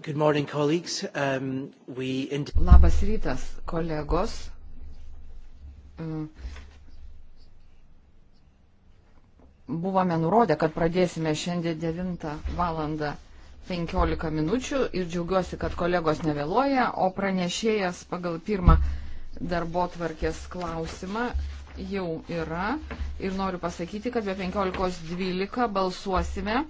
Good morning, colleagues. Um, we... Labas rytas, kolegos. E, buvome nurodę, kad pradėsime šiandien 9 valandą 15 minučių ir džiaugiuosi, kad kolegos nevėluoja, o pranešėjas pagal pirmą darbo tvarkės klausimą jau yra. Ir noriu pasakyti, kad be 15.12 balsuosime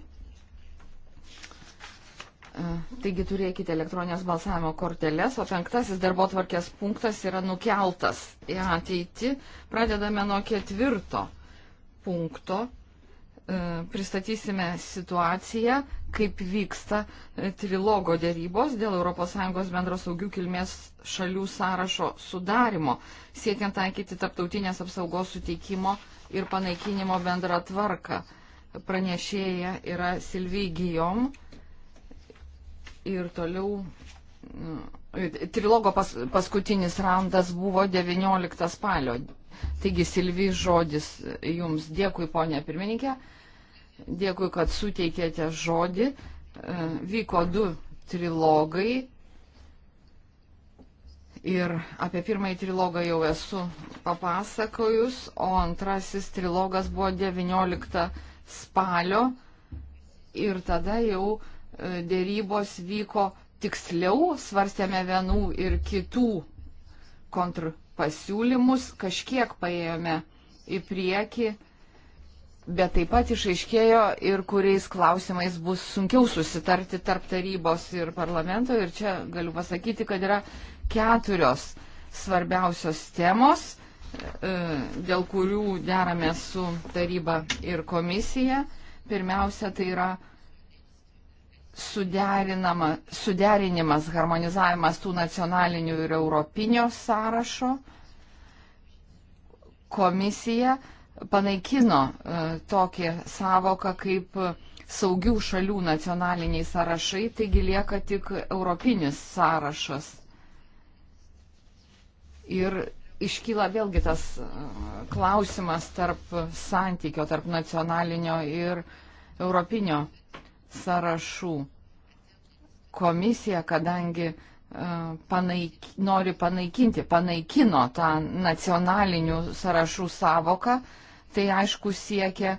Taigi turėkite elektroninės balsavimo korteles, o penktasis darbo tvarkės punktas yra nukeltas į ateitį. Pradedame nuo ketvirto punkto. E, pristatysime situaciją, kaip vyksta e, trilogo dėrybos dėl ES bendros saugių kilmės šalių sąrašo sudarimo, siekiant taikyti tarptautinės apsaugos suteikimo ir panaikinimo bendrą tvarką. Pranešėja yra Silvijai Gijom Ir toliau mm, trilogo pas, paskutinis raundas buvo 19 spalio. Taigi, Silvi, žodis jums. Dėkui, ponė pirmininkė. Dėkui, kad suteikėte žodį. E, vyko du trilogai. Ir apie pirmąjį trilogą jau esu papasakojus, o antrasis trilogas buvo 19 spalio. Ir tada jau uh, E, dėrybos vyko tiksliau, svarstėme vienų ir kitų kontrpasiūlymus, kažkiek paėjome į priekį, bet taip pat išaiškėjo ir kuriais klausimais bus sunkiau susitarti tarp tarybos ir parlamento. Ir čia galiu pasakyti, kad yra keturios svarbiausios temos e, dėl kurių deramės su taryba ir komisija. Pirmiausia, tai yra suderinimas, harmonizavimas tų nacionalinių ir europinio sąrašo. Komisija panaikino e, tokį savoką kaip saugių šalių nacionaliniai sąrašai, taigi lieka tik europinis sąrašas. Ir iškyla vėlgi tas e, klausimas tarp santykio, tarp nacionalinio ir europinio sąrašų. Komisija, kadangi e, panaik, nori panaikinti, panaikino tą nacionalinių sąrašų savoką, tai aišku siekia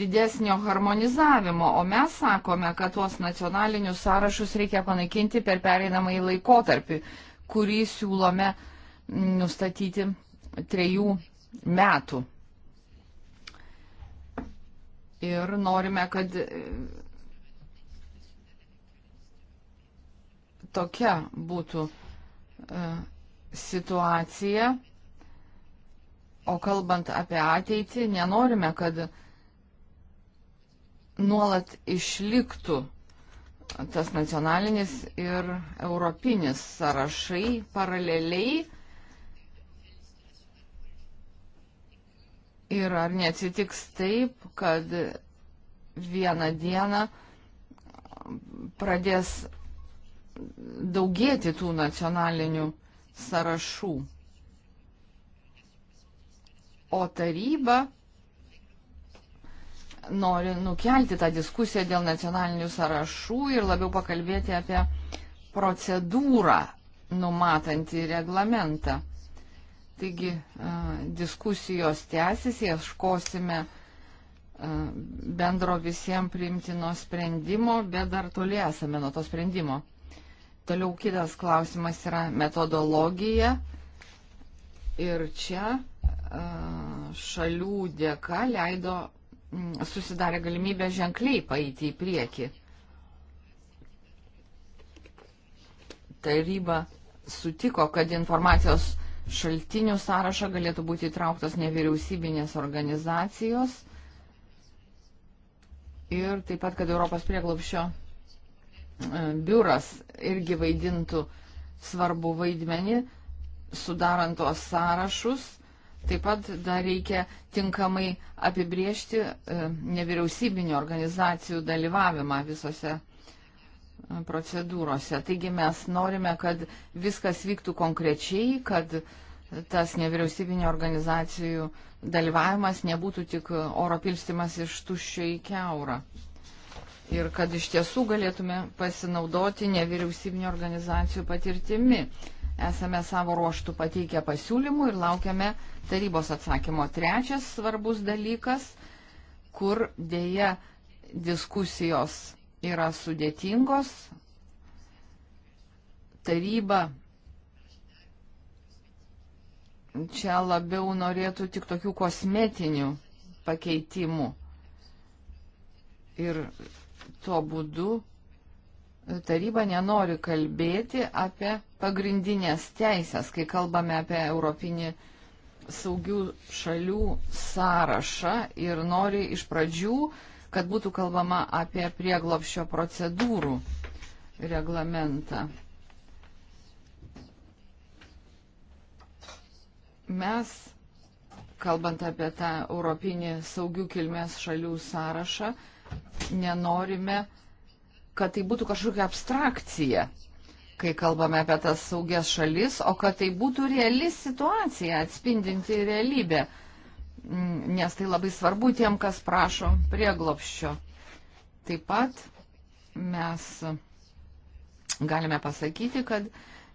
didesnio harmonizavimo, o mes sakome, kad tuos nacionalinius sąrašus reikia panaikinti per pereinamąjį laikotarpį, kurį siūlome nustatyti trejų metų. Ir norime, kad tokia būtų e, situacija. O kalbant apie ateitį, nenorime, kad nuolat išliktų tas nacionalinis ir europinis sąrašai paraleliai. Ir ar neatsitiks taip, kad vieną dieną pradės daugėti tų nacionalinių sąrašų. O taryba nori nukelti tą diskusiją dėl nacionalinių sąrašų ir labiau pakalbėti apie procedūrą numatantį reglamentą. Taigi diskusijos tęsis, ieškosime bendro visiems priimtino sprendimo, bet dar toli esame nuo to sprendimo. Toliau kitas klausimas yra metodologija. Ir čia šalių dėka leido susidarė galimybę ženkliai paeiti į priekį. Taryba sutiko, kad informacijos šaltinių sąrašą galėtų būti įtrauktos nevyriausybinės organizacijos ir taip pat, kad Europos prieglopščio E, biuras irgi vaidintų svarbu vaidmenį, sudarant tos sąrašus. Taip pat dar reikia tinkamai apibriežti e, nevyriausybinio organizacijų dalyvavimą visose e, procedūrose. Taigi mes norime, kad viskas vyktų konkrečiai, kad tas nevyriausybinio organizacijų dalyvavimas nebūtų tik oro pilstimas iš tuščio į keurą ir kad iš tiesų galėtume pasinaudoti nevyriausybinio organizacijų patirtimi. Esame savo ruoštų pateikę pasiūlymų ir laukiame tarybos atsakymo. Trečias svarbus dalykas, kur dėja diskusijos yra sudėtingos. Taryba čia labiau norėtų tik tokių kosmetinių pakeitimų. Ir Tuo būdu taryba nenori kalbėti apie pagrindinės teisės, kai kalbame apie Europinį saugių šalių sąrašą ir nori iš pradžių, kad būtų kalbama apie prieglopščio procedūrų reglamentą. Mes, kalbant apie tą Europinį saugių kilmės šalių sąrašą, nenorime, kad tai būtų kažkokia abstrakcija, kai kalbame apie tas saugias šalis, o kad tai būtų reali situacija, atspindinti realybę, mm, nes tai labai svarbu tiem, kas prašo prieglopščio. Taip pat mes galime pasakyti, kad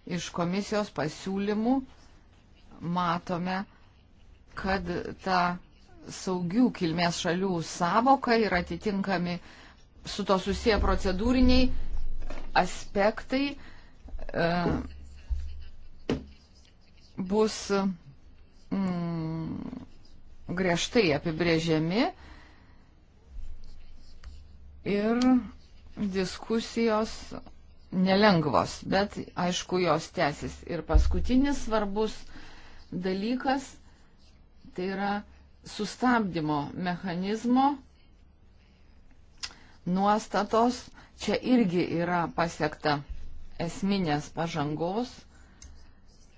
iš komisijos pasiūlymų matome, kad ta saugių kilmės šalių savoka ir atitinkami su to susiję procedūriniai aspektai e, bus mm, griežtai apibrėžiami ir diskusijos nelengvos, bet aišku, jos tęsis. Ir paskutinis svarbus dalykas tai yra sustabdymo mechanizmo nuostatos. Čia irgi yra pasiekta esminės pažangos,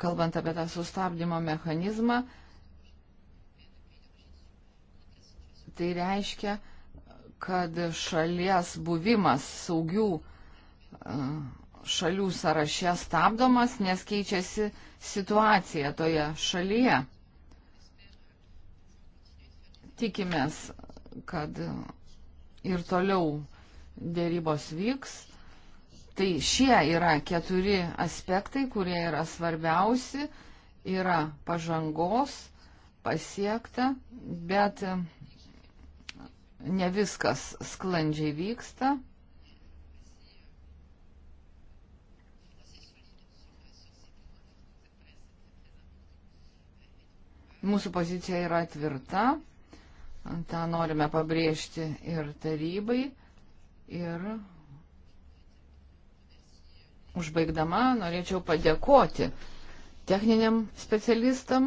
kalbant apie tą sustabdymo mechanizmą. Tai reiškia, kad šalies buvimas saugių e, šalių sąraše stabdomas, nes keičiasi situacija toje šalyje. Tikimės, kad ir toliau dėrybos vyks. Tai šie yra keturi aspektai, kurie yra svarbiausi, yra pažangos pasiekta, bet ne viskas sklandžiai vyksta. Mūsų pozicija yra tvirta tą norime pabrėžti ir tarybai. Ir užbaigdama norėčiau padėkoti techniniam specialistam,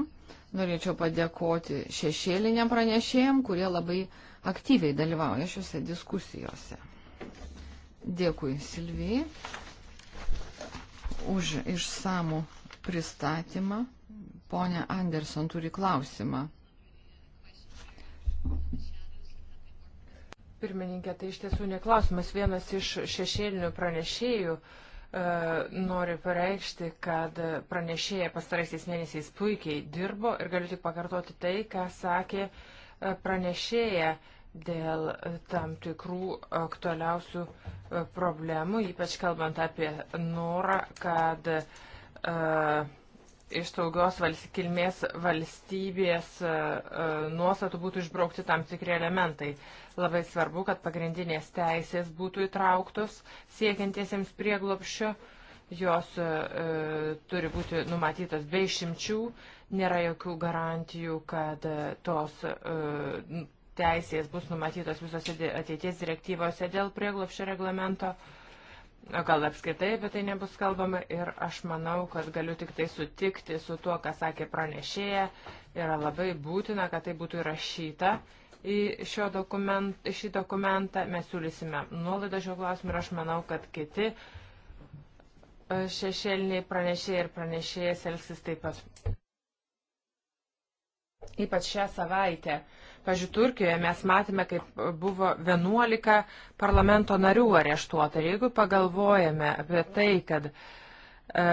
norėčiau padėkoti šešėliniam pranešėjim, kurie labai aktyviai dalyvauja šiuose diskusijose. Dėkui Silvijai už išsamų pristatymą. Pone Anderson turi klausimą. Pirmininkė, tai iš tiesų neklausimas. Vienas iš šešėlinių pranešėjų e, nori pareikšti, kad pranešėja pastaraisiais mėnesiais puikiai dirbo ir galiu tik pakartoti tai, ką sakė e, pranešėja dėl tam tikrų aktualiausių e, problemų, ypač kalbant apie norą, kad e, iš saugios valst, kilmės valstybės e, e, nuostatų būtų išbraukti tam tikri elementai. Labai svarbu, kad pagrindinės teisės būtų įtrauktos siekiantiesiems prieglopščio, jos e, e turi būti numatytos be išimčių, nėra jokių garantijų, kad tos e, teisės bus numatytos visose ateities direktyvose dėl prieglopščio reglamento. E, O gal apskritai apie tai nebus kalbama ir aš manau, kad galiu tik tai sutikti su tuo, ką sakė pranešėja. Yra labai būtina, kad tai būtų įrašyta į dokument, šį dokumentą. Mes siūlysime nuolaidą šio klausimu ir aš manau, kad kiti e, šešėliniai pranešėjai ir pranešėjas elgsis taip pat. Ypač šią savaitę uh, Pavyzdžiui, Turkijoje mes matėme, kaip buvo 11 parlamento narių areštuota. Ir jeigu pagalvojame apie tai, kad e,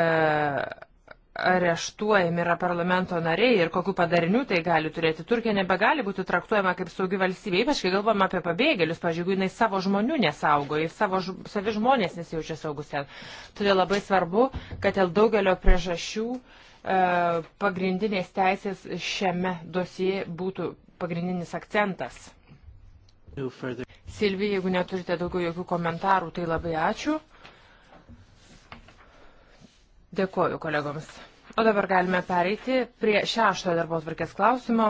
areštuojami yra parlamento nariai ir kokiu padariniu tai gali turėti, Turkija nebegali būti traktuojama kaip saugi valstybė, ypač kai galvojame apie pabėgėlius, pavyzdžiui, jeigu jinai savo žmonių nesaugo, jis savo savi žmonės nesijaučia saugus ten. Todėl labai svarbu, kad dėl daugelio priežasčių e, pagrindinės teisės šiame dosijai būtų pagrindinis akcentas. Silvija, jeigu neturite daugiau jokių komentarų, tai labai ačiū. Dėkuoju kolegoms. O dabar galime pereiti prie šešto darbo tvarkės klausimo.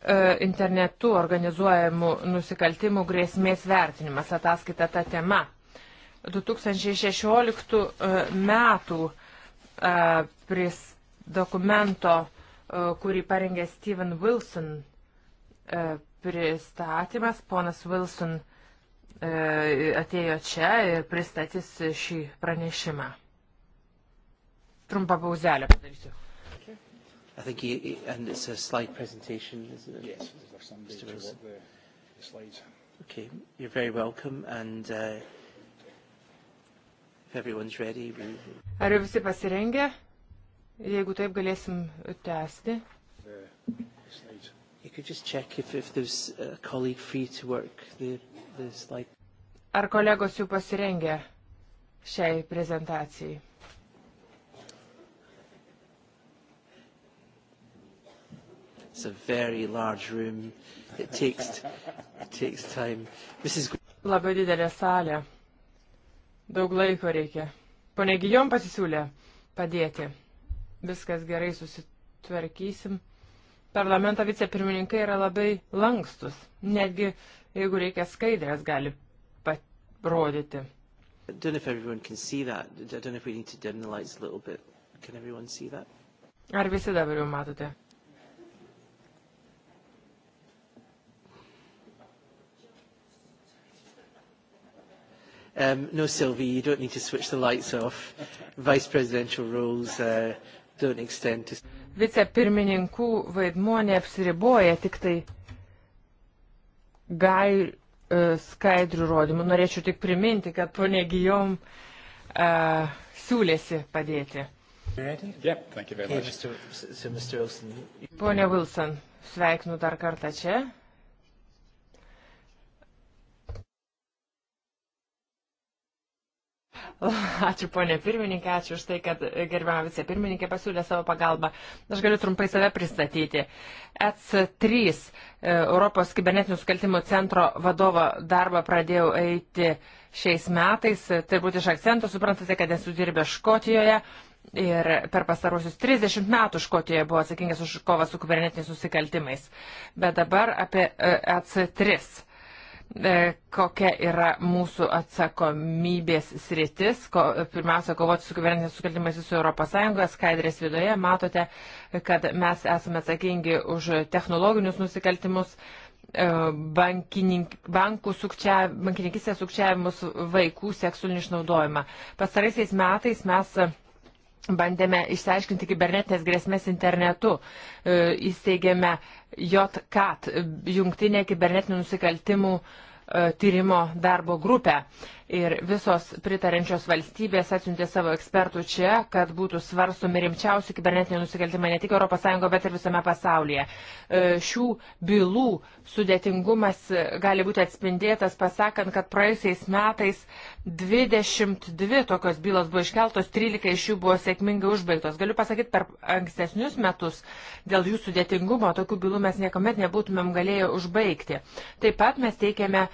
E, internetu organizuojamų nusikaltimų grėsmės vertinimas ataskaita ta tema. 2016 e, metų e, pris dokumento kurį parengė Steven Wilson e, pristatymas. Ponas Wilson e, atėjo čia ir pristatys šį pranešimą. Trumpą pauzelę padarysiu. I think he, and it's a slide presentation, isn't it? Yes, there's some Mr. Wilson. The slides. Okay, you're very welcome, and uh, if everyone's ready, we... Ar visi pasirengę? Jeigu taip galėsim tęsti. Ar kolegos jau pasirengę šiai prezentacijai? It's a very large room. It takes, it takes time. Mrs. Labai didelė salė. Daug laiko reikia. Pone Gijom pasisiūlė padėti viskas gerai susitvarkysim. Parlamento vicepirmininkai yra labai lankstus, netgi jeigu reikia skaidrės gali rodyti. I don't know if everyone can see that. I don't know if we need to dim the lights a little bit. Can everyone see that? Ar visi dabar jau matote? Um, no, Sylvie, you don't need to switch the lights off. Vice presidential roles, uh, Vicepirmininkų vaidmuo neapsiriboja tik tai gai e, skaidrių rodymų. Norėčiau tik priminti, kad ponė Gijom uh, siūlėsi padėti. Pone Wilson, sveikinu dar kartą čia. Ačiū ponė pirmininkė, ačiū už tai, kad gerbiamą vicepirmininkė pasiūlė savo pagalbą. Aš galiu trumpai save pristatyti. EC3 e, Europos kibernetinių skaltimų centro vadovo darbą pradėjau eiti šiais metais. Tai būtų iš akcentų, suprantate, kad esu dirbęs Škotijoje. Ir per pastarosius 30 metų Škotijoje buvo atsakingas už kovą su kibernetiniais nusikaltimais. Bet dabar apie EC3. E E, kokia yra mūsų atsakomybės sritis. Ko, pirmiausia, kovoti su kibernetiniais sukaltimais su ES, skaidrės viduje matote, kad mes esame atsakingi už technologinius nusikaltimus, e, bankininkų bankų sukčia, bankininkistės sukčiavimus, vaikų seksualinį išnaudojimą. Pastaraisiais metais mes bandėme išsiaiškinti kibernetinės grėsmės internetu. E, įsteigėme JCAT, e, jungtinę kibernetinių nusikaltimų e, tyrimo darbo grupę ir visos pritarančios valstybės atsiuntė savo ekspertų čia, kad būtų svarstomi rimčiausi kibernetiniai nusikaltimai ne tik ES, bet ir visame pasaulyje. E, šių bylų sudėtingumas gali būti atspindėtas, pasakant, kad praėjusiais metais 22 tokios bylos buvo iškeltos, 13 iš jų buvo sėkmingai užbaigtos. Galiu pasakyti, per ankstesnius metus dėl jų sudėtingumo tokių bylų mes niekuomet nebūtumėm galėję užbaigti. Taip pat mes teikėme e,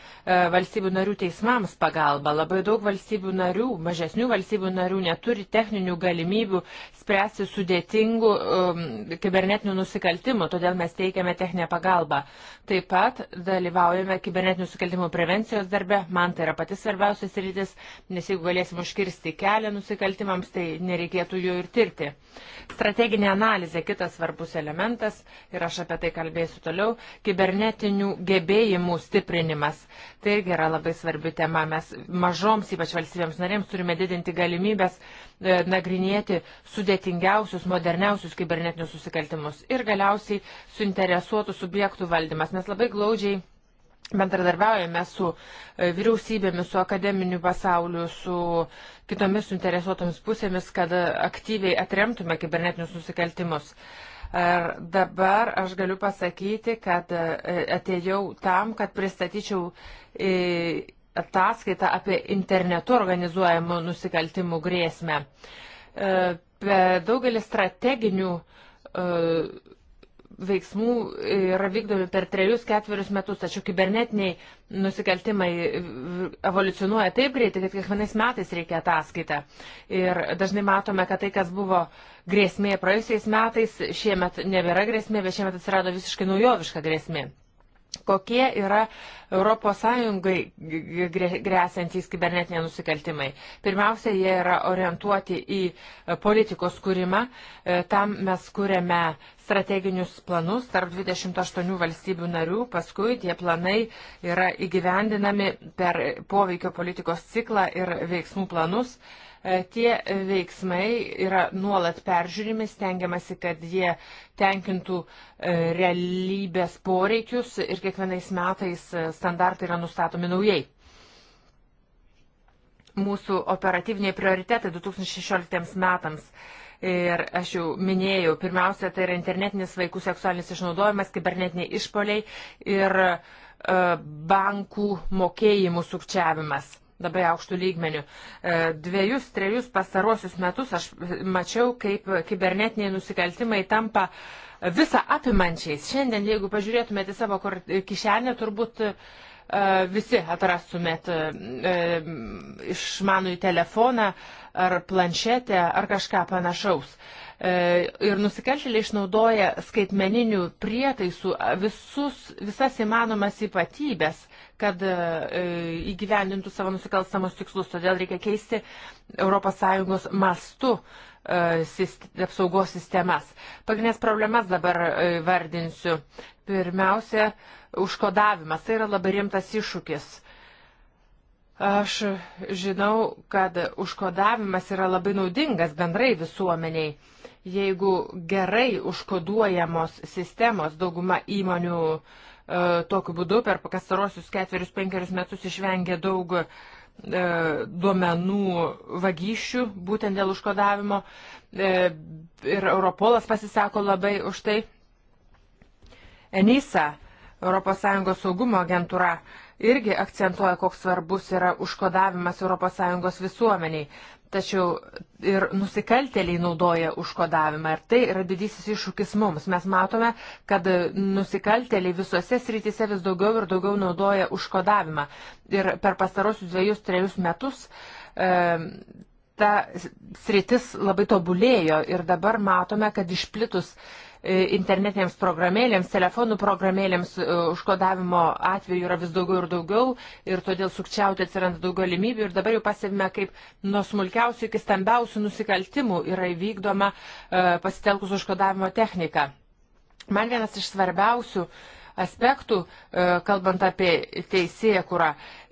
valstybių narių teismams pagalbą pagalba. Labai daug valstybių narių, mažesnių valstybių narių neturi techninių galimybių spręsti sudėtingų um, kibernetinių nusikaltimų, todėl mes teikiame techninę pagalbą. Taip pat dalyvaujame kibernetinių nusikaltimų prevencijos darbe. Man tai yra pati svarbiausias rytis, nes jeigu galėsim užkirsti kelią nusikaltimams, tai nereikėtų jų ir tirti. Strateginė analizė kitas svarbus elementas ir aš apie tai kalbėsiu toliau. Kibernetinių gebėjimų stiprinimas. Tai irgi yra labai svarbi tema. Mes mažoms ypač valstybėms narėms turime didinti galimybės e, nagrinėti sudėtingiausius, moderniausius kibernetinius susikaltimus ir galiausiai suinteresuotų subjektų valdymas, nes labai glaudžiai bendradarbiaujame su e, vyriausybėmis, su akademiniu pasauliu, su kitomis suinteresuotomis pusėmis, kad e, aktyviai atremtume kibernetinius nusikaltimus. Ir dabar aš galiu pasakyti, kad atėjau tam, kad pristatyčiau ataskaitą apie internetu organizuojamų nusikaltimų grėsmę. E, daugelis strateginių e, veiksmų yra vykdomi per trejus, ketverius metus, tačiau kibernetiniai nusikaltimai evoliucionuoja taip greitai, kad kiekvienais metais reikia ataskaitą. Ir dažnai matome, kad tai, kas buvo grėsmė praėjusiais metais, šiemet nebėra grėsmė, bet šiemet atsirado visiškai naujoviška grėsmė kokie yra ES grėsantys kibernetiniai nusikaltimai. Pirmiausia, jie yra orientuoti į politikos kūrimą. E, tam mes kūrėme strateginius planus tarp 28 valstybių narių, paskui tie planai yra įgyvendinami per poveikio politikos ciklą ir veiksmų planus. Uh, E, tie veiksmai yra nuolat peržiūrimi, stengiamasi, kad jie tenkintų e, realybės poreikius ir kiekvienais metais e, standartai yra nustatomi naujai. Mūsų operatyviniai prioritetai 2016 metams ir aš jau minėjau, pirmiausia, tai yra internetinis vaikų seksualinis išnaudojimas, kibernetiniai išpoliai ir bankų mokėjimų sukčiavimas labai aukštų lygmenių. E, dviejus, trejus pastarosius metus aš mačiau, kaip kibernetiniai nusikaltimai tampa visą apimančiais. Šiandien, jeigu pažiūrėtumėte savo kišenę, turbūt e, visi atrastumėt e, išmanųjį telefoną ar planšetę ar kažką panašaus ir nusikaltėliai išnaudoja skaitmeninių prietaisų visus, visas įmanomas ypatybės kad e, įgyvendintų savo nusikalstamus tikslus. Todėl reikia keisti ES mastu e, apsaugos sistemas. Pagrindinės problemas dabar e, vardinsiu. Pirmiausia, užkodavimas. Tai yra labai rimtas iššūkis. Aš žinau, kad užkodavimas yra labai naudingas bendrai visuomeniai. Jeigu gerai užkoduojamos sistemos, dauguma įmonių uh, E, tokiu būdu per pastarosius ketverius, penkerius metus išvengė daug e, duomenų vagysčių, būtent dėl užkodavimo. E, ir Europolas pasisako labai už tai. Enisa, ES saugumo agentūra, irgi akcentuoja, koks svarbus yra užkodavimas ES visuomeniai tačiau ir nusikaltėliai naudoja užkodavimą. Ir tai yra didysis iššūkis mums. Mes matome, kad nusikaltėliai visose srityse vis daugiau ir daugiau naudoja užkodavimą. Ir per pastarosius dviejus, trejus metus. E, Ta sritis labai tobulėjo ir dabar matome, kad išplitus E, internetinėms programėlėms, telefonų programėlėms e, užkodavimo atveju yra vis daugiau ir daugiau ir todėl sukčiauti atsiranda daug galimybių ir dabar jau pasėmė, kaip nuo smulkiausių iki stambiausių nusikaltimų yra įvykdoma e, pasitelkus užkodavimo techniką. Man vienas iš svarbiausių aspektų, kalbant apie teisėją, kurą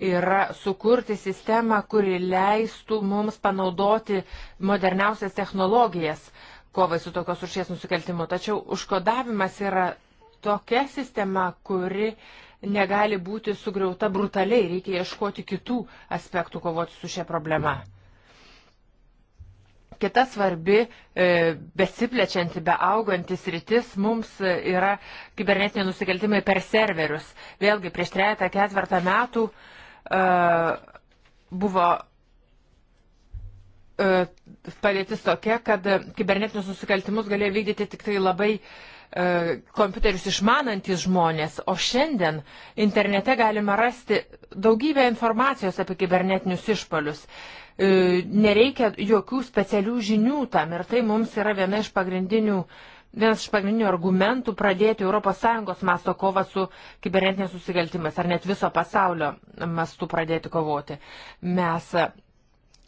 yra sukurti sistemą, kuri leistų mums panaudoti moderniausias technologijas kovai su tokios rušies nusikaltimu. Tačiau užkodavimas yra tokia sistema, kuri negali būti sugriauta brutaliai, reikia ieškoti kitų aspektų kovoti su šia problema. Kita svarbi, e, besiplečianti, beaugantis rytis mums yra kibernetiniai nusikaltimai per serverius. Vėlgi prieš trejata ketvirtą metų e, buvo E, padėtis tokia, kad kibernetinius nusikaltimus galėjo vykdyti tik tai labai e, kompiuterius išmanantis žmonės, o šiandien internete galima rasti daugybę informacijos apie kibernetinius išpolius. E, nereikia jokių specialių žinių tam ir tai mums yra viena iš pagrindinių vienas iš pagrindinių argumentų pradėti ES masto kovą su kibernetinės susikaltimais, ar net viso pasaulio mastu pradėti kovoti. Mes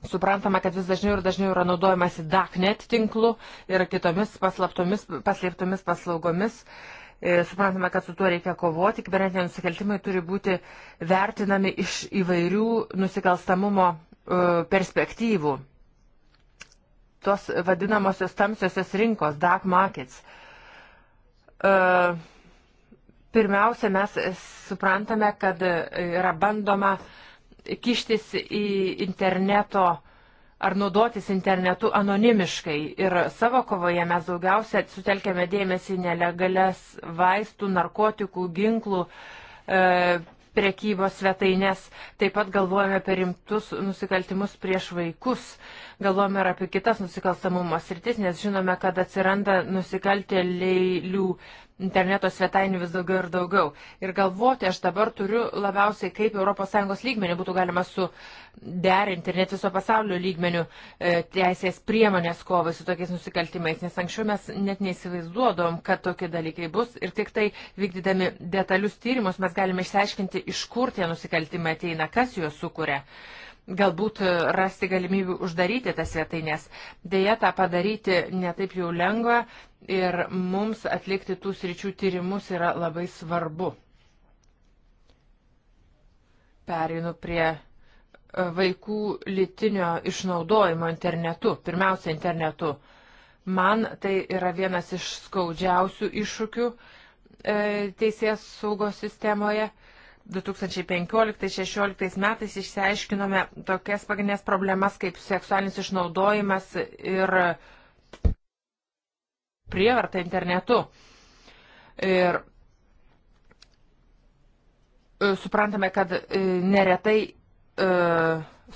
Suprantama, kad vis dažniau ir dažniau yra naudojamasi DACNET tinklu ir kitomis paslaptomis, paslėptomis paslaugomis. E, suprantame, kad su tuo reikia kovoti. Kibernetiniai nusikaltimai turi būti vertinami iš įvairių nusikalstamumo e, perspektyvų. Tos vadinamosios tamsiosios rinkos, dark markets. E, pirmiausia, mes suprantame, kad yra bandoma uh, kištis į interneto ar naudotis internetu anonimiškai. Ir savo kovoje mes daugiausia sutelkėme dėmesį nelegales vaistų, narkotikų, ginklų e, prekybos svetainės. Taip pat galvojame apie rimtus nusikaltimus prieš vaikus. Galvojame ir apie kitas nusikalstamumo sritis, nes žinome, kad atsiranda nusikaltėlių interneto svetainių vis daugiau ir daugiau. Ir galvoti aš dabar turiu labiausiai, kaip ES lygmenį būtų galima suderinti ir net viso pasaulio lygmenių e, teisės priemonės kovai su tokiais nusikaltimais, nes anksčiau mes net neįsivaizduodom, kad tokie dalykai bus ir tik tai vykdydami detalius tyrimus mes galime išsiaiškinti, iš kur tie nusikaltimai ateina, kas juos sukuria. E, galbūt e, rasti galimybių uždaryti tas svetainės. Deja, tą padaryti netaip jau lengva ir mums atlikti tų sričių tyrimus yra labai svarbu. Perinu prie e, vaikų litinio išnaudojimo internetu, pirmiausia internetu. Man tai yra vienas iš skaudžiausių iššūkių e, teisės saugos sistemoje. E, 2015-2016 metais išsiaiškinome tokias pagrindinės problemas kaip seksualinis išnaudojimas ir prievarta internetu. Ir e, suprantame, kad e, neretai e,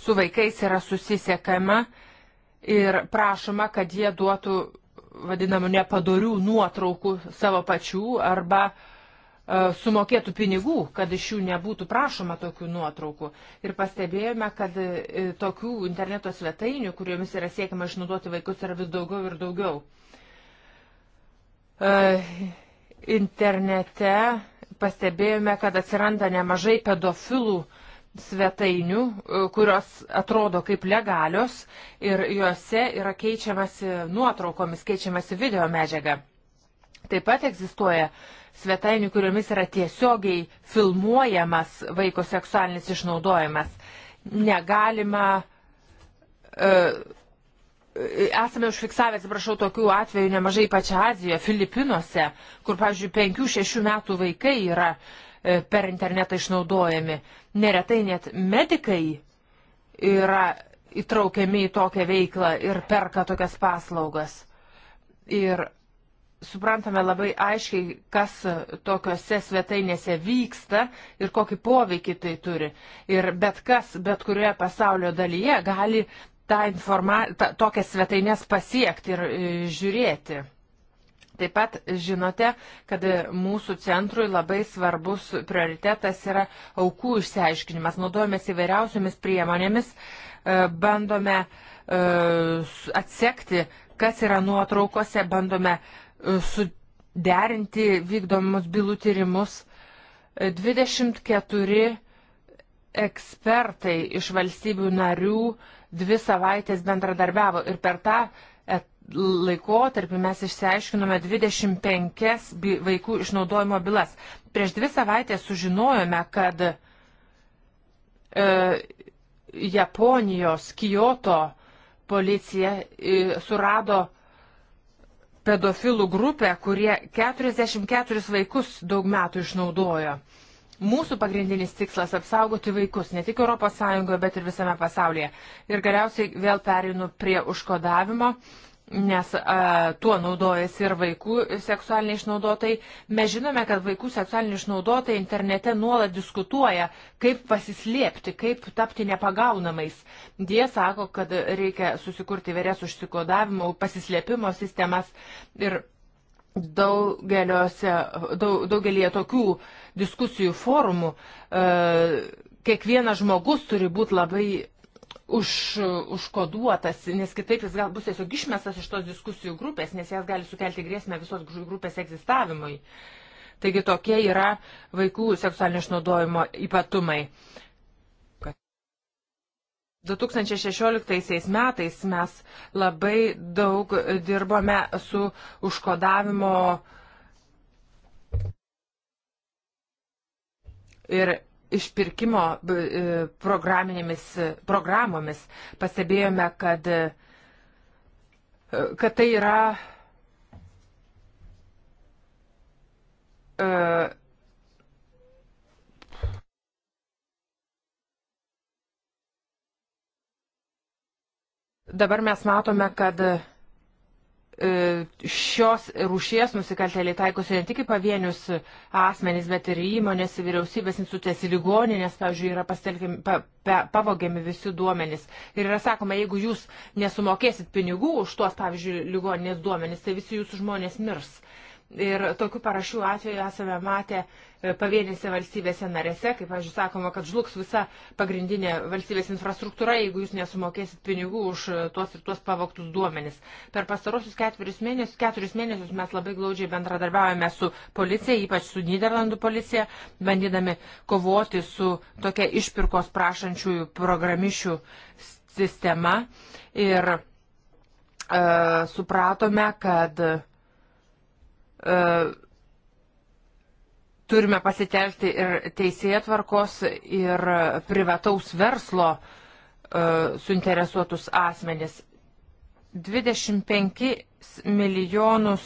su vaikais yra susisiekama ir prašoma, kad jie duotų vadinamų nepadorių nuotraukų savo pačių arba uh, E, sumokėtų pinigų, kad iš jų nebūtų prašoma tokių nuotraukų. Ir pastebėjome, kad e, tokių interneto svetainių, kuriomis yra siekiama išnaudoti vaikus, yra vis daugiau ir daugiau. E, internete pastebėjome, kad atsiranda nemažai pedofilų svetainių, kurios atrodo kaip legalios ir juose yra keičiamasi nuotraukomis, keičiamasi video medžiaga. Taip pat egzistuoja uh, svetainių, kuriomis yra tiesiogiai filmuojamas vaiko seksualinis išnaudojimas. Negalima. Uh, Esame užfiksavę, atsiprašau, tokių atvejų nemažai pačia Azijoje, Filipinuose, kur, pavyzdžiui, 5-6 metų vaikai yra e, per internetą išnaudojami. Neretai net medikai yra įtraukiami į tokią veiklą ir perka tokias paslaugas. Ir suprantame labai aiškiai, kas tokiuose svetainėse vyksta ir kokį poveikį tai turi. Ir bet kas, bet kurioje pasaulio dalyje gali tą informa tą, tokias svetainės pasiekti ir e, žiūrėti. Taip pat žinote, kad mūsų centrui labai svarbus prioritetas yra aukų išsiaiškinimas. Naudojamės įvairiausiamis priemonėmis, e, bandome e, atsekti, kas yra nuotraukose, bandome uh, suderinti vykdomus bylų tyrimus. 24 ekspertai iš valstybių narių dvi savaitės bendradarbiavo ir per tą laikotarpį mes išsiaiškinome 25 vaikų išnaudojimo bylas. Prieš dvi savaitės sužinojome, kad e, Japonijos Kyoto policija e, surado pedofilų grupę, kurie 44 vaikus daug metų išnaudojo. Mūsų pagrindinis tikslas - apsaugoti vaikus ne tik ES, bet ir visame pasaulyje. Ir galiausiai vėl perinu prie užkodavimo. Uh, nes a, tuo naudojasi ir vaikų seksualiniai išnaudotojai. Mes žinome, kad vaikų seksualiniai išnaudotojai internete nuolat diskutuoja, kaip pasislėpti, kaip tapti nepagaunamais. Jie sako, kad reikia susikurti vėrės užsikodavimo, pasislėpimo sistemas ir daug, daugelie tokių diskusijų forumų. A, Kiekvienas žmogus turi būti labai už, užkoduotas, nes kitaip jis gal bus tiesiog išmestas iš tos diskusijų grupės, nes jas gali sukelti grėsmę visos grupės egzistavimui. Taigi tokie yra vaikų seksualinio išnaudojimo ypatumai. 2016 metais mes labai daug dirbome su užkodavimo ir išpirkimo e, e, programomis pastebėjome, kad, e, kad tai yra Dabar mes matome, kad E, šios rūšies nusikaltėliai taikosi ne tik į pavienius asmenys, bet ir įmonės, vyriausybės institucijas, ligoninės, pavyzdžiui, yra pa, pa, pavogiami visi duomenys. Ir yra sakoma, jeigu jūs nesumokėsit pinigų už tuos, pavyzdžiui, ligoninės duomenys, tai visi jūsų žmonės mirs. Ir tokių parašių atveju esame matę e, pavienėse valstybėse narėse, kaip, pavyzdžiui, sakoma, kad žlugs visa pagrindinė valstybės infrastruktūra, jeigu jūs nesumokėsit pinigų už e, tuos ir tuos pavoktus duomenis. Per pastarosius ketverius mėnesius, keturis mėnesius mes labai glaudžiai bendradarbiavome su policija, ypač su Niderlandų policija, bandydami kovoti su tokia išpirkos prašančiųjų programišių sistema. Ir e, supratome, kad E, turime pasitelkti ir teisėtvarkos, ir privataus verslo e, suinteresuotus asmenis. 25 milijonus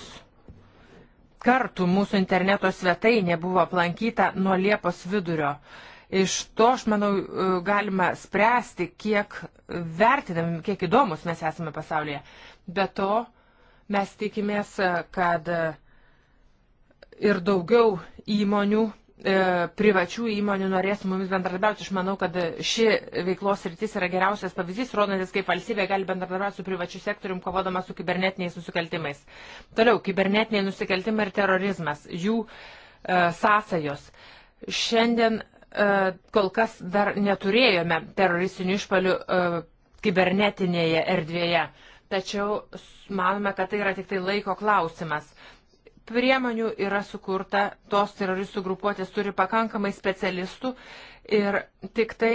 kartų mūsų interneto svetainė buvo aplankyta nuo Liepos vidurio. Iš to, aš manau, e, galima spręsti, kiek vertinami, kiek įdomus mes esame pasaulyje. Be to, mes tikimės, kad uh, ir daugiau įmonių, e, privačių įmonių norės su mumis bendradarbiauti. Aš manau, kad ši veiklos rytis yra geriausias pavyzdys, rodantis, kaip valstybė gali bendradarbiauti su privačiu sektoriumi, kovodama su kibernetiniais nusikaltimais. Toliau, kibernetiniai nusikaltimai ir terorizmas, jų e, sąsajos. Šiandien e, kol kas dar neturėjome teroristinių išpalių e, kibernetinėje erdvėje tačiau manome, kad tai yra tik tai laiko klausimas priemonių yra sukurta, tos teroristų grupuotės turi pakankamai specialistų ir tik tai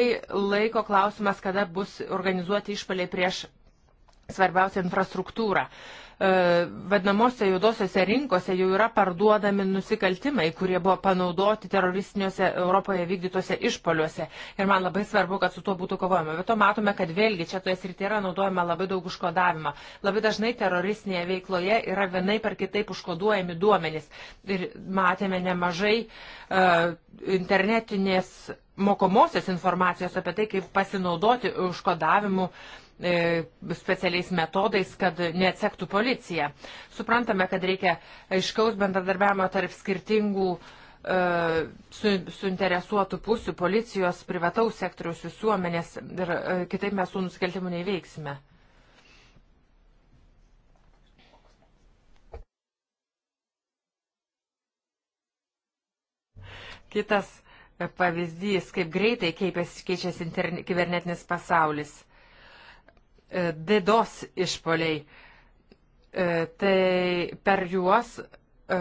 laiko klausimas, kada bus organizuoti išpaliai prieš svarbiausią infrastruktūrą. E, vadinamosiose juodosiose rinkose jau yra parduodami nusikaltimai, kurie buvo panaudoti teroristiniuose Europoje vykdytuose išpoliuose. Ir man labai svarbu, kad su tuo būtų kovojama. Bet to matome, kad vėlgi čia toje srityje yra naudojama labai daug užkodavimo. Labai dažnai teroristinėje veikloje yra vienai per kitaip užkoduojami duomenys. Ir matėme nemažai uh, internetinės mokomosios informacijos apie tai, kaip pasinaudoti užkodavimu uh, E, specialiais metodais, kad neatsektų policija. Suprantame, kad reikia aiškaus bendradarbiavimo tarp skirtingų e, su, suinteresuotų pusių, policijos, privataus sektoriaus, visuomenės ir e, kitaip mes su nusikaltimu neįveiksime. Kitas pavyzdys, kaip greitai keičiasi internet, kibernetinis pasaulis bėdos e, išpoliai. E, tai per juos e,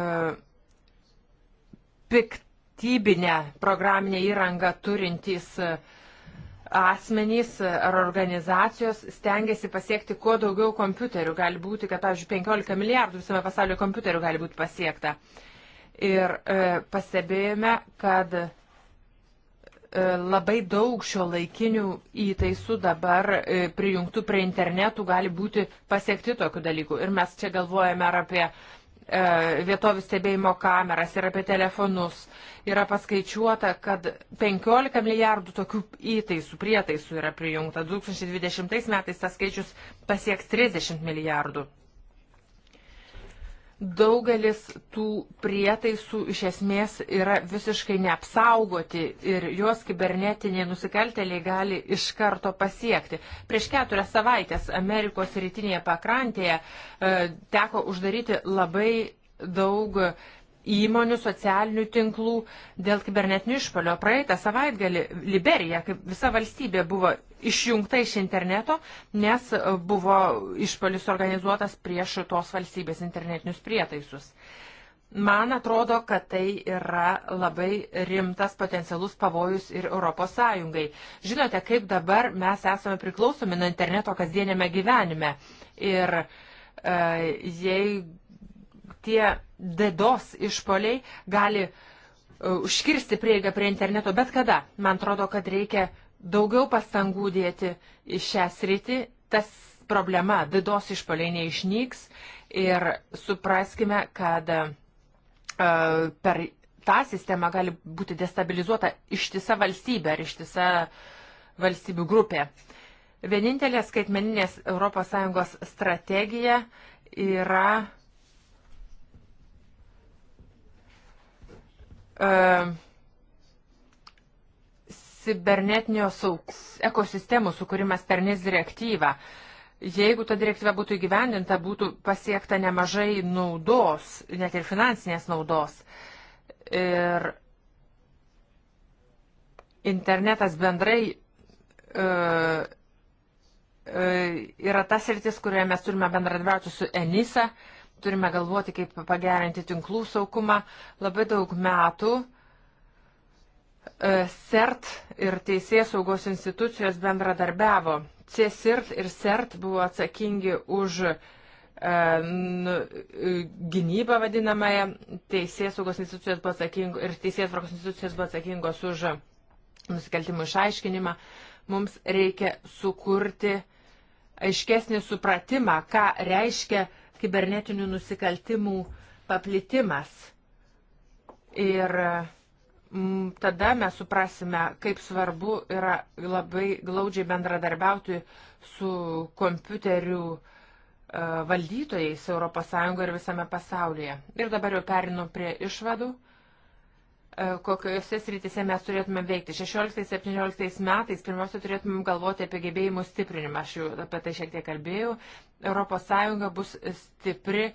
piktybinę programinę įrangą turintys asmenys ar organizacijos stengiasi pasiekti kuo daugiau kompiuterių. Gali būti, kad, pavyzdžiui, 15 milijardų visame pasaulyje kompiuterių gali būti pasiekta. Ir e, pastebėjome, kad E, labai daug šio laikinių įtaisų dabar e, prijungtų prie internetų gali būti pasiekti tokių dalykų. Ir mes čia galvojame ar apie e, vietovių stebėjimo kameras ir apie telefonus. Yra paskaičiuota, kad 15 milijardų tokių įtaisų, prietaisų yra prijungta. 2020 metais tas skaičius pasieks 30 milijardų. Daugelis tų prietaisų iš esmės yra visiškai neapsaugoti ir juos kibernetiniai nusikalteliai gali iš karto pasiekti. Prieš keturias savaitės Amerikos rytinėje pakrantėje e, teko uždaryti labai daug įmonių, socialinių tinklų dėl kibernetinių išpolio. Praeitą savaitgalį Liberija, kaip visa valstybė, buvo išjungta iš interneto, nes buvo išpolis organizuotas prieš tos valstybės internetinius prietaisus. Man atrodo, kad tai yra labai rimtas potencialus pavojus ir ES. Žinote, kaip dabar mes esame priklausomi nuo interneto kasdienėme gyvenime. Ir e, jei tie dėdos išpoliai gali e, užkirsti prieigą prie interneto bet kada. Man atrodo, kad reikia daugiau pastangų dėti į šią sritį. Tas problema dėdos išpoliai neišnyks ir supraskime, kad e, per tą sistemą gali būti destabilizuota ištisa valstybė ar ištisa valstybių grupė. Vienintelė skaitmeninės ES strategija yra uh, kibernetinio saugs ekosistemų sukūrimas per NIS direktyvą. Jeigu ta direktyva būtų įgyvendinta, būtų pasiekta nemažai naudos, net ir finansinės naudos. Ir internetas bendrai e, e, yra tas rytis, kurioje mes turime bendradarbiauti su ENISA. E, turime galvoti, kaip pagerinti tinklų saugumą. Labai daug metų e, CERT ir Teisės saugos institucijos bendradarbiavo. CESIRT ir CERT buvo atsakingi už e, nu, e, gynybą vadinamąją, teisės saugos institucijos buvo atsakingos ir teisės saugos institucijos buvo atsakingos už nusikaltimų išaiškinimą. Mums reikia sukurti aiškesnį supratimą, ką reiškia uh, kibernetinių nusikaltimų paplitimas. Ir tada mes suprasime, kaip svarbu yra labai glaudžiai bendradarbiauti su kompiuterių e, valdytojais ES ir visame pasaulyje. Ir dabar jau perinu prie išvadų. E, kokiuose srityse mes turėtume veikti. 16-17 metais pirmiausia turėtume galvoti apie gebėjimų stiprinimą. Aš jau apie tai šiek tiek kalbėjau. ES bus stipri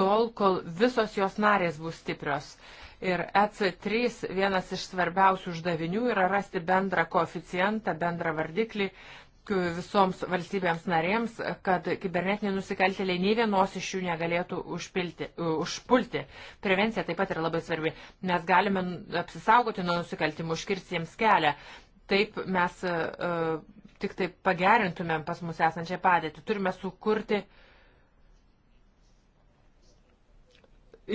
tol, kol visos jos narės bus stiprios. Ir EC3 vienas iš svarbiausių uždavinių yra rasti bendrą koeficientą, bendrą vardiklį visoms valstybėms narėms, kad kibernetiniai nusikaltėliai nei vienos iš jų negalėtų užpilti, užpulti. Prevencija taip pat yra labai svarbi. Mes galime apsisaugoti nuo nusikaltimų, užkirsti jiems kelią. Taip mes uh, tik taip pagerintumėm pas mus esančią padėtį. Turime sukurti,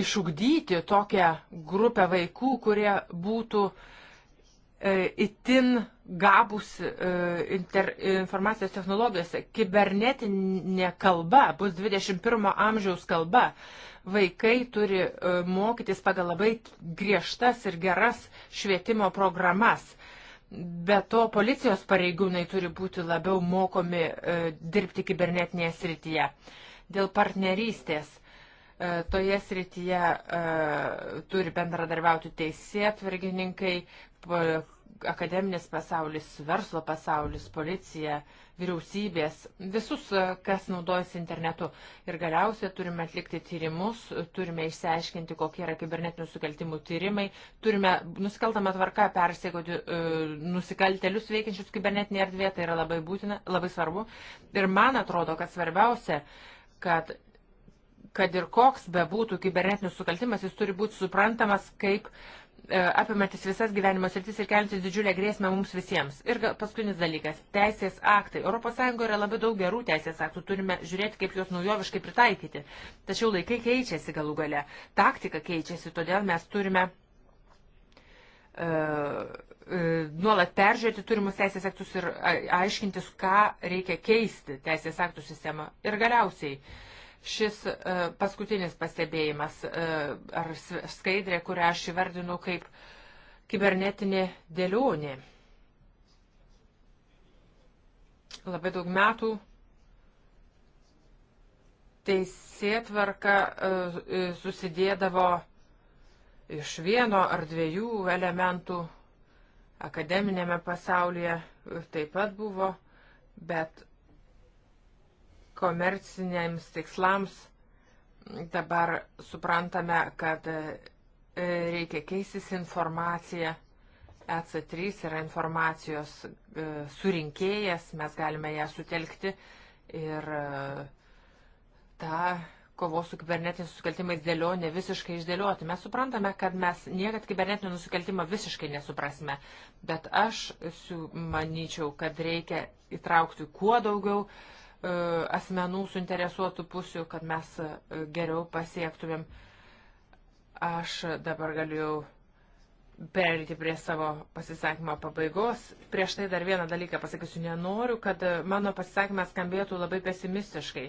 išugdyti tokią grupę vaikų, kurie būtų uh, itin uh, gabus e, inter, informacijos technologijose. Kibernetinė kalba bus 21 amžiaus kalba. Vaikai turi e, mokytis pagal labai griežtas ir geras švietimo programas. Be to, policijos pareigūnai turi būti labiau mokomi e, dirbti kibernetinėje srityje. Dėl partnerystės toje srityje turi bendradarbiauti teisėtvargininkai, akademinis pasaulis, verslo pasaulis, policija, vyriausybės, visus, kas naudojasi internetu. Ir galiausiai turime atlikti tyrimus, turime išsiaiškinti, kokie yra kibernetinių sukaltimų tyrimai, turime nusikaltamą tvarką persiekoti e, nusikaltelius veikiančius kibernetinė erdvė, tai yra labai būtina, labai svarbu. Ir man atrodo, kad svarbiausia, kad kad ir koks bebūtų kibernetinis sukaltimas, jis turi būti suprantamas kaip uh, E, apimantis visas gyvenimo sritis ir keliantis didžiulę grėsmę mums visiems. Ir paskutinis dalykas - teisės aktai. ES yra labai daug gerų teisės aktų, turime žiūrėti, kaip juos naujoviškai pritaikyti. Tačiau laikai keičiasi galų gale, taktika keičiasi, todėl mes turime uh, uh, nuolat peržiūrėti turimus teisės aktus ir aiškintis, ką reikia keisti teisės aktų sistemą. Ir galiausiai uh, Šis e, paskutinis pastebėjimas e, ar skaidrė, kurią aš įvardinu kaip kibernetinė dėlionė. Labai daug metų teisėtvarka e, susidėdavo iš vieno ar dviejų elementų akademinėme pasaulyje taip pat buvo, bet komerciniams tikslams dabar suprantame, kad e, reikia keisis informacija. EC3 yra informacijos e, surinkėjas, mes galime ją sutelkti ir e, tą kovos su kibernetiniais nusikaltimais dėlionė visiškai išdėlioti. Mes suprantame, kad mes niekad kibernetinio nusikaltimo visiškai nesuprasime, bet aš manyčiau, kad reikia įtraukti kuo daugiau uh, E, asmenų suinteresuotų pusių, kad mes e, geriau pasiektumėm. Aš dabar galiu perėti prie savo pasisakymo pabaigos. Prieš tai dar vieną dalyką pasakysiu, nenoriu, kad e, mano pasisakymas skambėtų labai pesimistiškai.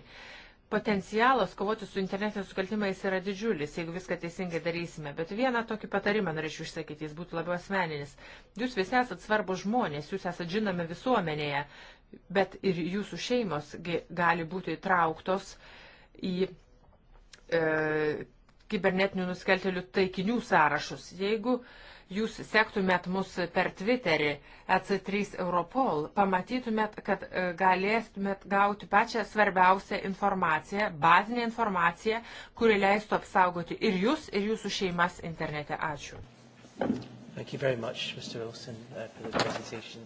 Potencialas kovoti su internetiniais sukaltimais yra didžiulis, jeigu viską teisingai darysime. Bet vieną tokį patarimą norėčiau išsakyti, jis būtų labiau asmeninis. Jūs visi esat svarbus žmonės, jūs esat žinomi visuomenėje bet ir jūsų šeimos gali būti įtrauktos į e, kibernetinių nusikaltelių taikinių sąrašus. Jeigu jūs sektumėt mus per Twitterį EC3 Europol, pamatytumėt, kad e, galėstumėt gauti pačią svarbiausią informaciją, bazinę informaciją, kuri leistų apsaugoti ir jūs, ir jūsų šeimas internete. Ačiū. Thank you very much, Mr. Olsen, uh, for the presentation.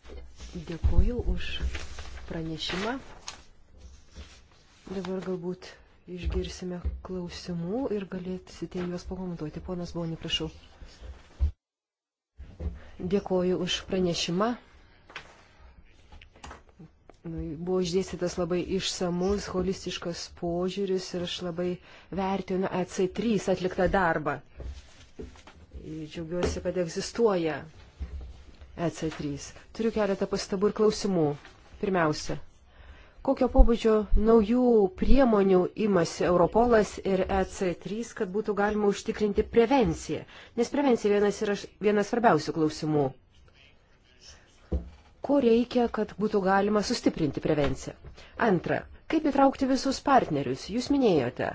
Dėkuoju už pranešimą. Dabar galbūt išgirsime klausimų ir galėsite juos pakomentuoti. Ponas Boni, prašau. Dėkuoju už pranešimą. Nu, buvo išdėstytas labai išsamus, holistiškas požiūris ir aš labai vertinu EC3 atliktą darbą džiaugiuosi, kad egzistuoja EC3. Turiu keletą pastabų ir klausimų. Pirmiausia, kokio pobūdžio naujų priemonių imasi Europolas ir EC3, kad būtų galima užtikrinti prevenciją? Nes prevencija vienas yra vienas svarbiausių klausimų. Ko reikia, kad būtų galima sustiprinti prevenciją? Antra, kaip įtraukti visus partnerius? Jūs minėjote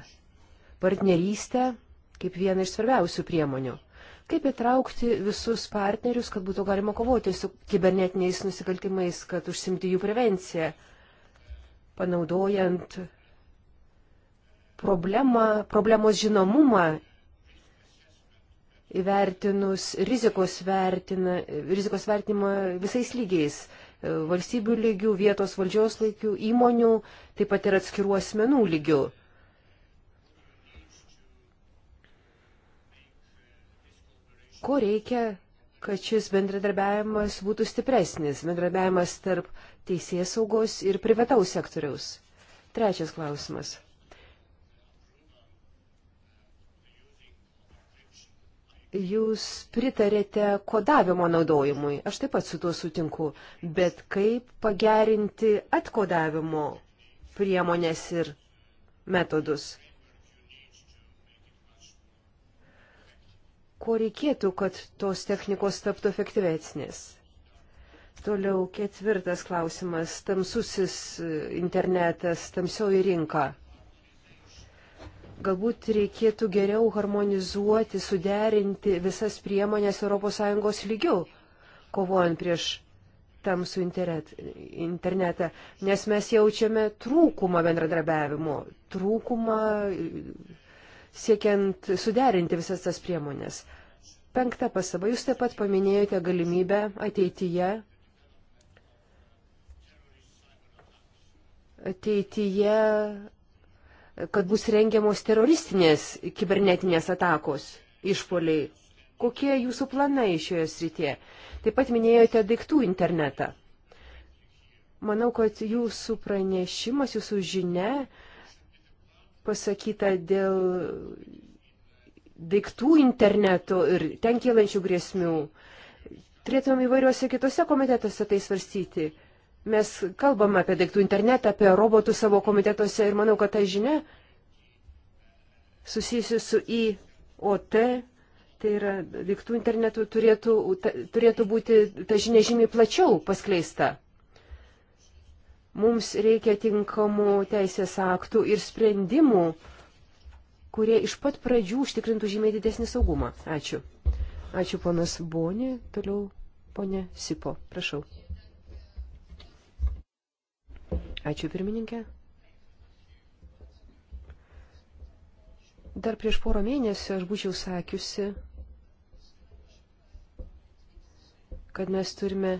partnerystę kaip vieną iš svarbiausių priemonių. Kaip įtraukti visus partnerius, kad būtų galima kovoti su kibernetiniais nusikaltimais, kad užsimti jų prevenciją, panaudojant problemą, problemos žinomumą, įvertinus rizikos, vertina, rizikos vertinimą visais lygiais valstybių lygių, vietos valdžios lygių, įmonių, taip pat ir atskirų asmenų lygių. Ko reikia, kad šis bendradarbiavimas būtų stipresnis, bendradarbiavimas tarp teisės saugos ir privataus sektoriaus? Trečias klausimas. Jūs pritarėte kodavimo naudojimui, aš taip pat su tuo sutinku, bet kaip pagerinti atkodavimo priemonės ir metodus? ko reikėtų, kad tos technikos taptų efektyvesnės. Toliau ketvirtas klausimas - tamsusis e, internetas, tamsioji rinka. Galbūt reikėtų geriau harmonizuoti, suderinti visas priemonės ES lygių, kovojant prieš tamsų internet, internetą, nes mes jaučiame trūkumą bendradarbiavimo, trūkumą e, siekiant suderinti visas tas priemonės. Penkta pasaba, jūs taip pat paminėjote galimybę ateityje, ateityje, kad bus rengiamos teroristinės kibernetinės atakos išpoliai. Kokie jūsų planai šioje srityje? Taip pat minėjote daiktų internetą. Manau, kad jūsų pranešimas, jūsų žinia pasakyta dėl daiktų internetu ir ten kylančių grėsmių. Turėtumėm įvairiuose kitose komitetuose tai svarstyti. Mes kalbam apie daiktų internetą, apie robotų savo komitetuose ir manau, kad ta žinia susijusi su IOT, tai yra daiktų internetu, turėtų, ta, turėtų būti ta žinia žymiai plačiau paskleista. Mums reikia tinkamų teisės aktų ir sprendimų kurie iš pat pradžių užtikrintų žymiai didesnį saugumą. Ačiū. Ačiū ponas Boni, toliau ponė Sipo, prašau. Ačiū pirmininkė. Dar prieš porą mėnesių aš būčiau sakiusi, kad mes turime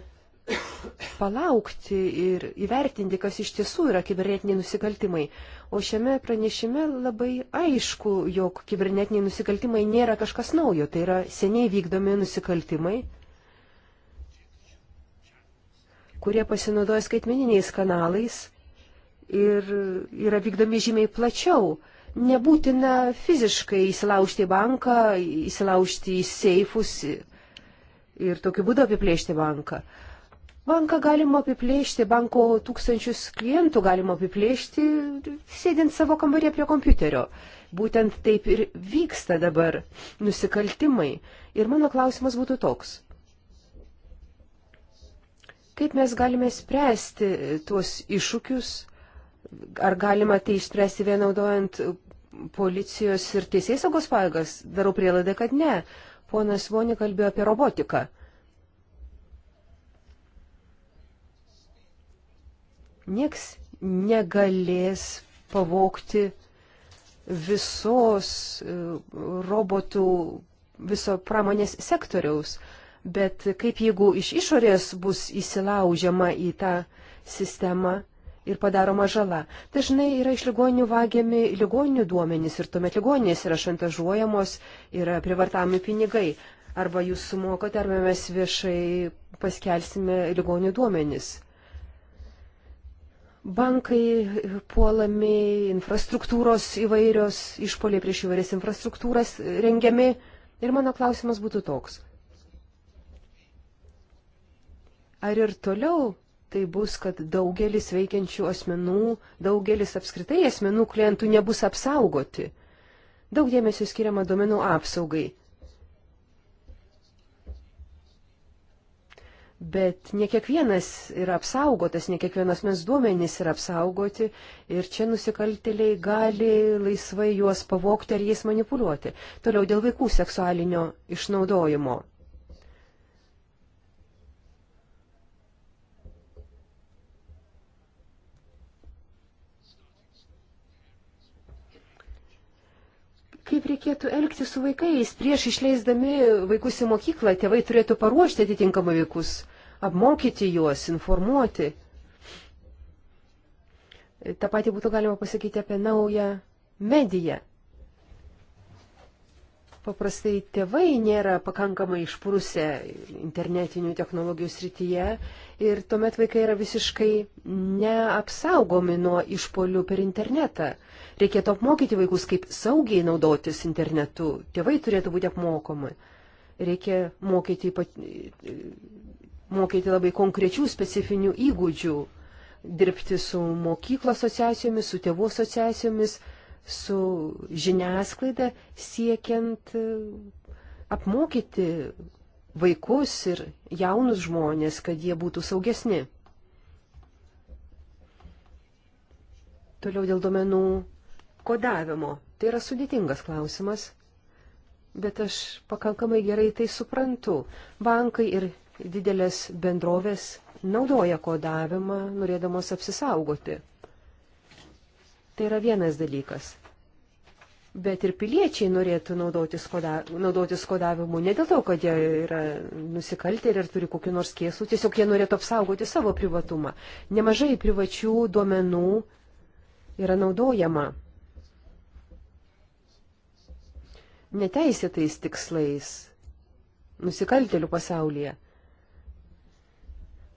palaukti ir įvertinti, kas iš tiesų yra kibernetiniai nusikaltimai. O šiame pranešime labai aišku, jog kibernetiniai nusikaltimai nėra kažkas naujo, tai yra seniai vykdomi nusikaltimai, kurie pasinaudoja skaitmeniniais kanalais ir yra vykdomi žymiai plačiau. Nebūtina fiziškai įsilaužti į banką, įsilaužti į seifus ir tokiu būdu apiplėšti banką. Banką galima apiplėšti, banko tūkstančius klientų galima apiplėšti, sėdint savo kambarė prie kompiuterio. Būtent taip ir vyksta dabar nusikaltimai. Ir mano klausimas būtų toks. Kaip mes galime spręsti tuos iššūkius? Ar galima tai išspręsti vien naudojant policijos ir teisės saugos pajėgas? Darau prielaidą, kad ne. Ponas Voni kalbėjo apie robotiką. nieks negalės pavokti visos e, robotų, viso pramonės sektoriaus. Bet kaip jeigu iš išorės bus įsilaužiama į tą sistemą ir padaroma žala. Dažnai yra iš ligonių vagiami ligonių duomenys ir tuomet ligoninės yra šantažuojamos, yra privartami pinigai. Arba jūs sumokote, arba mes viešai paskelsime ligonių duomenys bankai puolami, infrastruktūros įvairios, išpoliai prieš įvairias infrastruktūras rengiami. Ir mano klausimas būtų toks. Ar ir toliau tai bus, kad daugelis veikiančių asmenų, daugelis apskritai asmenų klientų nebus apsaugoti? Daug dėmesio skiriama domenų apsaugai, bet ne kiekvienas yra apsaugotas, ne kiekvienas mes duomenys yra apsaugoti ir čia nusikaltėliai gali laisvai juos pavokti ar jais manipuliuoti. Toliau dėl vaikų seksualinio išnaudojimo. kaip reikėtų elgti su vaikais. Prieš išleisdami vaikus į mokyklą, tėvai turėtų paruošti atitinkamai vaikus, apmokyti juos, informuoti. Ta pati būtų galima pasakyti apie naują mediją. Paprastai tėvai nėra pakankamai išprusę internetinių technologijų srityje ir tuomet vaikai yra visiškai neapsaugomi nuo išpolių per internetą. Reikėtų apmokyti vaikus, kaip saugiai naudotis internetu. Tėvai turėtų būti apmokomi. Reikia mokyti, mokyti labai konkrečių specifinių įgūdžių. Dirbti su mokyklo asociacijomis, su tėvų asociacijomis, su žiniasklaida, siekiant e, apmokyti vaikus ir jaunus žmonės, kad jie būtų saugesni. Toliau dėl domenų kodavimo. Tai yra sudėtingas klausimas, bet aš pakankamai gerai tai suprantu. Bankai ir didelės bendrovės naudoja kodavimą, norėdamos apsisaugoti. Tai yra vienas dalykas. Bet ir piliečiai norėtų naudotis, koda, naudotis kodavimu ne dėl to, kad jie yra nusikaltę ir turi kokiu nors kėsų, tiesiog jie norėtų apsaugoti savo privatumą. Nemažai privačių duomenų yra naudojama neteisėtais tikslais nusikaltelių pasaulyje.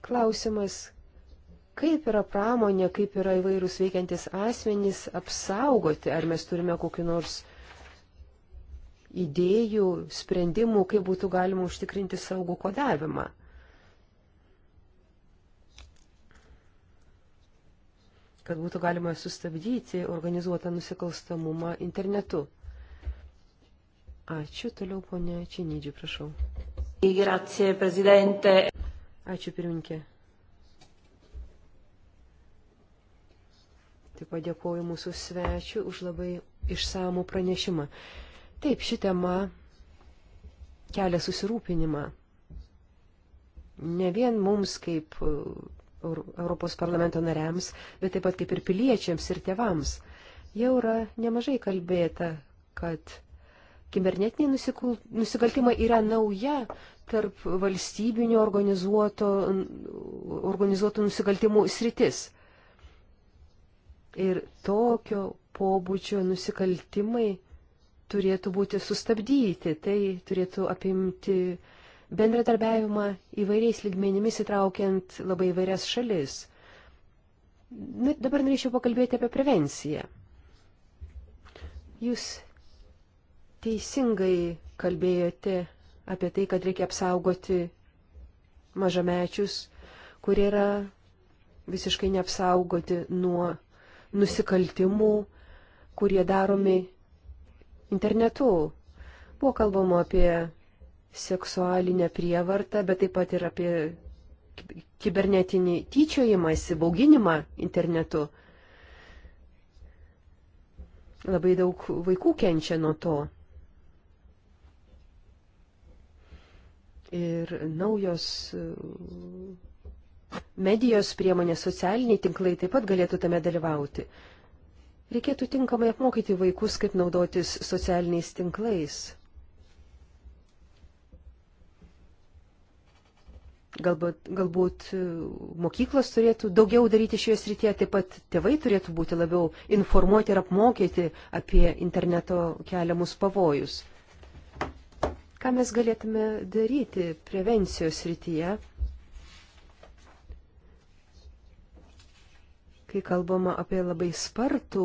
Klausimas, kaip yra pramonė, kaip yra įvairūs veikiantis asmenys apsaugoti, ar mes turime kokiu nors idėjų, sprendimų, kaip būtų galima užtikrinti saugų kodavimą. kad būtų galima sustabdyti organizuotą nusikalstamumą internetu. Ačiū. Toliau ponė Činydžiu, prašau. Grazie, prezidente. Ačiū, pirminkė. Taip pat dėkoju mūsų svečiu už labai išsamų pranešimą. Taip, ši tema kelia susirūpinimą. Ne vien mums kaip uh, Europos parlamento nariams, bet taip pat kaip ir piliečiams ir tėvams. Jau yra nemažai kalbėta, kad Kibernetiniai nusikul... nusikaltimai yra nauja tarp valstybinio organizuoto, organizuoto nusikaltimų sritis. Ir tokio pobūdžio nusikaltimai turėtų būti sustabdyti, tai turėtų apimti bendradarbiavimą įvairiais lygmenimis įtraukiant labai įvairias šalis. Na, dabar norėčiau pakalbėti apie prevenciją. Jūs teisingai kalbėjote apie tai, kad reikia apsaugoti mažamečius, kurie yra visiškai neapsaugoti nuo nusikaltimų, kurie daromi internetu. Buvo kalbama apie seksualinę prievartą, bet taip pat ir apie kibernetinį tyčiojimąsi, bauginimą internetu. Labai daug vaikų kenčia nuo to. ir naujos e, medijos priemonės, socialiniai tinklai taip pat galėtų tame dalyvauti. Reikėtų tinkamai apmokyti vaikus, kaip naudotis socialiniais tinklais. Galbūt, galbūt e, mokyklos turėtų daugiau daryti šioje srityje, taip pat tėvai turėtų būti labiau informuoti ir apmokyti apie interneto keliamus pavojus. Ką mes galėtume daryti prevencijos rytyje, kai kalbama apie labai spartų,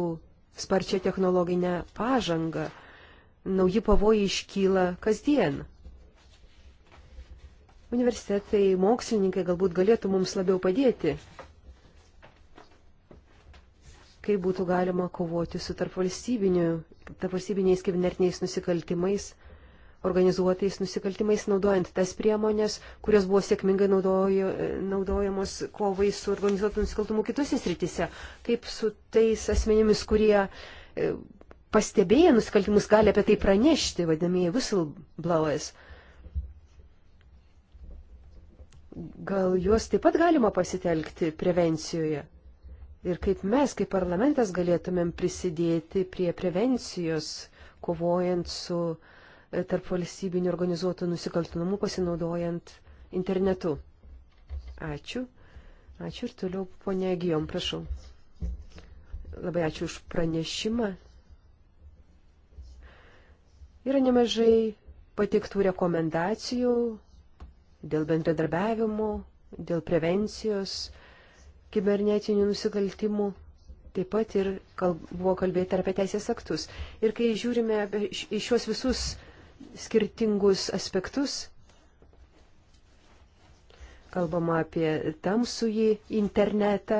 sparčią technologinę pažangą, nauji pavojai iškyla kasdien. Universitetai, mokslininkai galbūt galėtų mums labiau padėti, kaip būtų galima kovoti su tarpvalstybiniais tarp kibernetiniais nusikaltimais organizuotais nusikaltimais, naudojant tas priemonės, kurios buvo sėkmingai naudojo, naudojamos kovai su organizuotų nusikaltumų kitose sritise, kaip su tais asmenėmis, kurie e, pastebėję nusikaltimus gali apie tai pranešti, vadinamieji whistleblowers. Gal juos taip pat galima pasitelkti prevencijoje? Ir kaip mes, kaip parlamentas, galėtumėm prisidėti prie prevencijos, kovojant su uh, E, tarp valstybinių organizuotų nusikaltinamų pasinaudojant internetu. Ačiū. Ačiū ir toliau ponia Gijom, prašau. Labai ačiū už pranešimą. Yra nemažai patiktų rekomendacijų dėl bendradarbiavimo, dėl prevencijos, kibernetinių nusikaltimų. Taip pat ir kalb, buvo kalbėta apie teisės aktus. Ir kai žiūrime į šios visus skirtingus aspektus. Kalbama apie tamsųjį internetą,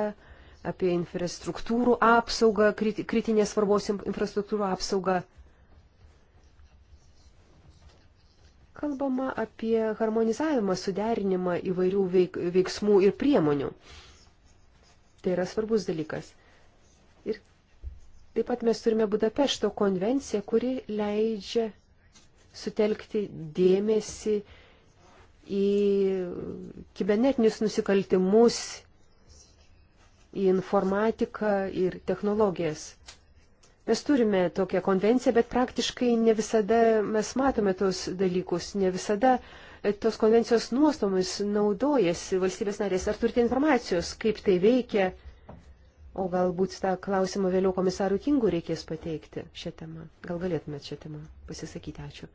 apie infrastruktūrų apsaugą, kritinės svarbos infrastruktūrų apsaugą. Kalbama apie harmonizavimą, suderinimą įvairių veik, veiksmų ir priemonių. Tai yra svarbus dalykas. Ir taip pat mes turime Budapešto konvenciją, kuri leidžia sutelkti dėmesį į kibernetinius nusikaltimus, į informatiką ir technologijas. Mes turime tokią konvenciją, bet praktiškai ne visada mes matome tos dalykus, ne visada tos konvencijos nuostomis naudojasi valstybės narės. Ar turite informacijos, kaip tai veikia? O galbūt tą klausimą vėliau komisarui Kingu reikės pateikti šią temą. Gal galėtumėt šią temą pasisakyti? Ačiū.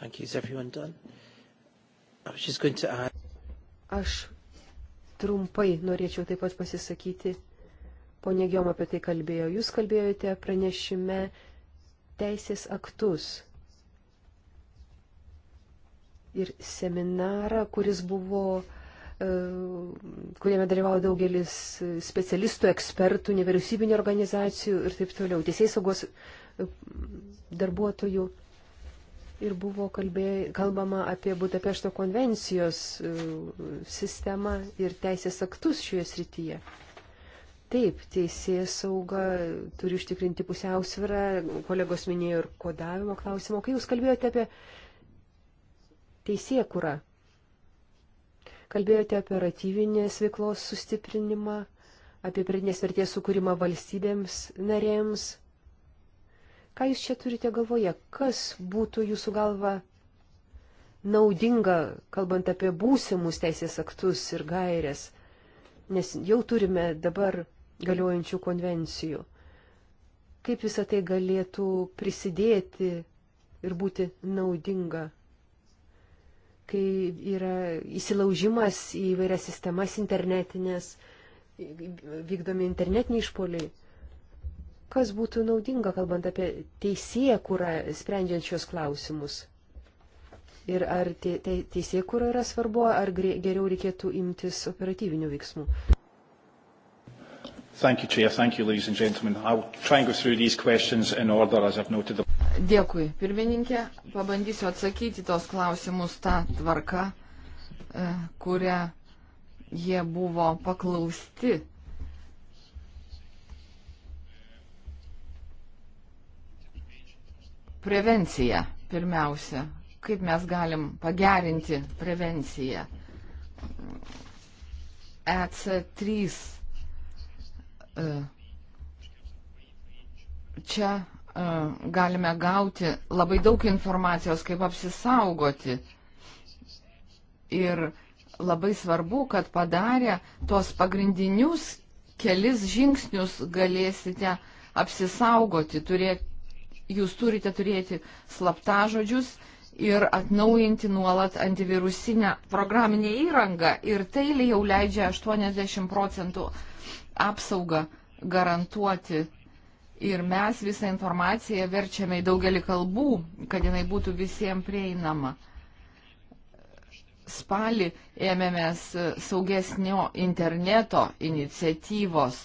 Thank you. Is everyone done? I was just going to add. Aš trumpai norėčiau taip pat pasisakyti. Pone Giom apie tai kalbėjo. Jūs kalbėjote pranešime teisės aktus ir seminarą, kuris buvo e, kuriame dalyvavo daugelis specialistų, ekspertų, nevyriausybinio organizacijų ir taip toliau, teisės saugos e, darbuotojų ir buvo kalbė, kalbama apie Budapešto konvencijos e, sistemą ir teisės aktus šioje srityje. Taip, teisės sauga turi užtikrinti pusiausvirą, kolegos minėjo ir kodavimo klausimo. Kai jūs kalbėjote apie teisėkurą, kalbėjote apie operatyvinės veiklos sustiprinimą, apie pridinės vertės sukūrimą valstybėms narėms, Ką jūs čia turite galvoje? Kas būtų jūsų galva naudinga, kalbant apie būsimus teisės aktus ir gairės? Nes jau turime dabar galiojančių konvencijų. Kaip visą tai galėtų prisidėti ir būti naudinga? kai yra įsilaužimas į vairias sistemas internetinės, vykdomi internetiniai išpoliai. Kas būtų naudinga, kalbant apie teisėkurą, sprendžiant šios klausimus? Ir ar te, te, teisėkura yra svarbu, ar geriau reikėtų imtis operatyvinių veiksmų? Thank you, Chair. Thank you, ladies and gentlemen. I will try and go through these questions in order as I've noted them. Dėkui, pirmininkė. Pabandysiu atsakyti tos klausimus tą tvarką, e, kurią jie buvo paklausti. prevenciją pirmiausia. Kaip mes galim pagerinti prevenciją. EC3 e, čia e, galime gauti labai daug informacijos, kaip apsisaugoti. Ir labai svarbu, kad padarę tuos pagrindinius kelis žingsnius galėsite apsisaugoti, turėti jūs turite turėti slaptažodžius ir atnaujinti nuolat antivirusinę programinę įrangą. Ir tai jau leidžia 80 procentų apsaugą garantuoti. Ir mes visą informaciją verčiame į daugelį kalbų, kad jinai būtų visiems prieinama. Spalį ėmėmės saugesnio interneto iniciatyvos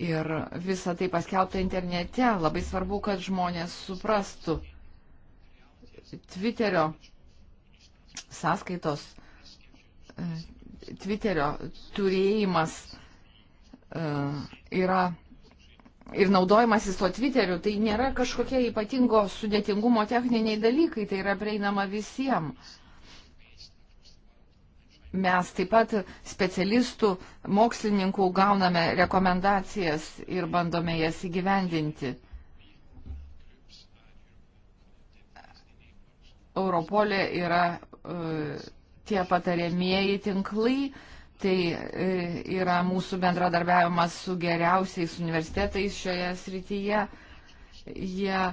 ir visą tai paskelbta internete. Labai svarbu, kad žmonės suprastų Twitterio sąskaitos, e, Twitterio turėjimas e, yra ir naudojimasis to Twitteriu, tai nėra kažkokie ypatingo sudėtingumo techniniai dalykai, tai yra prieinama visiems. Mes taip pat specialistų, mokslininkų gauname rekomendacijas ir bandome jas įgyvendinti. Europolė yra e, tie patariamieji tinklai, tai e, yra mūsų bendradarbiavimas su geriausiais universitetais šioje srityje. Jie e,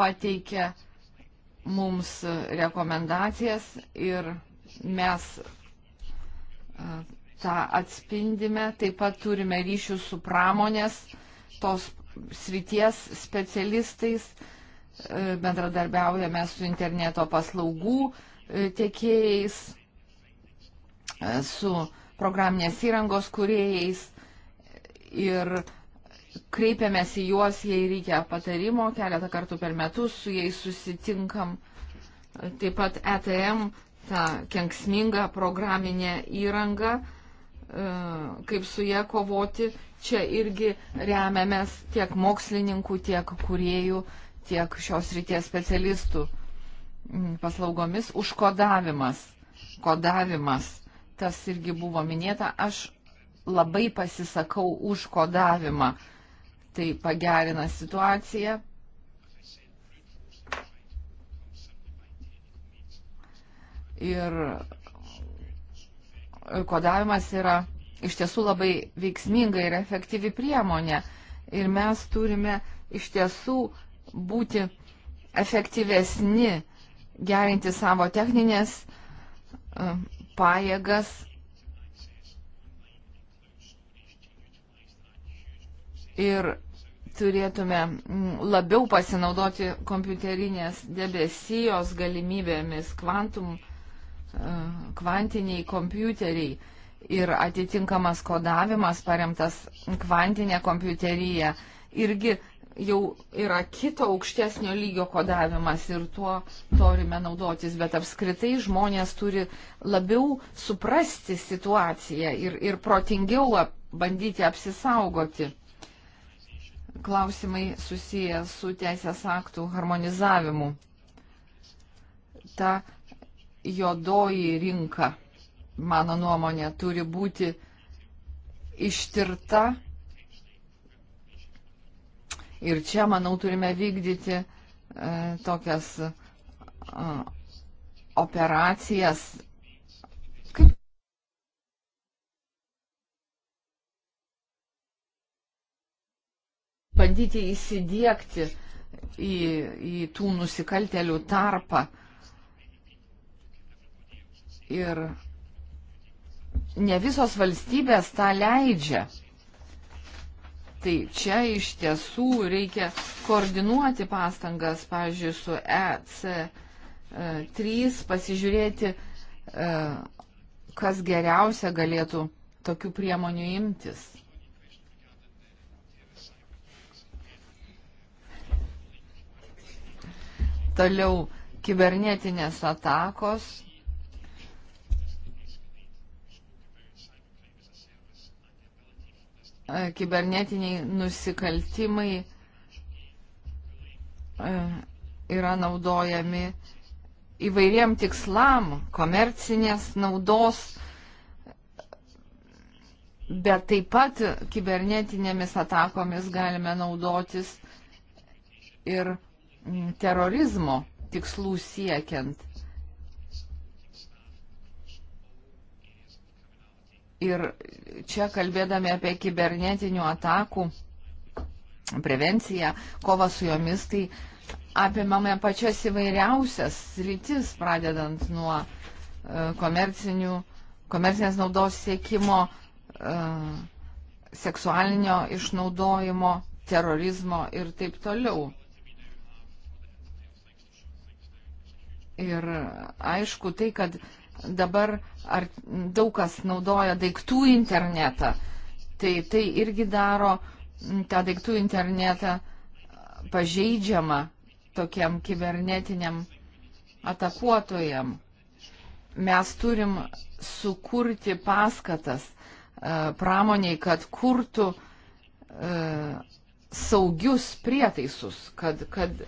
pateikia mums rekomendacijas ir mes tą atspindime, taip pat turime ryšių su pramonės, tos srities specialistais, bendradarbiaujame su interneto paslaugų tiekėjais, su programinės įrangos kuriejais ir kreipiamės į juos, jei reikia patarimo, keletą kartų per metus su jais susitinkam. Taip pat ETM tą kenksmingą programinę įrangą, e, kaip su jie kovoti. Čia irgi remiamės tiek mokslininkų, tiek kuriejų, tiek šios ryties specialistų paslaugomis užkodavimas. Kodavimas, tas irgi buvo minėta, aš labai pasisakau už kodavimą. Tai pagerina situaciją, ir kodavimas yra iš tiesų labai veiksminga ir efektyvi priemonė. Ir mes turime iš tiesų būti efektyvesni, gerinti savo techninės e, pajėgas. Ir turėtume labiau pasinaudoti kompiuterinės debesijos galimybėmis, kvantum kvantiniai kompiuteriai ir atitinkamas kodavimas paremtas kvantinė kompiuterija irgi jau yra kito aukštesnio lygio kodavimas ir tuo norime naudotis, bet apskritai žmonės turi labiau suprasti situaciją ir, ir protingiau ap, bandyti apsisaugoti. Klausimai susiję su teisės aktų harmonizavimu. Ta jodoji rinka, mano nuomonė, turi būti ištirta. Ir čia, manau, turime vykdyti e, tokias e, operacijas. Kaip? Bandyti įsidėkti į, į tų nusikaltelių tarpą. E, Ir ne visos valstybės tą leidžia. Tai čia iš tiesų reikia koordinuoti pastangas, pavyzdžiui, su EC3, e, pasižiūrėti, e, kas geriausia galėtų tokių priemonių imtis. Toliau kibernetinės atakos, E, kibernetiniai nusikaltimai e, yra naudojami įvairiem tikslam, komercinės naudos, bet taip pat kibernetinėmis atakomis galime naudotis ir terorizmo tikslų siekiant. Ir čia kalbėdami apie kibernetinių atakų prevenciją, kovą su jomis, tai apimame pačias įvairiausias rytis, pradedant nuo e, komercinės naudos siekimo, e, seksualinio išnaudojimo, terorizmo ir taip toliau. Ir aišku, tai, kad dabar ar, daug kas naudoja daiktų internetą. Tai tai irgi daro tą daiktų internetą pažeidžiamą tokiam kibernetiniam atakuotojam. Mes turim sukurti paskatas e, pramoniai, kad kurtų e, saugius prietaisus, kad, kad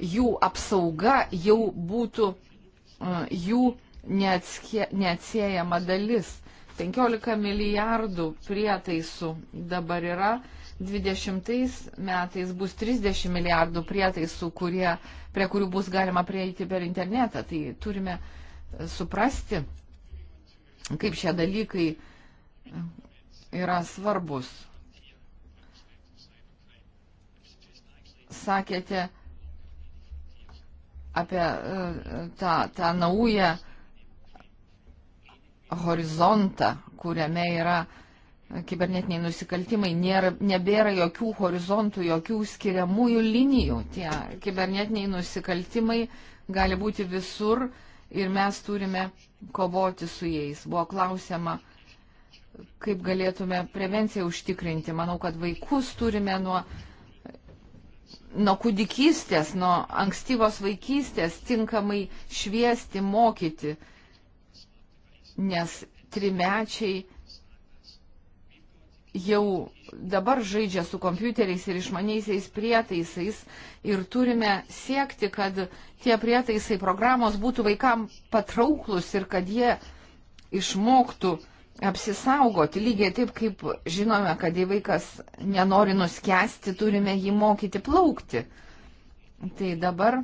jų apsauga jau būtų e, jų neatskie, neatsiejama dalis. 15 milijardų prietaisų dabar yra, 20 metais bus 30 milijardų prietaisų, kurie, prie kurių bus galima prieiti per internetą. Tai turime suprasti, kaip šie dalykai yra svarbus. Sakėte apie e, tą, tą naują horizontą, kuriame yra kibernetiniai nusikaltimai, nėra, nebėra jokių horizontų, jokių skiriamųjų linijų. Tie kibernetiniai nusikaltimai gali būti visur ir mes turime kovoti su jais. Buvo klausima, kaip galėtume prevenciją užtikrinti. Manau, kad vaikus turime nuo, nuo kūdikystės, nuo ankstyvos vaikystės tinkamai šviesti, mokyti nes trimečiai jau dabar žaidžia su kompiuteriais ir išmaniaisiais prietaisais ir turime siekti, kad tie prietaisai programos būtų vaikam patrauklus ir kad jie išmoktų apsisaugoti. Lygiai taip, kaip žinome, kad jei vaikas nenori nuskesti, turime jį mokyti plaukti. Tai dabar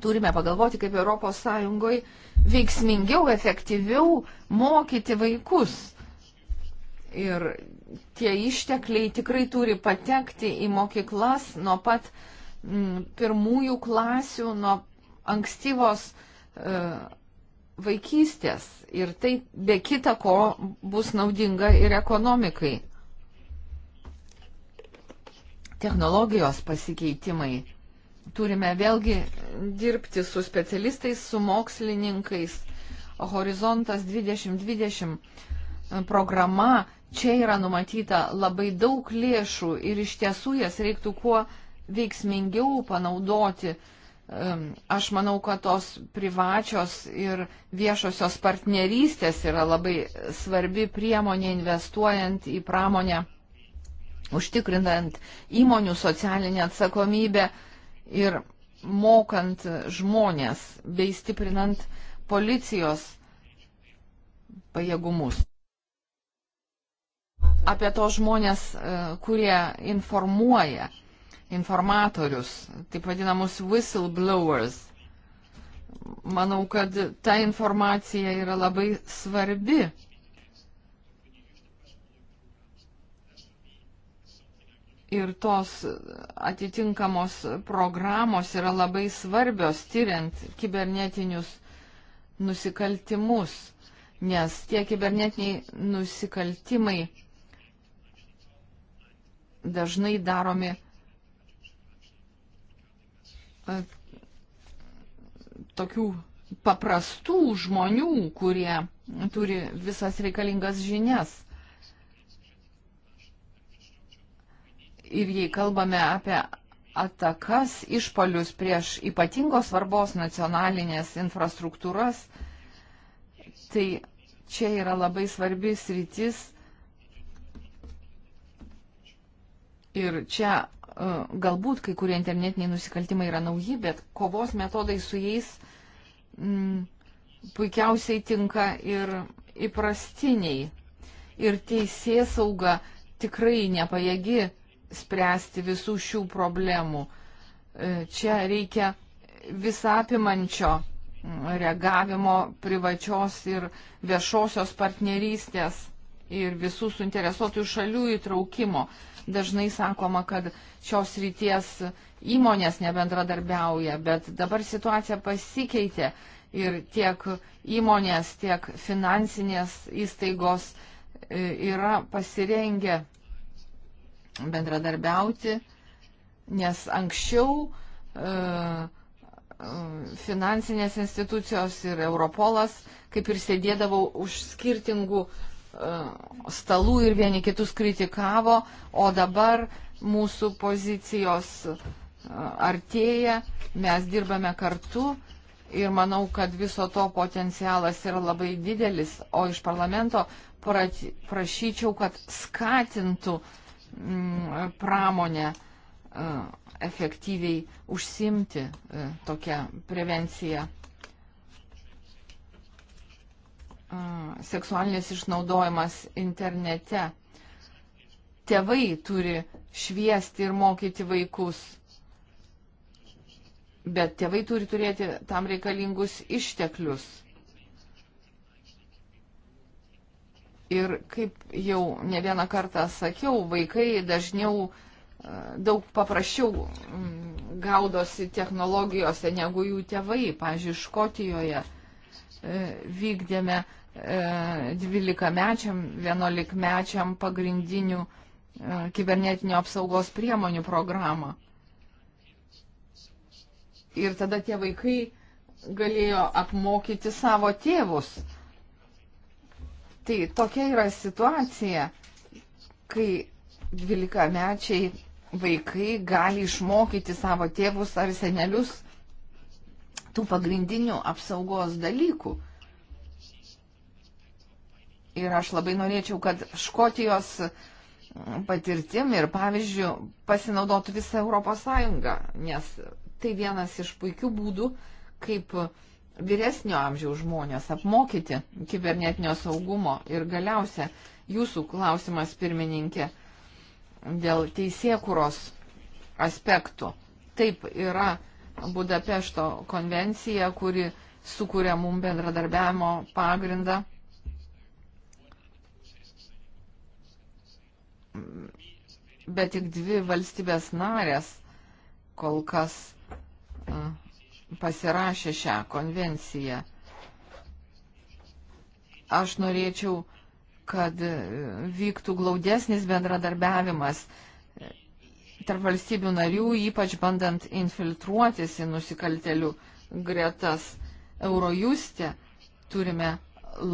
turime pagalvoti, kaip ES veiksmingiau, efektyviau mokyti vaikus. Ir tie ištekliai tikrai turi patekti į mokyklas nuo pat m, mm, pirmųjų klasių, nuo ankstyvos e, vaikystės. Ir tai be kita ko bus naudinga ir ekonomikai. Technologijos pasikeitimai turime vėlgi dirbti su specialistais, su mokslininkais. Horizontas 2020 e, programa, čia yra numatyta labai daug lėšų ir iš tiesų jas reiktų kuo veiksmingiau panaudoti. Aš manau, kad tos privačios ir viešosios partnerystės yra labai svarbi priemonė investuojant į pramonę, užtikrinant įmonių socialinę atsakomybę ir mokant žmonės bei stiprinant policijos pajėgumus. Apie to žmonės, e, kurie informuoja informatorius, taip vadinamus whistleblowers. Manau, kad ta informacija yra labai svarbi ir tos atitinkamos programos yra labai svarbios tyriant kibernetinius nusikaltimus, nes tie kibernetiniai nusikaltimai dažnai daromi e, tokių paprastų žmonių, kurie turi visas reikalingas žinias. Ir jei kalbame apie atakas, išpolius prieš ypatingos svarbos nacionalinės infrastruktūras, tai čia yra labai svarbi sritis. Ir čia e, galbūt kai kurie internetiniai nusikaltimai yra nauji, bet kovos metodai su jais m, mm, puikiausiai tinka ir įprastiniai. Ir teisė sauga tikrai nepajėgi spręsti visų šių problemų. E, čia reikia visapimančio reagavimo privačios ir viešosios partnerystės ir visų suinteresuotųjų šalių įtraukimo. Dažnai sakoma, kad šios ryties įmonės nebendradarbiauja, bet dabar situacija pasikeitė ir tiek įmonės, tiek finansinės įstaigos e, yra pasirengę bendradarbiauti, nes anksčiau e, e, finansinės institucijos ir Europolas kaip ir sėdėdavo už skirtingų e, stalų ir vieni kitus kritikavo, o dabar mūsų pozicijos artėja, mes dirbame kartu ir manau, kad viso to potencialas yra labai didelis, o iš parlamento prašyčiau, kad skatintų uh, Mm, pramonę e, efektyviai užsimti e, tokią prevenciją. E, seksualinis išnaudojimas internete. Tėvai turi šviesti ir mokyti vaikus, bet tėvai turi turėti tam reikalingus išteklius. Ir kaip jau ne vieną kartą sakiau, vaikai dažniau e, daug paprasčiau mm, gaudosi technologijose negu jų tėvai. Pavyzdžiui, Škotijoje e, vykdėme 12-mečiam, e, 11-mečiam pagrindinių kibernetinio apsaugos priemonių programą. Ir tada tie vaikai galėjo apmokyti savo tėvus Tai tokia yra situacija, kai 12-mečiai vaikai gali išmokyti savo tėvus ar senelius tų pagrindinių apsaugos dalykų. Ir aš labai norėčiau, kad Škotijos patirtim ir pavyzdžių pasinaudotų visą Europos Sąjungą, nes tai vienas iš puikių būdų, kaip uh, vyresnio amžiaus žmonės, apmokyti kibernetinio saugumo. Ir galiausia, jūsų klausimas, pirmininkė, dėl teisėkuros aspektų. Taip yra Budapešto konvencija, kuri sukuria mum bendradarbiavimo pagrindą. Bet tik dvi valstybės narės kol kas. Uh, pasirašė šią konvenciją. Aš norėčiau, kad vyktų glaudesnis bendradarbiavimas tarp valstybių narių, ypač bandant infiltruotis į nusikaltelių gretas. Eurojuste turime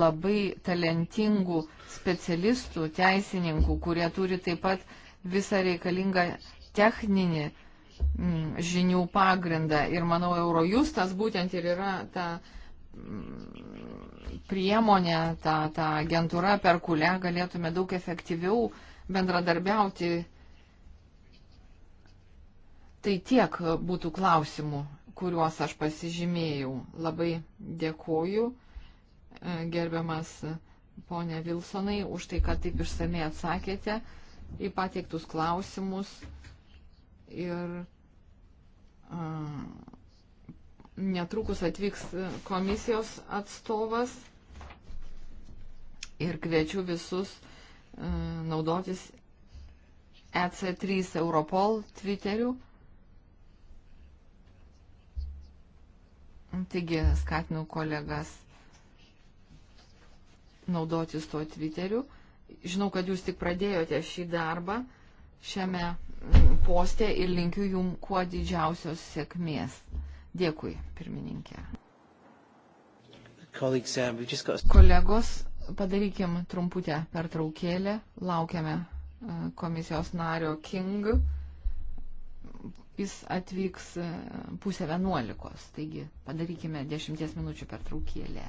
labai talentingų specialistų, teisininkų, kurie turi taip pat visą reikalingą techninį Mm, žinių pagrindą. Ir manau, Eurojustas būtent ir yra ta mm, priemonė, ta, ta agentūra, per kurią galėtume daug efektyviau bendradarbiauti. Tai tiek būtų klausimų, kuriuos aš pasižymėjau. Labai dėkoju, e, gerbiamas ponė Vilsonai, už tai, kad taip išsamei atsakėte į pateiktus klausimus ir netrukus atvyks komisijos atstovas ir kviečiu visus naudotis EC3 Europol Twitteriu. Taigi skatinu kolegas naudotis tuo Twitteriu. Žinau, kad jūs tik pradėjote šį darbą šiame postė ir linkiu jum kuo didžiausios sėkmės. Dėkui, pirmininkė. Uh, Kolegos, padarykim trumputę pertraukėlę. Laukiame uh, komisijos nario King. Jis atvyks uh, pusę vienuolikos, taigi padarykime dešimties minučių pertraukėlę.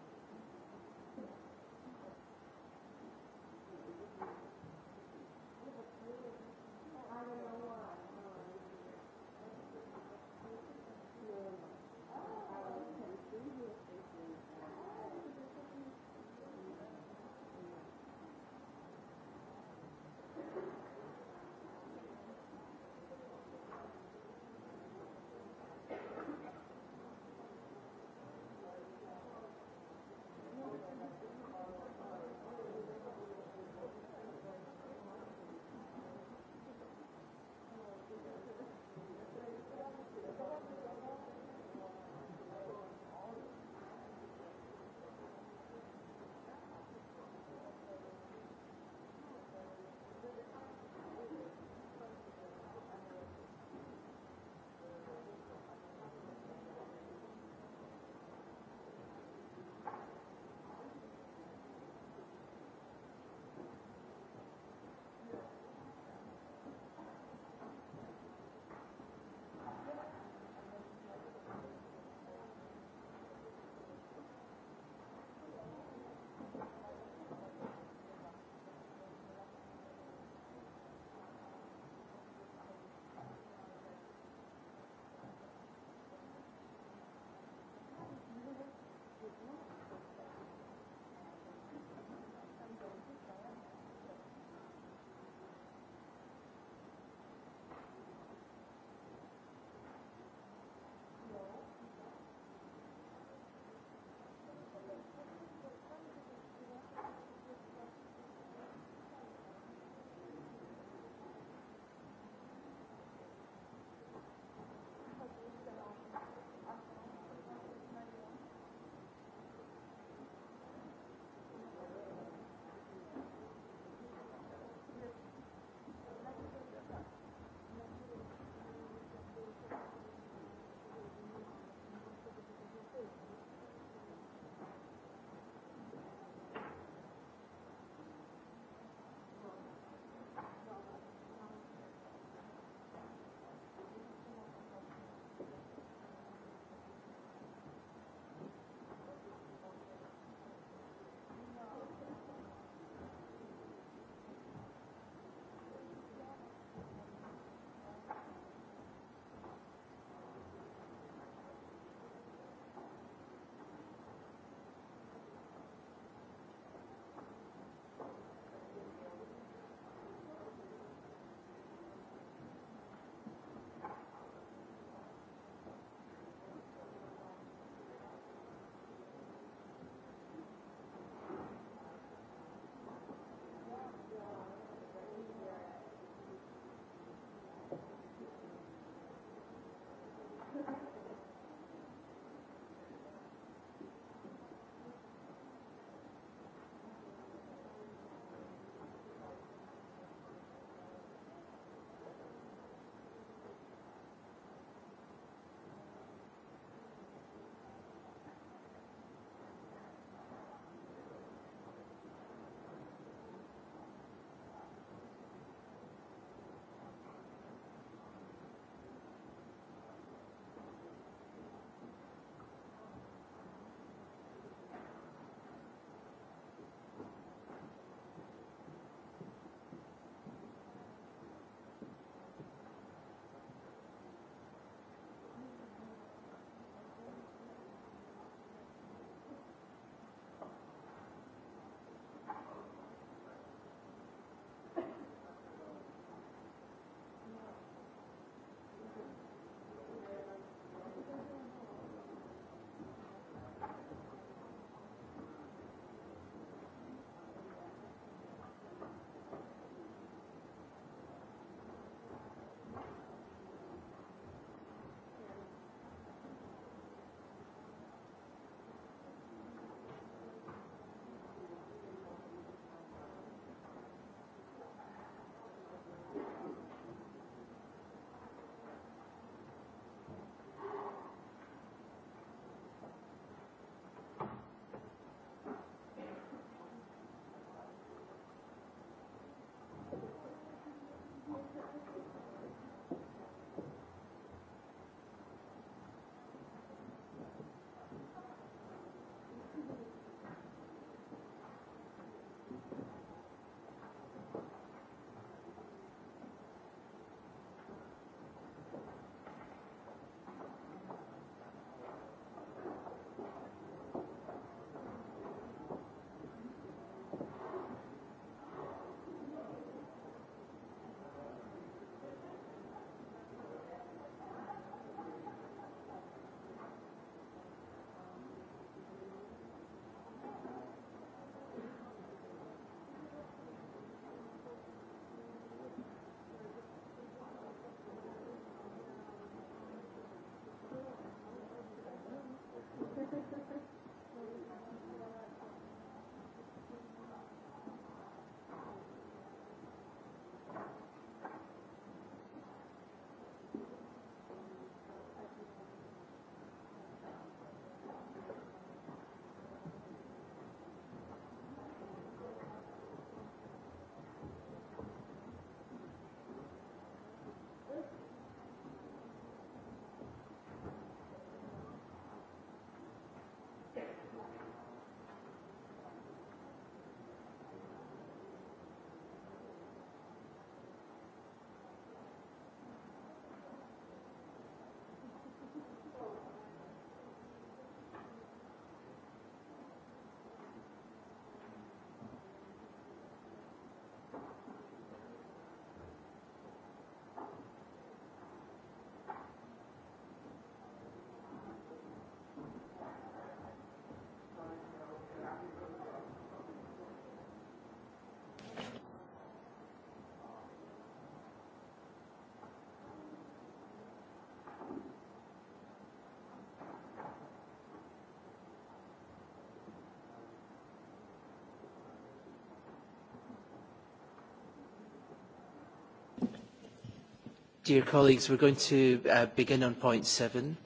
Dear colleagues, we're going to uh, begin on point seven.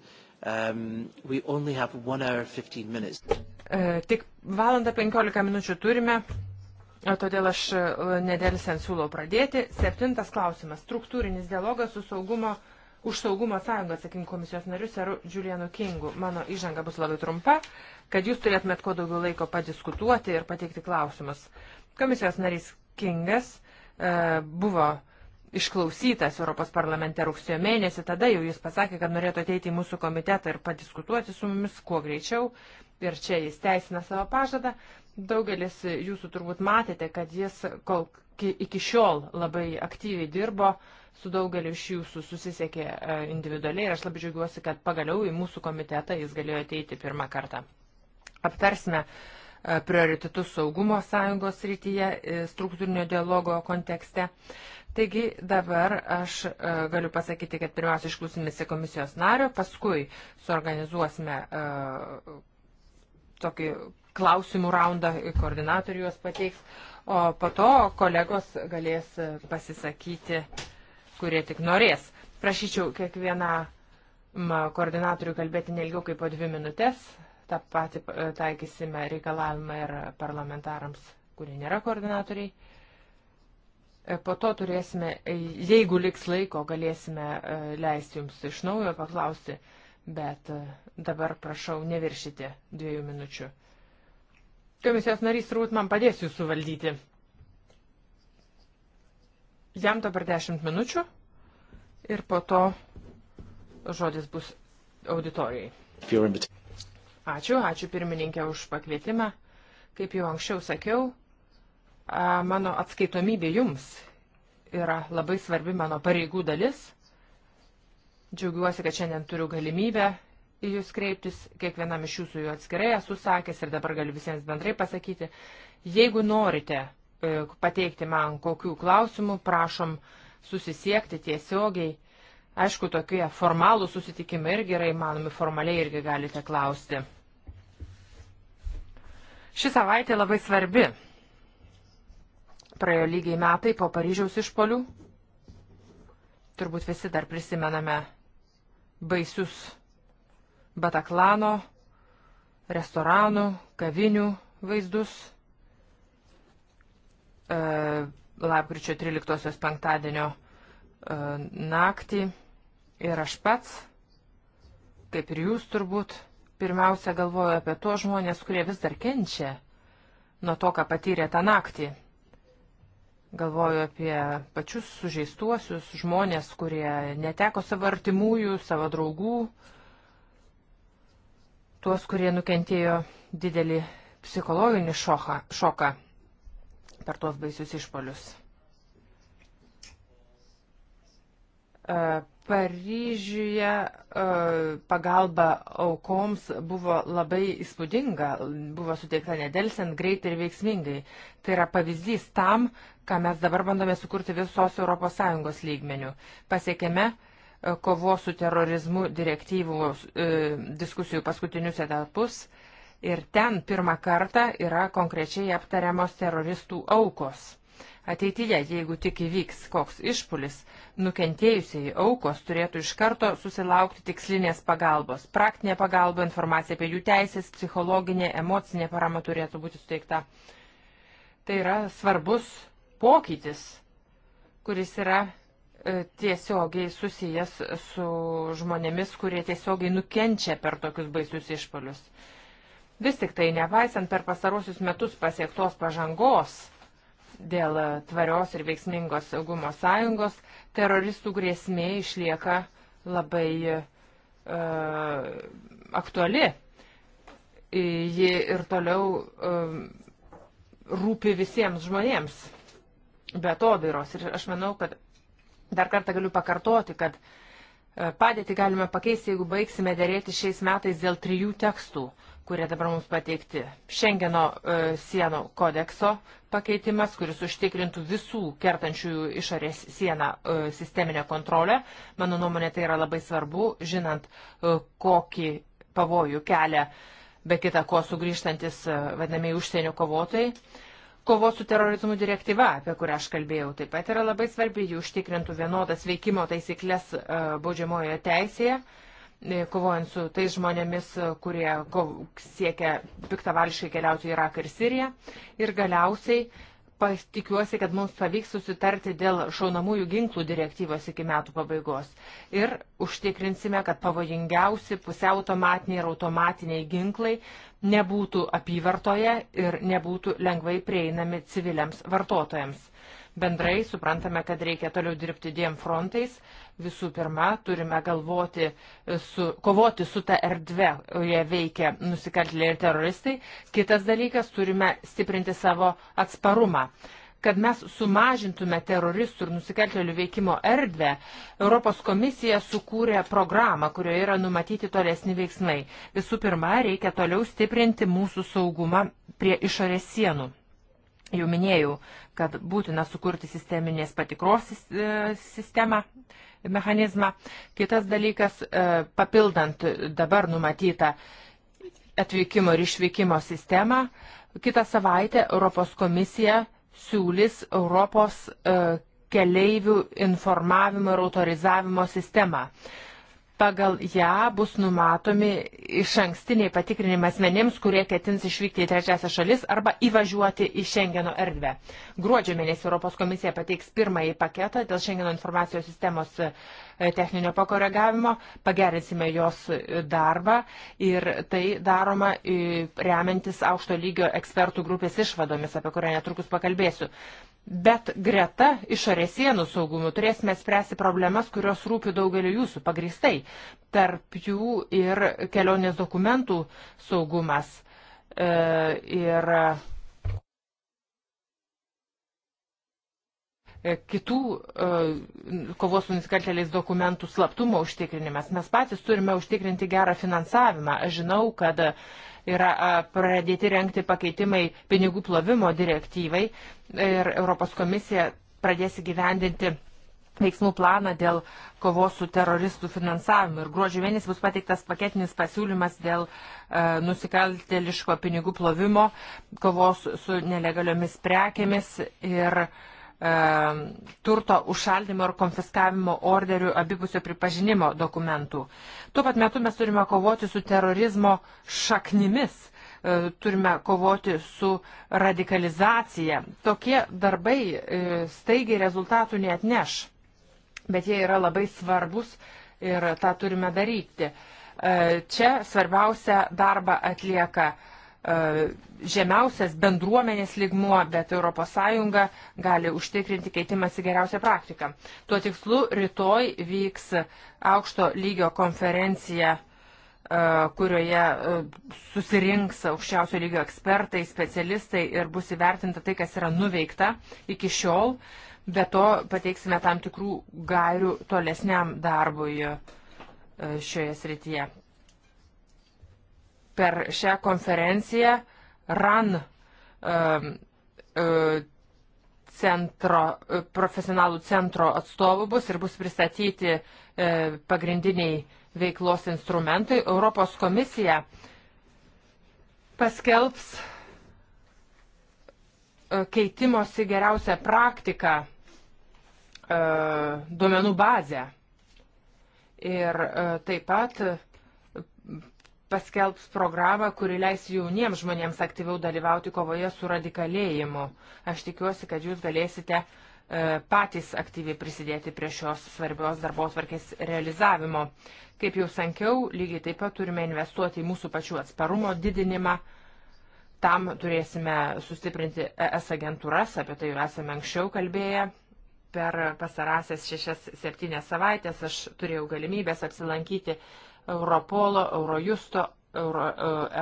Um, we only have one hour fifteen minutes. Uh, tik valandą penkiolika minučių turime, todėl aš uh, e, nedėlsiant siūlau pradėti. Septintas klausimas. Struktūrinis dialogas su saugumo, už saugumo sąjungą atsakingu komisijos nariu Seru Julianu Kingu. Mano įžanga bus labai trumpa, kad jūs turėtumėt kuo daugiau laiko padiskutuoti ir pateikti klausimus. Komisijos narys Kingas uh, buvo uh, išklausytas Europos parlamente rugsėjo mėnesį, tada jau jis pasakė, kad norėtų ateiti į mūsų komitetą ir padiskutuoti su mumis kuo greičiau. Ir čia jis teisina savo pažadą. Daugelis jūsų turbūt matėte, kad jis kol iki šiol labai aktyviai dirbo, su daugeliu iš jūsų susisiekė e, individualiai ir aš labai džiaugiuosi, kad pagaliau į mūsų komitetą jis galėjo ateiti pirmą kartą. Aptarsime uh, E, prioritetus saugumo sąjungos rytyje, e, struktūrinio dialogo kontekste. Taigi dabar aš e, galiu pasakyti, kad pirmiausia išklausimėsi komisijos nario, paskui suorganizuosime tokį klausimų raundą, koordinatorių juos pateiks, o po to kolegos galės pasisakyti, kurie tik norės. Prašyčiau kiekvieną koordinatorių kalbėti nelgiau kaip po dvi minutės, tą patį e, taikysime reikalavimą ir parlamentarams, kurie nėra koordinatoriai. E, po to turėsime, e, jeigu liks laiko, galėsime leisti jums iš naujo paklausti, bet dabar prašau neviršyti dviejų minučių. Komisijos narys turbūt man padės jūs suvaldyti. Jam dabar 10 minučių ir po to žodis bus auditorijai. Ačiū, ačiū pirmininkė už pakvietimą. Kaip jau anksčiau sakiau, mano atskaitomybė jums yra labai svarbi mano pareigų dalis. Džiaugiuosi, kad šiandien turiu galimybę į jūs kreiptis, kiekvienam iš jūsų jų atskirai esu sakęs ir dabar galiu visiems bendrai pasakyti. Jeigu norite e, pateikti man kokių klausimų, prašom susisiekti tiesiogiai. Aišku, tokie formalų susitikimai irgi yra įmanomi, formaliai irgi galite klausti. Ši savaitė labai svarbi. Praėjo lygiai metai po Paryžiaus išpolių. Turbūt visi dar prisimename baisius Bataklano, restoranų, kavinių vaizdus. E, lapkričio 13-osios penktadienio e, naktį ir aš pats, kaip ir jūs turbūt, pirmiausia galvoju apie tuos žmonės, kurie vis dar kenčia nuo to, ką patyrė tą naktį. Galvoju apie pačius sužeistuosius žmonės, kurie neteko savo artimųjų, savo draugų, tuos, kurie nukentėjo didelį psichologinį šoką, šoką per tuos baisius išpolius. E, Paryžiuje e, pagalba aukoms buvo labai įspūdinga, buvo suteikta nedelsiant, greitai ir veiksmingai. Tai yra pavyzdys tam, ką mes dabar bandome sukurti visos ES lygmenių. Pasiekėme e, kovos su terorizmu direktyvų e, diskusijų paskutinius etapus ir ten pirmą kartą yra konkrečiai aptariamos teroristų aukos Ateityje, jeigu tik įvyks koks išpulis, nukentėjusiai aukos turėtų iš karto susilaukti tikslinės pagalbos. Praktinė pagalba, informacija apie jų teisės, psichologinė, emocinė parama turėtų būti suteikta. Tai yra svarbus pokytis, kuris yra e, tiesiogiai susijęs su žmonėmis, kurie tiesiogiai nukenčia per tokius baisius išpolius. Vis tik tai, nepaisant per pastarosius metus pasiektos pažangos, dėl tvarios ir veiksmingos saugumo sąjungos, teroristų grėsmė išlieka labai uh, aktuali. E, ji ir toliau uh, rūpi visiems žmonėms be to dairos. Ir aš manau, kad dar kartą galiu pakartoti, kad padėtį galime pakeisti, jeigu baigsime dėrėti šiais metais dėl trijų tekstų kurie dabar mums pateikti. Šengeno e, sienų kodekso pakeitimas, kuris užtikrintų visų kertančiųjų išorės sieną e, sisteminę kontrolę. Mano nuomonė tai yra labai svarbu, žinant, e, kokį pavojų kelia be kita ko sugrįžtantis e, vadinamiai užsienio kovotojai. Kovos su terorizmu direktyva, apie kurią aš kalbėjau, taip pat yra labai svarbi, ji užtikrintų vienodas veikimo taisyklės e, baudžiamojoje teisėje. E, E, kovojant su tais žmonėmis, e, kurie siekia piktavališkai keliauti į Iraką ir Siriją. Ir galiausiai tikiuosi, kad mums pavyks susitarti dėl šaunamųjų ginklų direktyvos iki metų pabaigos. Ir užtikrinsime, kad pavojingiausi pusiautomatiniai ir automatiniai ginklai nebūtų apyvartoje ir nebūtų lengvai prieinami civiliams vartotojams. Bendrai suprantame, kad reikia toliau dirbti dviem frontais. Visų pirma, turime galvoti, su, kovoti su ta erdve, joje veikia nusikaltėliai ir teroristai. Kitas dalykas, turime stiprinti savo atsparumą kad mes sumažintume teroristų ir nusikaltėlių veikimo erdvę, Europos komisija sukūrė programą, kurioje yra numatyti tolesni veiksmai. Visų pirma, reikia toliau stiprinti mūsų saugumą prie išorės sienų. Jau minėjau, kad būtina sukurti sisteminės patikros e, sistemą, mechanizmą. Kitas dalykas, e, papildant dabar numatytą atvykimo ir išvykimo sistemą, kitą savaitę Europos komisija siūlys Europos e, keleivių informavimo ir autorizavimo sistemą. Pagal ją bus numatomi iš ankstiniai patikrinimai asmenims, kurie ketins išvykti į trečiasią šalis arba įvažiuoti į Šengeno erdvę. Gruodžio mėnesį Europos komisija pateiks pirmąjį paketą dėl Šengeno informacijos sistemos e, techninio pakoregavimo, pagerinsime jos e, darbą ir tai daroma e, remiantis aukšto lygio ekspertų grupės išvadomis, apie kurią netrukus pakalbėsiu. Bet greta išorės sienų saugumų turėsime spręsti problemas, kurios rūpi daugeliu jūsų pagristai. Tarp jų ir kelionės dokumentų saugumas. E, ir e, kitų e, kovos su nusikaltėliais dokumentų slaptumo užtikrinimas. Mes patys turime užtikrinti gerą finansavimą. Aš žinau, kad yra pradėti renkti pakeitimai pinigų plovimo direktyvai ir Europos komisija pradės įgyvendinti veiksmų planą dėl kovos su teroristų finansavimu. Ir gruodžio mėnesį bus pateiktas paketinis pasiūlymas dėl e, nusikalteliško pinigų plovimo, kovos su nelegaliomis prekėmis ir e, E, turto užšaldimo ir konfiskavimo orderių abipusio pripažinimo dokumentų. Tuo pat metu mes turime kovoti su terorizmo šaknimis, e, turime kovoti su radikalizacija. Tokie darbai e, staigiai rezultatų neatneš, bet jie yra labai svarbus ir tą turime daryti. Čia svarbiausia darba atlieka uh, E, žemiausias bendruomenės ligmuo, bet ES gali užtikrinti keitimąsi geriausią praktiką. Tuo tikslu rytoj vyks aukšto lygio konferencija e, kurioje e, susirinks aukščiausio lygio ekspertai, specialistai ir bus įvertinta tai, kas yra nuveikta iki šiol. Be to pateiksime tam tikrų gairių tolesniam darbui šioje srityje per šią konferenciją RAN um, um, centro, e, profesionalų centro atstovų bus ir bus pristatyti e, pagrindiniai veiklos instrumentai. Europos komisija paskelbs e, keitimosi geriausią praktiką e, duomenų bazę. Ir e, taip pat paskelbs programą, kuri leis jauniems žmonėms aktyviau dalyvauti kovoje su radikalėjimu. Aš tikiuosi, kad jūs galėsite e, patys aktyviai prisidėti prie šios svarbios darbo tvarkės realizavimo. Kaip jau sankiau, lygiai taip pat turime investuoti į mūsų pačių atsparumo didinimą. Tam turėsime sustiprinti ES agentūras, apie tai jau esame anksčiau kalbėję. Per pasarasias šešias, septynias savaitės aš turėjau galimybės apsilankyti Europolo, Eurojusto, Euro,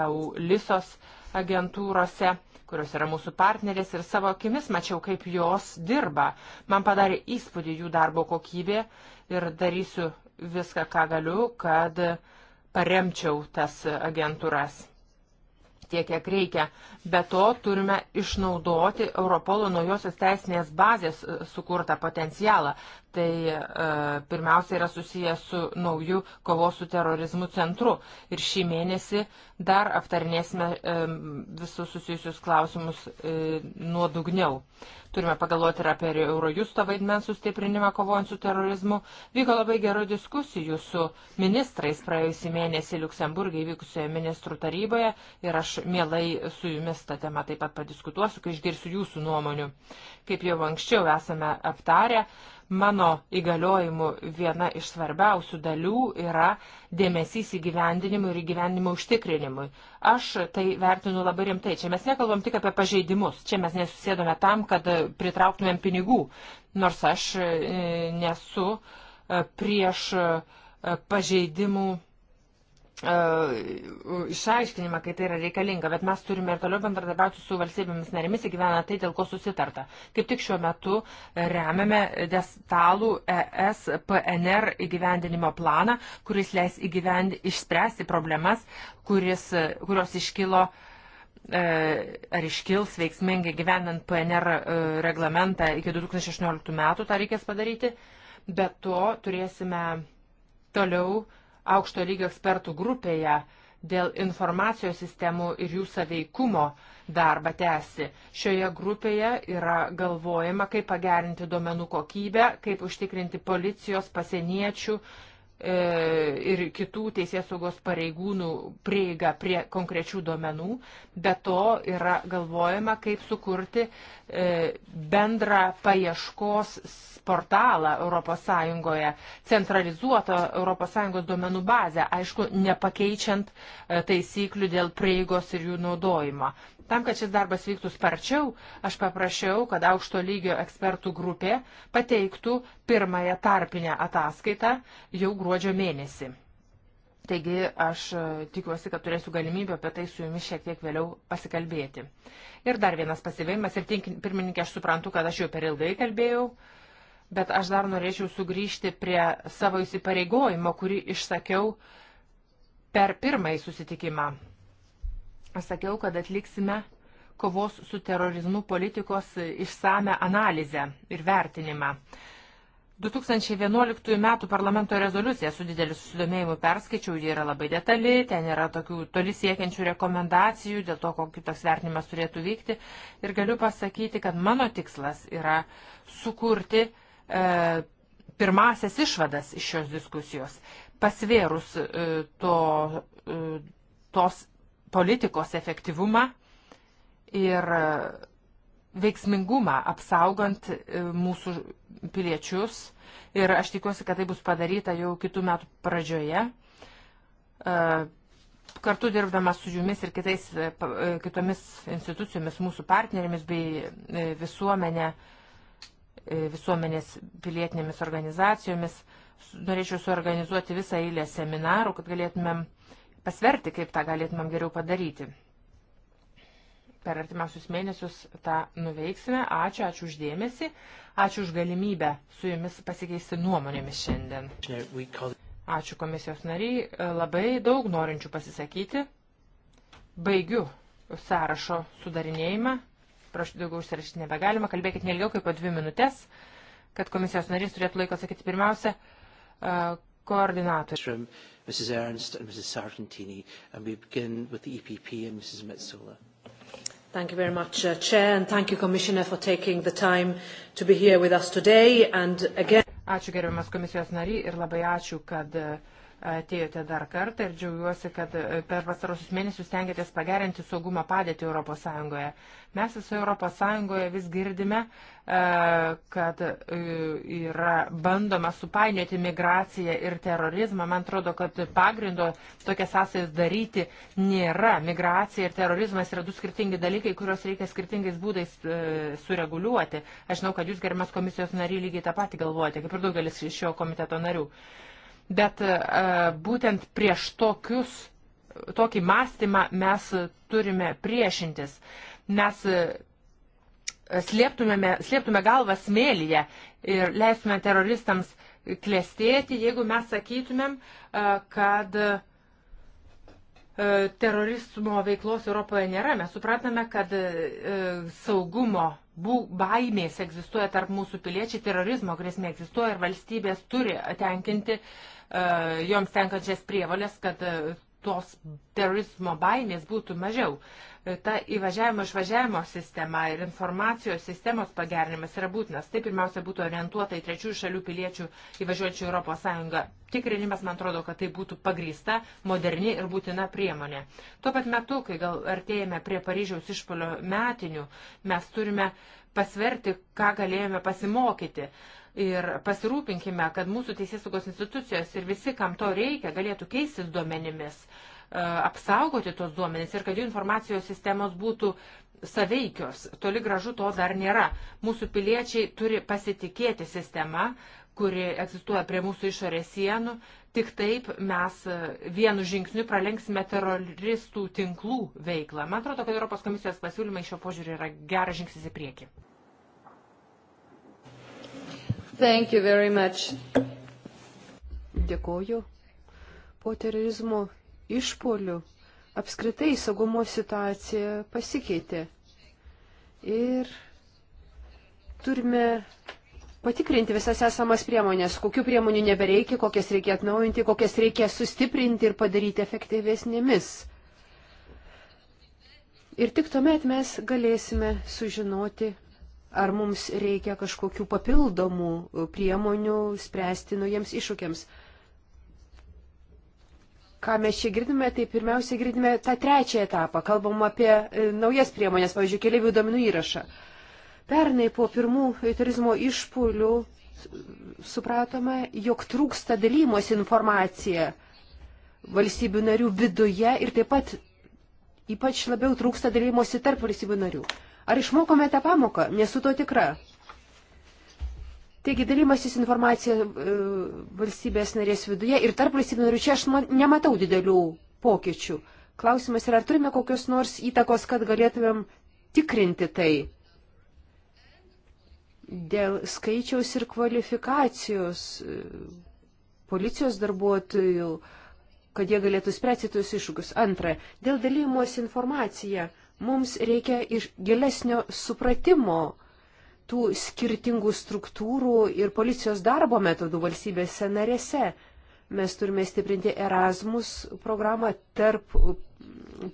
EULISOS e agentūrose, kurios yra mūsų partnerės ir savo akimis mačiau, kaip jos dirba. Man padarė įspūdį jų darbo kokybė ir darysiu viską, ką galiu, kad paremčiau tas agentūras tiek, kiek reikia. Be to turime išnaudoti Europolo naujosios teisinės bazės e, sukurtą potencialą, tai e, pirmiausia yra susijęs su nauju kovos su terorizmu centru. Ir šį mėnesį dar aptarnėsime e, visus susijusius klausimus e, nuodugniau. Turime pagalvoti ir apie Eurojusto vaidmens sustiprinimą kovojant su terorizmu. Vyko labai gerų diskusijų su ministrais praėjusį mėnesį Luksemburgė įvykusioje ministrų taryboje ir aš mielai su jumis tą temą taip pat padiskutuosiu, kai išgirsiu jūsų nuomonių. Kaip jau anksčiau esame aptarę, mano įgaliojimų viena iš svarbiausių dalių yra dėmesys įgyvendinimui ir įgyvendinimo užtikrinimui. Aš tai vertinu labai rimtai. Čia mes nekalbam tik apie pažeidimus. Čia mes nesusėdome tam, kad pritrauktumėm pinigų. Nors aš e, nesu e, prieš e, pažeidimų E, išaiškinimą, kai tai yra reikalinga, bet mes turime ir toliau bendradarbiauti su valstybėmis narėmis įgyvena tai, dėl ko susitarta. Kaip tik šiuo metu remiame destalų ES PNR įgyvendinimo planą, kuris leis įgyvend... išspręsti problemas, kuris, kurios iškilo e, ar iškils veiksmingai gyvenant PNR e, reglamentą iki 2016 metų, tą reikės padaryti. Be to turėsime toliau uh, aukšto lygio ekspertų grupėje dėl informacijos sistemų ir jų saveikumo darbą tęsti. Šioje grupėje yra galvojama, kaip pagerinti duomenų kokybę, kaip užtikrinti policijos, pasieniečių E, ir kitų teisės saugos pareigūnų prieiga prie konkrečių duomenų, bet to yra galvojama, kaip sukurti e, bendrą paieškos portalą ES, centralizuotą ES duomenų bazę, aišku, nepakeičiant e, taisyklių dėl prieigos ir jų naudojimo. Tam, kad šis darbas vyktų sparčiau, aš paprašiau, kad aukšto lygio ekspertų grupė pateiktų pirmąją tarpinę ataskaitą jau gruodžio mėnesį. Taigi aš e, tikiuosi, kad turėsiu galimybę apie tai su jumis šiek tiek vėliau pasikalbėti. Ir dar vienas pasivėjimas ir tink, pirmininkė, aš suprantu, kad aš jau per ilgai kalbėjau, bet aš dar norėčiau sugrįžti prie savo įsipareigojimo, kurį išsakiau per pirmąjį susitikimą pasakiau, kad atliksime kovos su terorizmu politikos išsame analizę ir vertinimą. 2011 m. parlamento rezoliuciją su dideliu susidomėjimu perskaičiau, ji yra labai detali, ten yra tokių toli siekiančių rekomendacijų dėl to, kokį toks vertinimas turėtų vykti. Ir galiu pasakyti, kad mano tikslas yra sukurti e, pirmasias išvadas iš šios diskusijos. Pasvėrus e, to, e, tos politikos efektyvumą ir veiksmingumą apsaugant e, mūsų piliečius. Ir aš tikiuosi, kad tai bus padaryta jau kitų metų pradžioje. E, kartu dirbdamas su jumis ir kitais, e, kitomis institucijomis, mūsų partnerėmis bei visuomenė, visuomenės pilietinėmis organizacijomis, norėčiau suorganizuoti visą eilę seminarų, kad galėtumėm uh, pasverti, kaip tą galėtumėm geriau padaryti. Per artimiausius mėnesius tą nuveiksime. Ačiū, ačiū uždėmesi, ačiū už galimybę su jumis pasikeisti nuomonėmis šiandien. Ačiū komisijos nariai, labai daug norinčių pasisakyti. Baigiu sąrašo sudarinėjimą. Prašau, daugiau užsirašyti nebegalima. Kalbėkit nelgiau kaip po dvi minutės, kad komisijos narys turėtų laiko sakyti pirmiausia koordinatoriai. Mrs. Ernst and Mrs. Sargentini, and we begin with the EPP and Mrs. Metzola. Thank you very much, uh, Chair, and thank you, Commissioner, for taking the time to be here with us today. And again... Ačiū gerbiamas komisijos nariai ir labai ačiū, kad uh, atėjote dar kartą ir džiaugiuosi, kad e, per pastarosius mėnesius tengiatės pagerinti saugumo padėtį ES. Mes visoje ES vis girdime, e, kad e, yra bandoma supainioti migraciją ir terorizmą. Man atrodo, kad pagrindo tokias sąsajas daryti nėra. Migracija ir terorizmas yra du skirtingi dalykai, kuriuos reikia skirtingais būdais sureguliuoti. Aš žinau, kad jūs, gerimas komisijos nariai, lygiai tą patį galvojate, kaip ir daugelis iš šio komiteto narių. Uh, Bet e, būtent prieš tokius, tokį mąstymą mes turime priešintis. Mes e, slėptumėme, slėptume galvą smėlyje ir leistume teroristams klėstėti, jeigu mes sakytumėm, e, kad E, terorizmo veiklos Europoje nėra. Mes suprantame, kad e, saugumo baimės egzistuoja tarp mūsų piliečiai, terorizmo grėsmė egzistuoja ir valstybės turi tenkinti e, joms tenkančias prievalės, kad tos terorizmo baimės būtų mažiau ta įvažiavimo išvažiavimo sistema ir informacijos sistemos pagerinimas yra būtinas. Tai pirmiausia būtų orientuota į trečiųjų šalių piliečių įvažiuojančių Europos Sąjungą. Tikrinimas, man atrodo, kad tai būtų pagrįsta, moderni ir būtina priemonė. Tuo pat metu, kai gal artėjame prie Paryžiaus išpolio metinių, mes turime pasverti, ką galėjome pasimokyti ir pasirūpinkime, kad mūsų teisėsaugos institucijos ir visi, kam to reikia, galėtų keistis duomenimis. Uh, E, apsaugoti tos duomenys ir kad jų informacijos sistemos būtų saveikios. Toli gražu to dar nėra. Mūsų piliečiai turi pasitikėti sistema, kuri egzistuoja prie mūsų išorės sienų. Tik taip mes e, vienu žingsniu pralenksime teroristų tinklų veiklą. Man atrodo, kad Europos komisijos pasiūlymai šio požiūrį yra geras žingsnis į priekį. Dėkoju. Po terorizmo išpolių, apskritai saugumo situacija pasikeitė. Ir turime patikrinti visas esamas priemonės, kokiu priemonių nebereikia, kokias reikia atnaujinti, kokias reikia sustiprinti ir padaryti efektyvesnėmis. Ir tik tuomet mes galėsime sužinoti, ar mums reikia kažkokių papildomų priemonių spręsti naujiems iššūkiams ką mes čia girdime, tai pirmiausia girdime tą trečią etapą. Kalbam apie e, naujas priemonės, pavyzdžiui, keliaivių duomenų įrašą. Pernai po pirmų turizmo išpūlių supratome, jog trūksta dalymos informacija valstybių narių viduje ir taip pat ypač labiau trūksta dalymosi tarp valstybių narių. Ar išmokome tą pamoką? Nesu to tikra. Taigi dalymasis informacija e, valstybės narės viduje ir tarp valstybių narių čia aš nematau didelių pokyčių. Klausimas yra, ar turime kokios nors įtakos, kad galėtumėm tikrinti tai dėl skaičiaus ir kvalifikacijos e, policijos darbuotojų, kad jie galėtų spręsti tuos iššūkius. Antra, dėl dalymosi informacija mums reikia iš gilesnio supratimo tų skirtingų struktūrų ir policijos darbo metodų valstybėse narėse. Mes turime stiprinti Erasmus programą tarp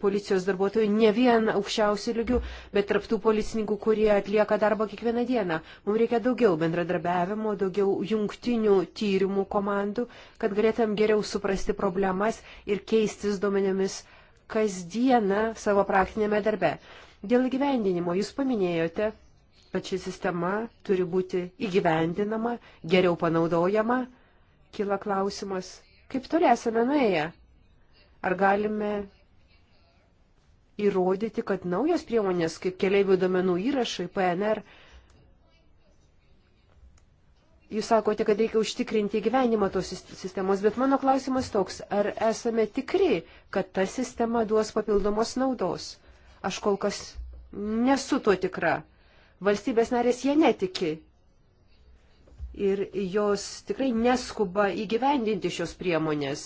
policijos darbuotojų, ne vien aukščiausių lygių, bet tarp tų policininkų, kurie atlieka darbą kiekvieną dieną. Mums reikia daugiau bendradarbiavimo, daugiau jungtinių tyrimų komandų, kad galėtum geriau suprasti problemas ir keistis duomenėmis kasdieną savo praktinėme darbe. Dėl gyvendinimo jūs paminėjote bet ši sistema turi būti įgyvendinama, geriau panaudojama. Kila klausimas, kaip toli esame nuėję? Ar galime įrodyti, kad naujos priemonės, kaip keliaivių domenų įrašai, PNR, Jūs sakote, kad reikia užtikrinti gyvenimą tos sistemos, bet mano klausimas toks, ar esame tikri, kad ta sistema duos papildomos naudos? Aš kol kas nesu to tikra valstybės narės jie netiki. Ir jos tikrai neskuba įgyvendinti šios priemonės,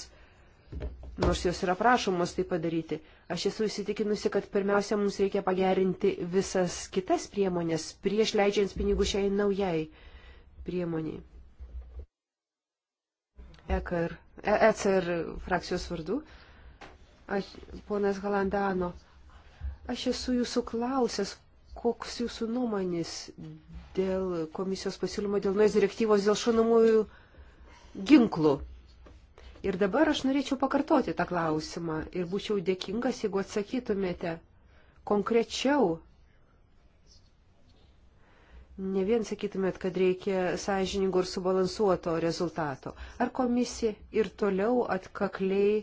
nors jos yra prašomos tai padaryti. Aš esu įsitikinusi, kad pirmiausia mums reikia pagerinti visas kitas priemonės prieš leidžiant pinigų šiai naujai priemoniai. ECR, ECR frakcijos vardu. Aš, ponas Galandano, aš esu jūsų klausęs, koks jūsų nuomonės dėl komisijos pasiūlymo, dėl nuės direktyvos, dėl šonamųjų ginklų? Ir dabar aš norėčiau pakartoti tą klausimą ir būčiau dėkingas, jeigu atsakytumėte konkrečiau. Ne vien sakytumėt, kad reikia sąžiningo ir subalansuoto rezultato. Ar komisija ir toliau atkakliai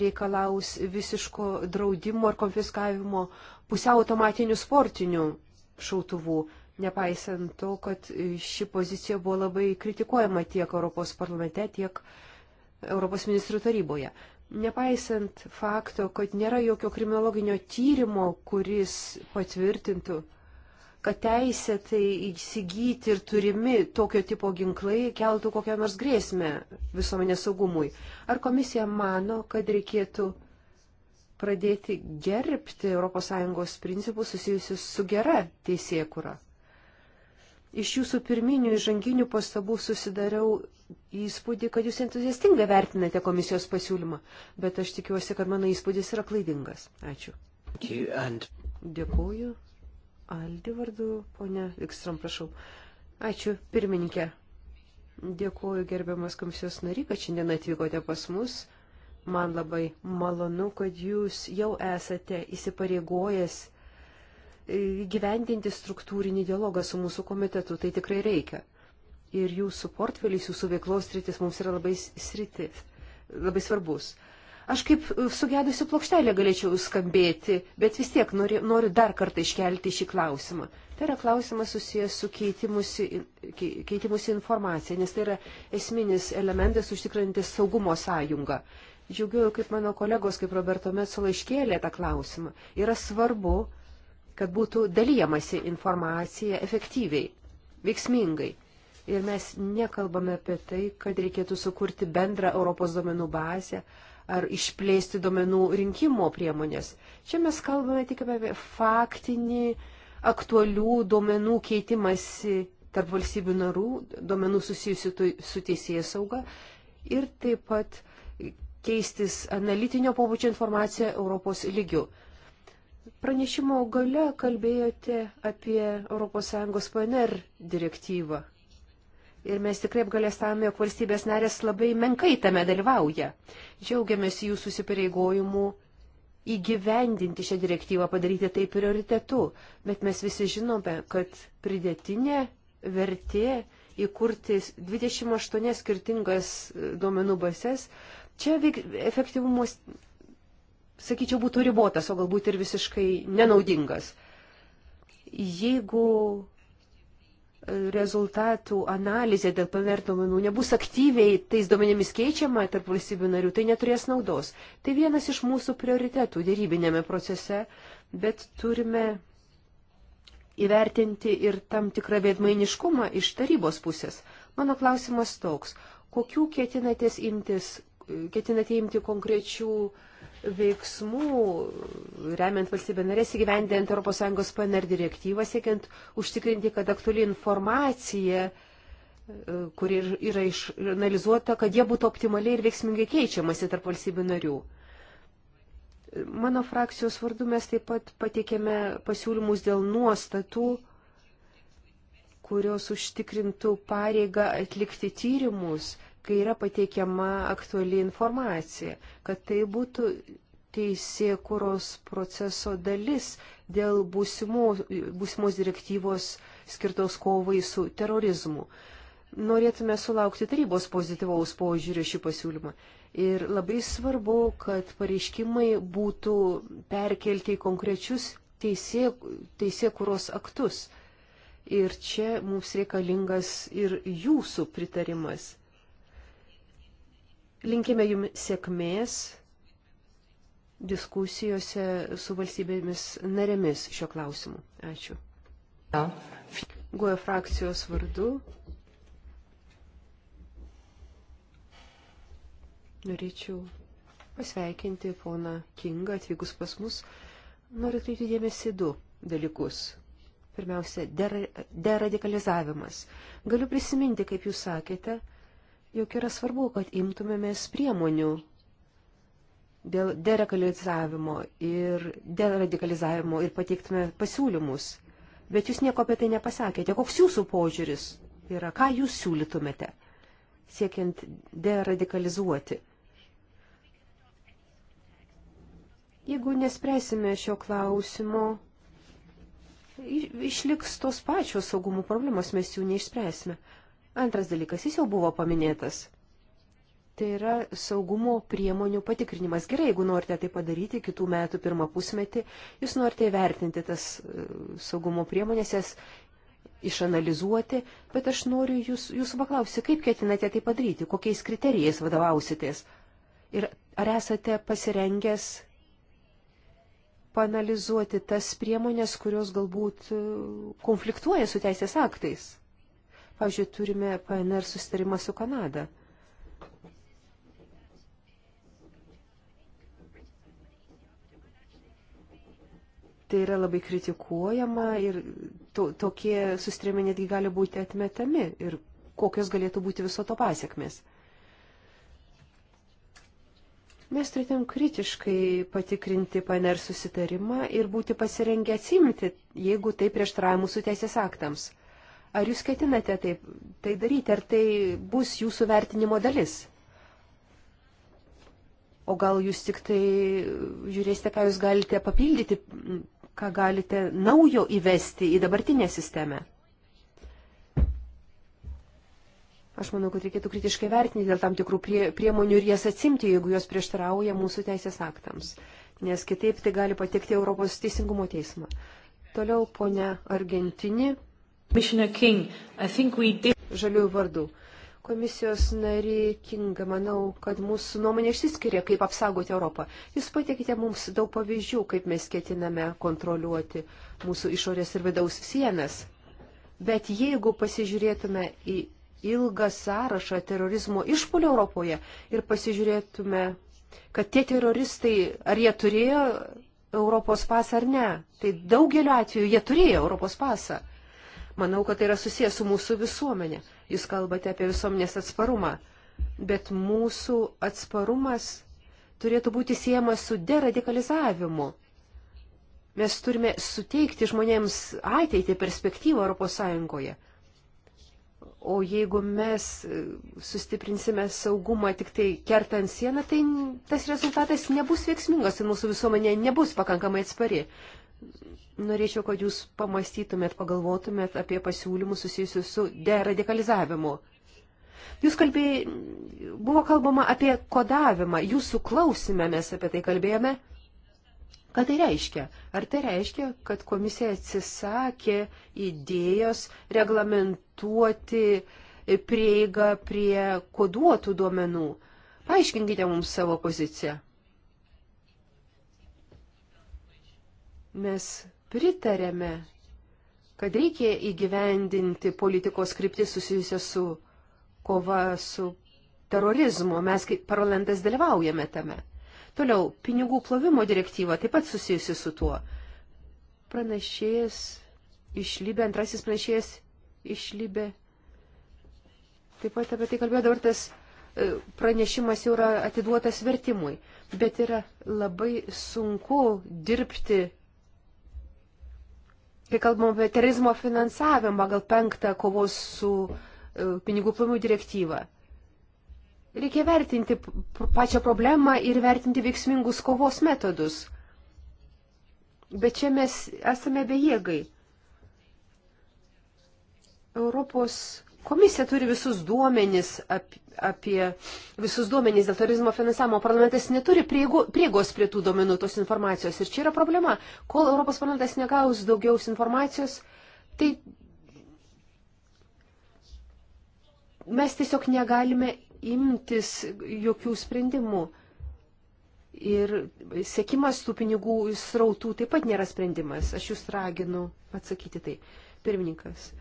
reikalaus visiško draudimo ar konfiskavimo pusiau automatinių sportinių šautuvų, nepaisant to, kad ši pozicija buvo labai kritikuojama tiek Europos parlamente, tiek Europos ministrų taryboje. Nepaisant fakto, kad nėra jokio kriminologinio tyrimo, kuris patvirtintų, kad teisė tai įsigyti ir turimi tokio tipo ginklai keltų kokią nors grėsmę visuomenės saugumui. Ar komisija mano, kad reikėtų pradėti gerbti ES principus susijusius su gera teisėkura. Iš jūsų pirminių įžanginių pastabų susidariau įspūdį, kad jūs entuziastingai vertinate komisijos pasiūlymą, bet aš tikiuosi, kad mano įspūdis yra klaidingas. Ačiū. Dėkuoju. Aldi vardu, ponia Vikstrom, prašau. Ačiū, pirmininkė. Dėkuoju gerbiamas komisijos nary, kad šiandien atvykote pas mus Man labai malonu, kad jūs jau esate įsipareigojęs e, gyvendinti struktūrinį dialogą su mūsų komitetu. Tai tikrai reikia. Ir jūsų portfelis, jūsų veiklos sritis mums yra labai, sritis, labai svarbus. Aš kaip e, sugedusi plokštelė galėčiau skambėti, bet vis tiek nori, noriu dar kartą iškelti šį klausimą. Tai yra klausimas susijęs su keitimusi, keitimusi informacija, nes tai yra esminis elementas užtikrantis saugumo sąjungą džiaugiuoju, kaip mano kolegos, kaip Roberto Metsola iškėlė tą klausimą. Yra svarbu, kad būtų dalyjamasi informacija efektyviai, veiksmingai. Ir mes nekalbame apie tai, kad reikėtų sukurti bendrą Europos duomenų bazę ar išplėsti duomenų rinkimo priemonės. Čia mes kalbame tik apie faktinį, aktualių duomenų keitimąsi tarp valstybių narų, duomenų susijusių su teisėjai sauga ir taip pat keistis analitinio pobūdžio informaciją Europos lygių. Pranešimo gale kalbėjote apie ES PNR direktyvą. Ir mes tikrai apgalėstavome, jog valstybės narės labai menkai tame dalyvauja. Džiaugiamės jų susipareigojimu įgyvendinti šią direktyvą, padaryti tai prioritetu. Bet mes visi žinome, kad pridėtinė vertė įkurti 28 skirtingas duomenų bases Čia efektyvumas, sakyčiau, būtų ribotas, o galbūt ir visiškai nenaudingas. Jeigu rezultatų analizė dėl PNR duomenų nebus aktyviai tais duomenimis keičiama tarp valstybių narių, tai neturės naudos. Tai vienas iš mūsų prioritetų dėrybinėme procese, bet turime įvertinti ir tam tikrą veidmainiškumą iš tarybos pusės. Mano klausimas toks, kokių ketinatės imtis ketinate imti konkrečių veiksmų, remiant valstybę narės įgyvendinant ES PNR direktyvą, siekiant užtikrinti, kad aktuali informacija, e, kuri yra išanalizuota, kad jie būtų optimaliai ir veiksmingai keičiamasi tarp valstybių narių. Mano frakcijos vardu mes taip pat pateikėme pasiūlymus dėl nuostatų, kurios užtikrintų pareigą atlikti tyrimus kai yra pateikiama aktuali informacija, kad tai būtų teisėkuros proceso dalis dėl būsimos, būsimos direktyvos skirtos kovai su terorizmu. Norėtume sulaukti tarybos pozityvaus požiūrio šį pasiūlymą. Ir labai svarbu, kad pareiškimai būtų perkelti į konkrečius teisė, teisėkuros aktus. Ir čia mums reikalingas ir jūsų pritarimas. Linkime jums sėkmės diskusijose su valstybėmis narėmis šio klausimu. Ačiū. Guoja frakcijos vardu. Norėčiau pasveikinti poną Kingą atvykus pas mus. Noriu atkreipti dėmesį du dalykus. Pirmiausia, deradikalizavimas. Galiu prisiminti, kaip jūs sakėte, Juk yra svarbu, kad imtumėmės priemonių dėl derekalizavimo ir deradikalizavimo ir pateiktume pasiūlymus. Bet jūs nieko apie tai nepasakėte. Koks jūsų požiūris yra? Ką jūs siūlytumėte, siekiant deradikalizuoti? Jeigu nespręsime šio klausimo, išliks tos pačios saugumo problemos, mes jų neišspręsime. Antras dalykas, jis jau buvo paminėtas. Tai yra saugumo priemonių patikrinimas. Gerai, jeigu norite tai padaryti kitų metų pirmą pusmetį, jūs norite įvertinti tas e, saugumo priemonės, jas išanalizuoti, bet aš noriu jūs, jūsų paklausti, kaip ketinate tai padaryti, kokiais kriterijais vadovausitės ir ar esate pasirengęs panalizuoti tas priemonės, kurios galbūt e, konfliktuoja su teisės aktais. Pavyzdžiui, turime PNR susitarimą su Kanada. Tai yra labai kritikuojama ir to, tokie susitarimai netgi gali būti atmetami ir kokios galėtų būti viso to pasiekmes. Mes turėtum kritiškai patikrinti PNR susitarimą ir būti pasirengę atsimti, jeigu tai prieštarauja mūsų teisės aktams. Ar jūs ketinate taip, tai daryti, ar tai bus jūsų vertinimo dalis? O gal jūs tik tai žiūrėsite, ką jūs galite papildyti, ką galite naujo įvesti į dabartinę sistemą? Aš manau, kad reikėtų kritiškai vertinti dėl tam tikrų prie, priemonių ir jas atsimti, jeigu jos prieštarauja mūsų teisės aktams, nes kitaip tai gali patekti Europos teisingumo teismą. Toliau, ponia Argentini, Žaliųjų vardų. Komisijos nari Kinga, manau, kad mūsų nuomonė išsiskiria, kaip apsaugoti Europą. Jūs pateikite mums daug pavyzdžių, kaip mes ketiname kontroliuoti mūsų išorės ir vidaus sienas. Bet jeigu pasižiūrėtume į ilgą sąrašą terorizmo išpolių Europoje ir pasižiūrėtume, kad tie teroristai, ar jie turėjo Europos pasą ar ne, tai daugeliu atveju jie turėjo Europos pasą. Manau, kad tai yra susijęs su mūsų visuomenė. Jūs kalbate apie visuomenės atsparumą, bet mūsų atsparumas turėtų būti siejamas su deradikalizavimu. Mes turime suteikti žmonėms ateitį perspektyvą ES. O jeigu mes e, sustiprinsime saugumą tik tai kertant sieną, tai tas rezultatas nebus veiksmingas ir mūsų visuomenė nebus pakankamai atspari norėčiau, kad jūs pamastytumėt, pagalvotumėt apie pasiūlymus susijusius su deradikalizavimu. Jūs kalbėjai, buvo kalbama apie kodavimą, jūsų klausime mes apie tai kalbėjome. Ką tai reiškia? Ar tai reiškia, kad komisija atsisakė idėjos reglamentuoti prieigą prie koduotų duomenų? Paaiškinkite mums savo poziciją. Mes pritarėme, kad reikia įgyvendinti politikos kryptis susijusią su kova su terorizmu. Mes kaip parlamentas dalyvaujame tame. Toliau, pinigų plovimo direktyva taip pat susijusi su tuo. Pranašėjas išlybė, antrasis pranešėjas išlybė. Taip pat apie tai kalbėjo dabar tas e, pranešimas jau yra atiduotas vertimui, bet yra labai sunku dirbti Kai kalbam apie terorizmo finansavimą, gal penktą kovos su e, pinigų plovimų direktyvą. Reikia vertinti pačią problemą ir vertinti veiksmingus kovos metodus. Bet čia mes esame bejėgai. Europos komisija turi visus duomenis apie apie visus duomenys dėl terorizmo finansavimo. Parlamentas neturi priego, priegos prie tų duomenų, tos informacijos. Ir čia yra problema. Kol Europos parlamentas negaus daugiaus informacijos, tai mes tiesiog negalime imtis jokių sprendimų. Ir sėkimas tų pinigų srautų taip pat nėra sprendimas. Aš jūs raginu atsakyti tai. Pirmininkas.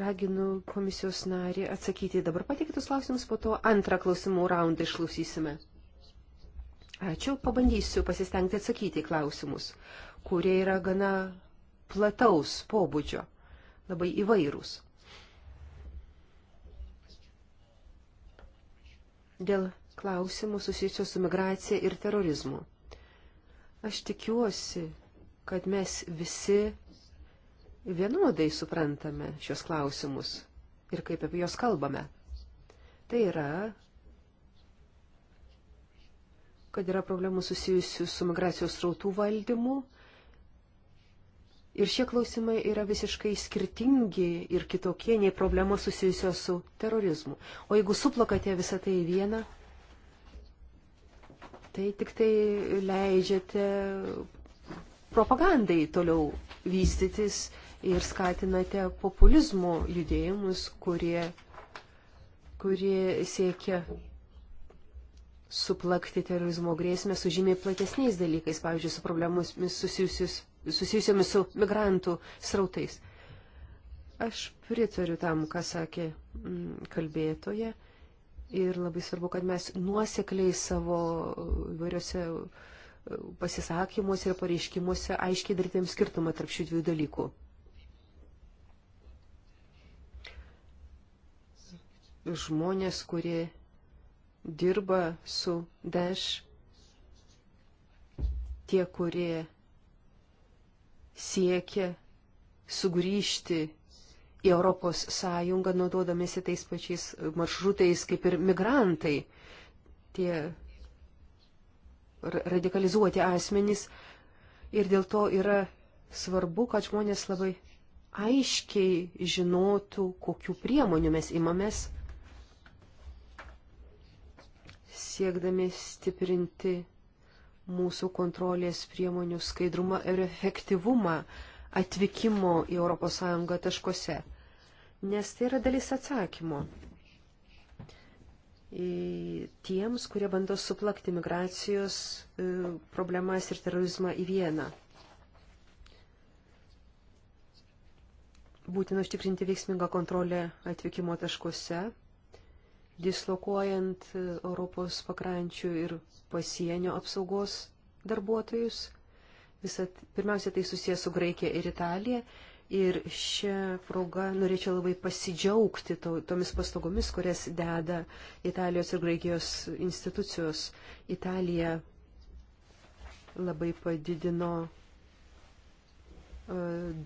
Raginu komisijos narį atsakyti dabar patikėtus klausimus, po to antrą klausimų raundą išklausysime. Ačiū, pabandysiu pasistengti atsakyti į klausimus, kurie yra gana plataus pobūdžio, labai įvairūs. Dėl klausimų susijusio su migracija ir terorizmu. Aš tikiuosi, kad mes visi vienodai suprantame šios klausimus ir kaip apie juos kalbame. Tai yra, kad yra problemų susijusių su migracijos rautų valdymu ir šie klausimai yra visiškai skirtingi ir kitokie nei problemos susijusios su terorizmu. O jeigu suplakate visą tai į vieną, tai tik tai leidžiate propagandai toliau vystytis ir skatinate populizmo judėjimus, kurie, kurie siekia suplakti terorizmo grėsmę su žymiai platesniais dalykais, pavyzdžiui, su problemomis susijusiamis su migrantų srautais. Aš pritariu tam, ką sakė mm, kalbėtoje ir labai svarbu, kad mes nuosekliai savo įvairiose e, pasisakymuose ir pareiškimuose aiškiai darytėm skirtumą tarp šių dviejų dalykų. žmonės, kurie dirba su Daesh, tie, kurie siekia sugrįžti į Europos Sąjungą, naudodamėsi tais pačiais maršrutais kaip ir migrantai, tie radikalizuoti asmenys. Ir dėl to yra svarbu, kad žmonės labai aiškiai žinotų, kokiu priemoniu mes imamės siekdami stiprinti mūsų kontrolės priemonių skaidrumą ir efektyvumą atvykimo į ES taškuose, nes tai yra dalis atsakymo tiems, kurie bando suplakti migracijos e, problemas ir terorizmą į vieną. Būtina užtikrinti veiksmingą kontrolę atvykimo taškuose dislokuojant e, Europos pakrančių ir pasienio apsaugos darbuotojus. Visat, pirmiausia, tai susijęs su Graikija ir Italija. Ir šią progą norėčiau labai pasidžiaugti to, tomis pastogomis, kurias deda Italijos ir Graikijos institucijos. Italija labai padidino e,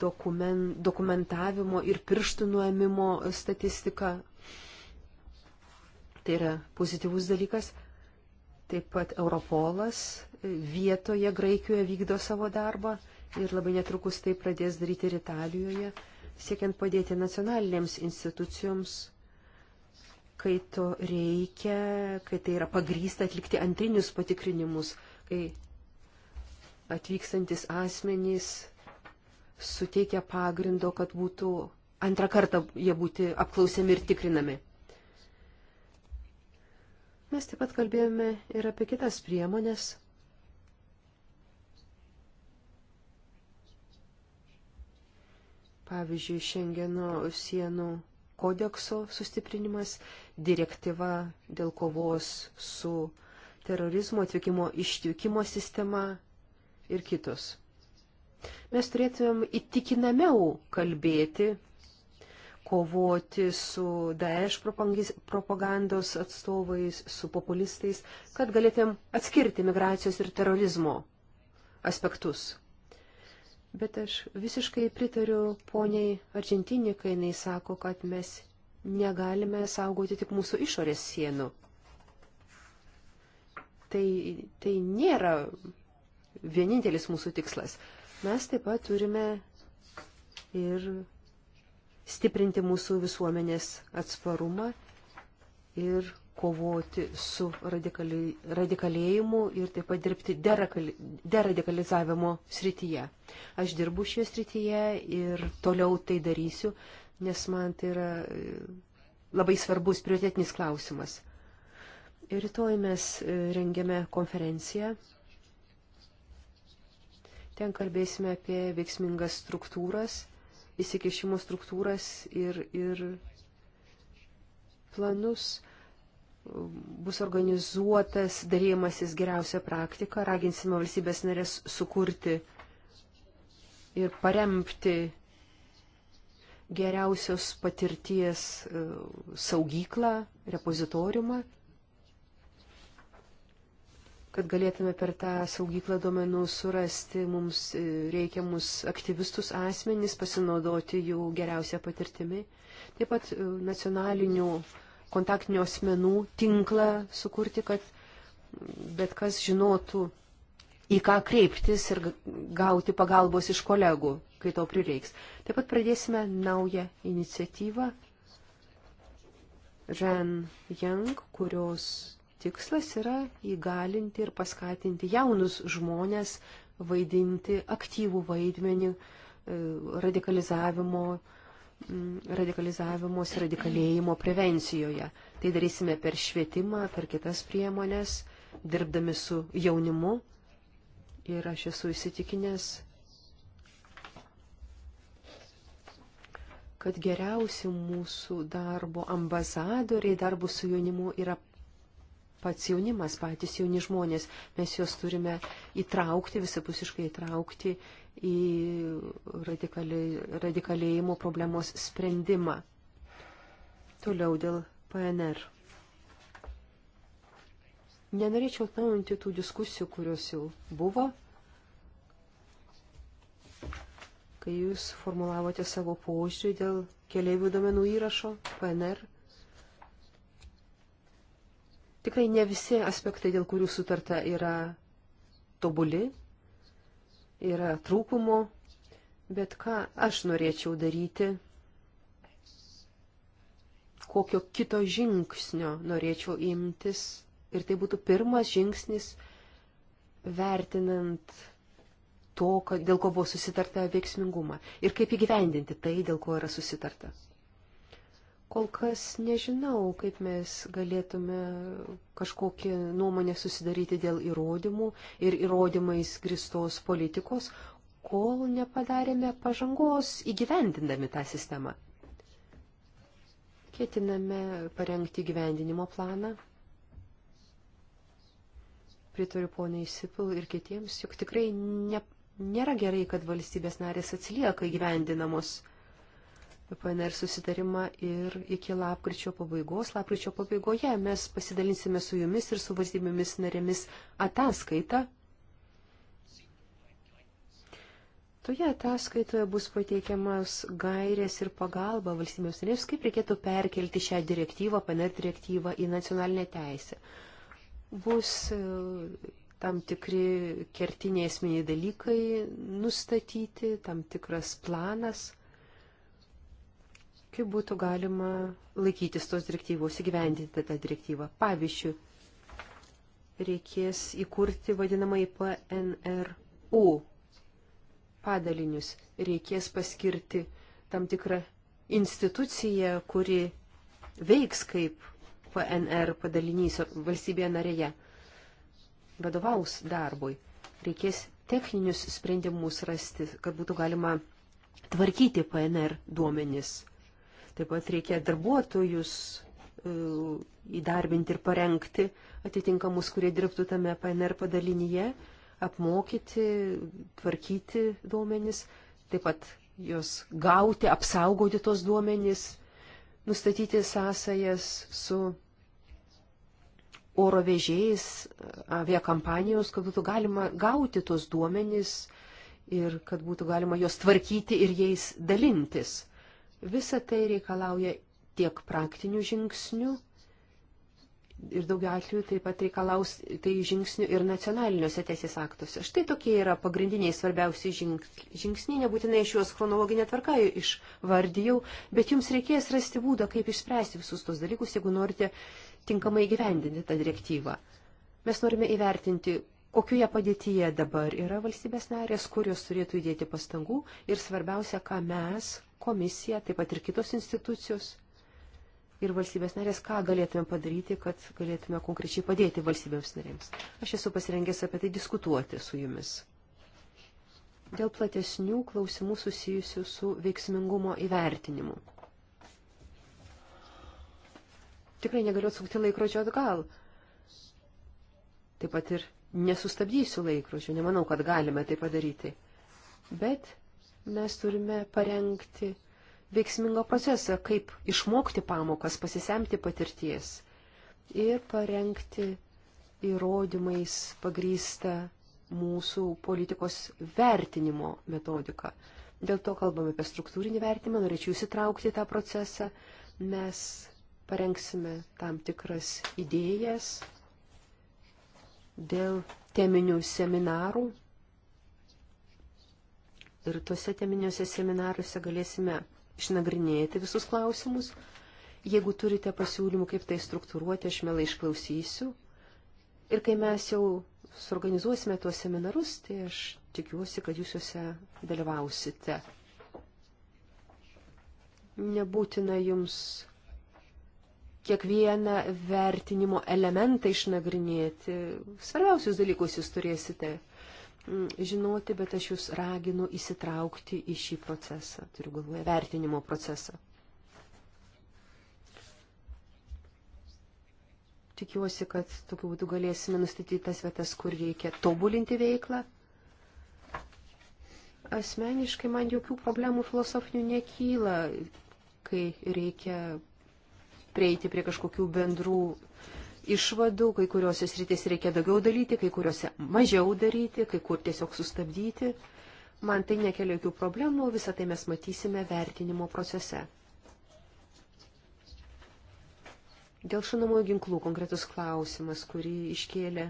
dokumen, dokumentavimo ir pirštų nuėmimo statistiką tai yra pozityvus dalykas. Taip pat Europolas vietoje Graikijoje vykdo savo darbą ir labai netrukus tai pradės daryti ir Italijoje, siekiant padėti nacionalinėms institucijoms, kai to reikia, kai tai yra pagrysta atlikti antrinius patikrinimus, kai atvykstantis asmenys suteikia pagrindo, kad būtų antrą kartą jie būti apklausiami ir tikrinami. Mes taip pat kalbėjome ir apie kitas priemonės. Pavyzdžiui, Šengeno sienų kodekso sustiprinimas, direktyva dėl kovos su terorizmo atvykimo ištvykimo sistema ir kitos. Mes turėtumėm įtikinamiau kalbėti kovoti su Daesh propagandos atstovais, su populistais, kad galėtum atskirti migracijos ir terorizmo aspektus. Bet aš visiškai pritariu poniai Argentinį, kai jinai sako, kad mes negalime saugoti tik mūsų išorės sienų. Tai, tai nėra vienintelis mūsų tikslas. Mes taip pat turime ir stiprinti mūsų visuomenės atsparumą ir kovoti su radikali, radikalėjimu ir taip pat dirbti derakali, deradikalizavimo srityje. Aš dirbu šioje srityje ir toliau tai darysiu, nes man tai yra e, labai svarbus prioritetinis klausimas. Rytoj mes e, rengiame konferenciją. Ten kalbėsime apie veiksmingas struktūras įsikešimo struktūras ir, ir planus. Bus organizuotas dalymasis geriausia praktika, raginsime valstybės narės sukurti ir paremti geriausios patirties e, saugyklą, repozitoriumą kad galėtume per tą saugyklą duomenų surasti mums e, reikiamus aktyvistus asmenys, pasinaudoti jų geriausią patirtimį. Taip pat e, nacionalinių kontaktinių asmenų tinklą sukurti, kad bet kas žinotų, į ką kreiptis ir gauti pagalbos iš kolegų, kai to prireiks. Taip pat pradėsime naują iniciatyvą Ren Young, kurios tikslas yra įgalinti ir paskatinti jaunus žmonės vaidinti aktyvų vaidmenį e, radikalizavimo, radikalizavimos ir radikalėjimo prevencijoje. Tai darysime per švietimą, per kitas priemonės, dirbdami su jaunimu. Ir aš esu įsitikinęs, kad geriausi mūsų darbo ambasadoriai darbo su jaunimu yra pats jaunimas, patys jauni žmonės. Mes juos turime įtraukti, visapusiškai įtraukti į radikalėjimo problemos sprendimą. Toliau dėl PNR. Nenorėčiau atnaujinti tų diskusijų, kurios jau buvo, kai jūs formulavote savo požiūrį dėl keliaivių domenų įrašo PNR Tikrai ne visi aspektai, dėl kurių sutarta, yra tobuli, yra trūkumo, bet ką aš norėčiau daryti, kokio kito žingsnio norėčiau imtis ir tai būtų pirmas žingsnis vertinant to, dėl ko buvo susitarta veiksmingumą ir kaip įgyvendinti tai, dėl ko yra susitarta. Kol kas nežinau, kaip mes galėtume kažkokią nuomonę susidaryti dėl įrodymų ir įrodymais gristos politikos, kol nepadarėme pažangos įgyvendindami tą sistemą. Ketiname parengti gyvendinimo planą. Pritariu poniai Sipil ir kitiems, juk tikrai ne, nėra gerai, kad valstybės narės atsilieka įgyvendinamos PNR susitarimą ir iki lapkričio pabaigos. Lapkričio pabaigoje mes pasidalinsime su jumis ir su valstybėmis narėmis ataskaitą. Toje ataskaitoje bus pateikiamas gairės ir pagalba valstybėms narėms, kaip reikėtų perkelti šią direktyvą, PNR direktyvą į nacionalinę teisę. Bus e, tam tikri kertiniai esminiai dalykai nustatyti, tam tikras planas kaip būtų galima laikytis tos direktyvos, įgyvendinti tą direktyvą. Pavyzdžiui, reikės įkurti vadinamai PNRU padalinius, reikės paskirti tam tikrą instituciją, kuri veiks kaip PNR padalinys valstybėje narėje, vadovaus darbui. Reikės techninius sprendimus rasti, kad būtų galima tvarkyti PNR duomenis. Taip pat reikia darbuotojus e, įdarbinti ir parengti atitinkamus, kurie dirbtų tame PNR padalinyje, apmokyti, tvarkyti duomenis, taip pat juos gauti, apsaugoti tos duomenis, nustatyti sąsajas su oro vežėjais, aviakompanijos, kad būtų galima gauti tos duomenys ir kad būtų galima juos tvarkyti ir jais dalintis. Visa tai reikalauja tiek praktinių žingsnių ir daugiau atveju taip pat reikalaus tai žingsnių ir nacionaliniuose teisės aktuose. Štai tokie yra pagrindiniai svarbiausi žingsniai, nebūtinai aš juos chronologinė tvarka išvardijau, bet jums reikės rasti būdą, kaip išspręsti visus tos dalykus, jeigu norite tinkamai gyvendinti tą direktyvą. Mes norime įvertinti, kokioje padėtyje dabar yra valstybės narės, kurios turėtų įdėti pastangų ir svarbiausia, ką mes komisija, taip pat ir kitos institucijos ir valstybės narės, ką galėtume padaryti, kad galėtume konkrečiai padėti valstybėms narėms. Aš esu pasirengęs apie tai diskutuoti su jumis. Dėl platesnių klausimų susijusių su veiksmingumo įvertinimu. Tikrai negaliu atsukti laikrodžio atgal. Taip pat ir nesustabdysiu laikrodžio, nemanau, kad galime tai padaryti. Bet mes turime parengti veiksmingą procesą, kaip išmokti pamokas, pasisemti patirties ir parengti įrodymais pagrįstą mūsų politikos vertinimo metodiką. Dėl to kalbame apie struktūrinį vertimą, norėčiau įsitraukti į tą procesą. Mes parengsime tam tikras idėjas dėl teminių seminarų, ir tuose teminiuose seminaruose galėsime išnagrinėti visus klausimus. Jeigu turite pasiūlymų, kaip tai struktūruoti, aš mielai išklausysiu. Ir kai mes jau suorganizuosime tuos seminarus, tai aš tikiuosi, kad jūs juose dalyvausite. Nebūtina jums kiekvieną vertinimo elementą išnagrinėti. Svarbiausius dalykus jūs turėsite Mm, žinoti, bet aš jūs raginu įsitraukti į šį procesą, turiu galvoje vertinimo procesą. Tikiuosi, kad tokiu būdu galėsime nustatyti tas vietas, kur reikia tobulinti veiklą. Asmeniškai man jokių problemų filosofinių nekyla, kai reikia prieiti prie kažkokių bendrų išvadų, kai kuriuose sritys reikia daugiau daryti, kai kuriuose mažiau daryti, kai kur tiesiog sustabdyti. Man tai nekelia jokių problemų, visą tai mes matysime vertinimo procese. Dėl šinamųjų ginklų konkretus klausimas, kurį iškėlė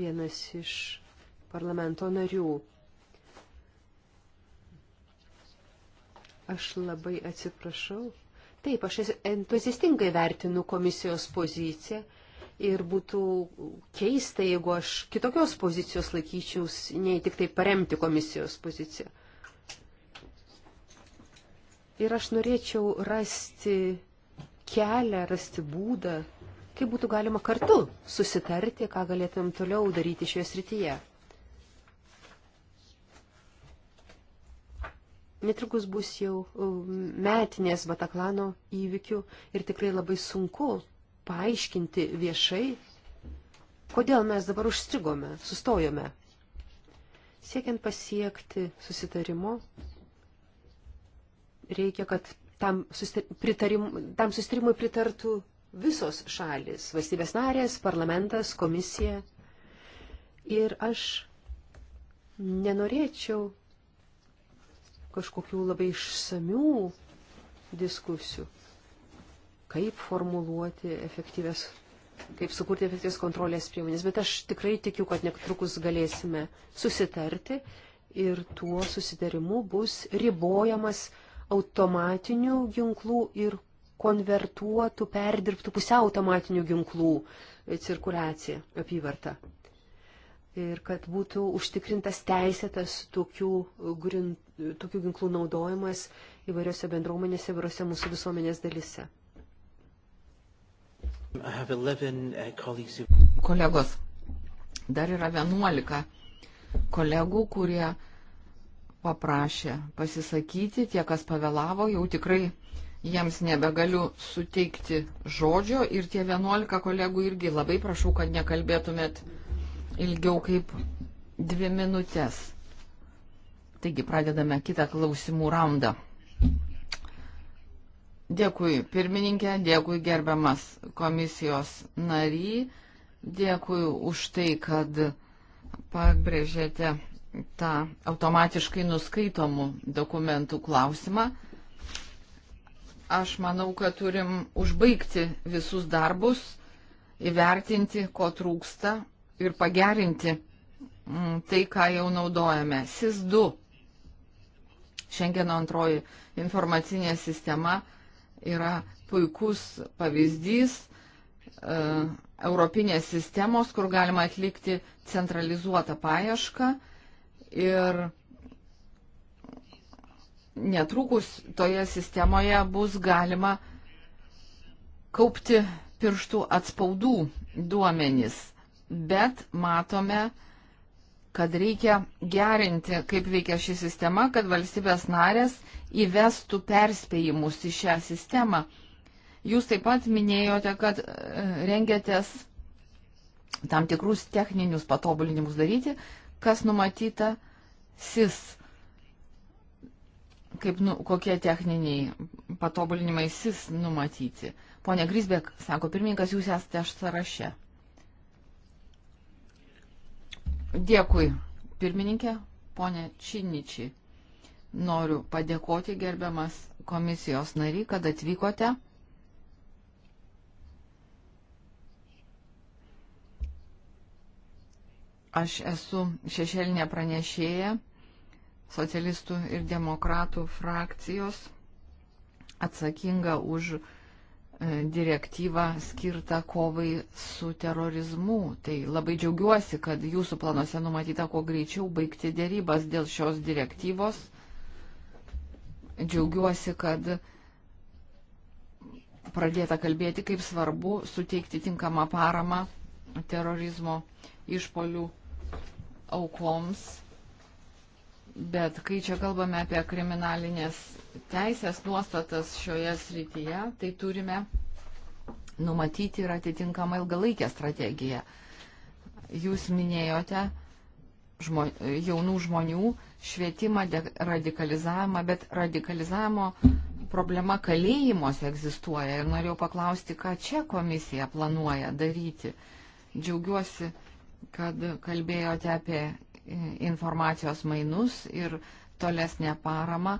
vienas iš parlamento narių. Aš labai atsiprašau, Taip, aš entuziastingai vertinu komisijos poziciją ir būtų keista, jeigu aš kitokios pozicijos laikyčiaus, nei tik tai paremti komisijos poziciją. Ir aš norėčiau rasti kelią, rasti būdą, kaip būtų galima kartu susitarti, ką galėtum toliau daryti šioje srityje. Netrukus bus jau um, metinės Bataklano įvykių ir tikrai labai sunku paaiškinti viešai, kodėl mes dabar užstrigome, sustojome. Siekiant pasiekti susitarimo, reikia, kad tam, pritarim, tam susitarimui pritartų visos šalis - valstybės narės, parlamentas, komisija. Ir aš nenorėčiau kažkokių labai išsamių diskusijų, kaip formuluoti efektyves, kaip sukurti efektyves kontrolės priemonės. Bet aš tikrai tikiu, kad netrukus galėsime susitarti ir tuo susitarimu bus ribojamas automatinių ginklų ir konvertuotų, perdirbtų pusiau automatinių ginklų cirkulacija, apyvarta ir kad būtų užtikrintas teisėtas tokių, grin, tokių ginklų naudojimas įvairiose bendruomenėse, įvairiose mūsų visuomenės dalise. Uh, Kolegos, dar yra 11 kolegų, kurie paprašė pasisakyti, tie, kas pavėlavo, jau tikrai jiems nebegaliu suteikti žodžio ir tie 11 kolegų irgi labai prašau, kad nekalbėtumėt ilgiau kaip dvi minutės. Taigi pradedame kitą klausimų raundą. Dėkui pirmininkė, dėkui gerbiamas komisijos nary, dėkui už tai, kad pabrėžėte tą automatiškai nuskaitomų dokumentų klausimą. Aš manau, kad turim užbaigti visus darbus, įvertinti, ko trūksta ir pagerinti mm, tai, ką jau naudojame. SIS 2, šiandieno antroji informacinė sistema, yra puikus pavyzdys e, Europinės sistemos, kur galima atlikti centralizuotą paiešką ir netrukus toje sistemoje bus galima kaupti pirštų atspaudų duomenis bet matome, kad reikia gerinti, kaip veikia ši sistema, kad valstybės narės įvestų perspėjimus į šią sistemą. Jūs taip pat minėjote, kad e, rengėtės tam tikrus techninius patobulinimus daryti, kas numatyta SIS, kaip, nu, kokie techniniai patobulinimai SIS numatyti. Pone Grisbek, sako pirmininkas, jūs esate aš sąraše. Dėkui, pirmininkė, ponė Činičiai. Noriu padėkoti gerbiamas komisijos nary, kad atvykote. Aš esu šešėlinė pranešėja socialistų ir demokratų frakcijos atsakinga už direktyvą skirtą kovai su terorizmu. Tai labai džiaugiuosi, kad jūsų planuose numatyta kuo greičiau baigti dėrybas dėl šios direktyvos. Džiaugiuosi, kad pradėta kalbėti, kaip svarbu suteikti tinkamą paramą terorizmo išpolių aukoms Bet kai čia kalbame apie kriminalinės teisės nuostatas šioje srityje, tai turime numatyti ir atitinkamą ilgalaikę strategiją. Jūs minėjote žmo, jaunų žmonių švietimą, radikalizavimą, bet radikalizavimo problema kalėjimuose egzistuoja ir norėjau paklausti, ką čia komisija planuoja daryti. Džiaugiuosi, kad kalbėjote apie informacijos mainus ir tolesnę paramą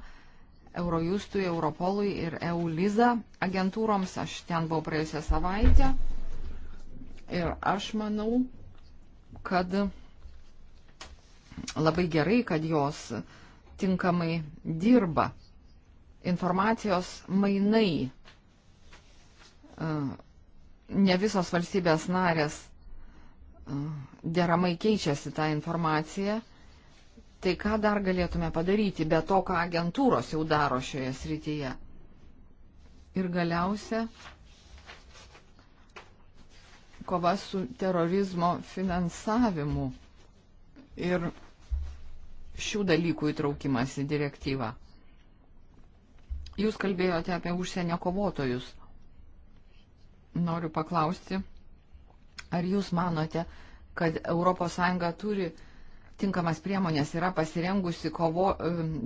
Eurojustui, Europolui ir EULIZA agentūroms. Aš ten buvau praėjusią savaitę ir aš manau, kad labai gerai, kad jos tinkamai dirba. Informacijos mainai. E, ne visos valstybės narės deramai keičiasi tą informaciją, tai ką dar galėtume padaryti be to, ką agentūros jau daro šioje srityje? Ir galiausia, kova su terorizmo finansavimu ir šių dalykų įtraukimas į direktyvą. Jūs kalbėjote apie užsienio kovotojus. Noriu paklausti, Ar jūs manote, kad ES turi tinkamas priemonės, yra pasirengusi kovo,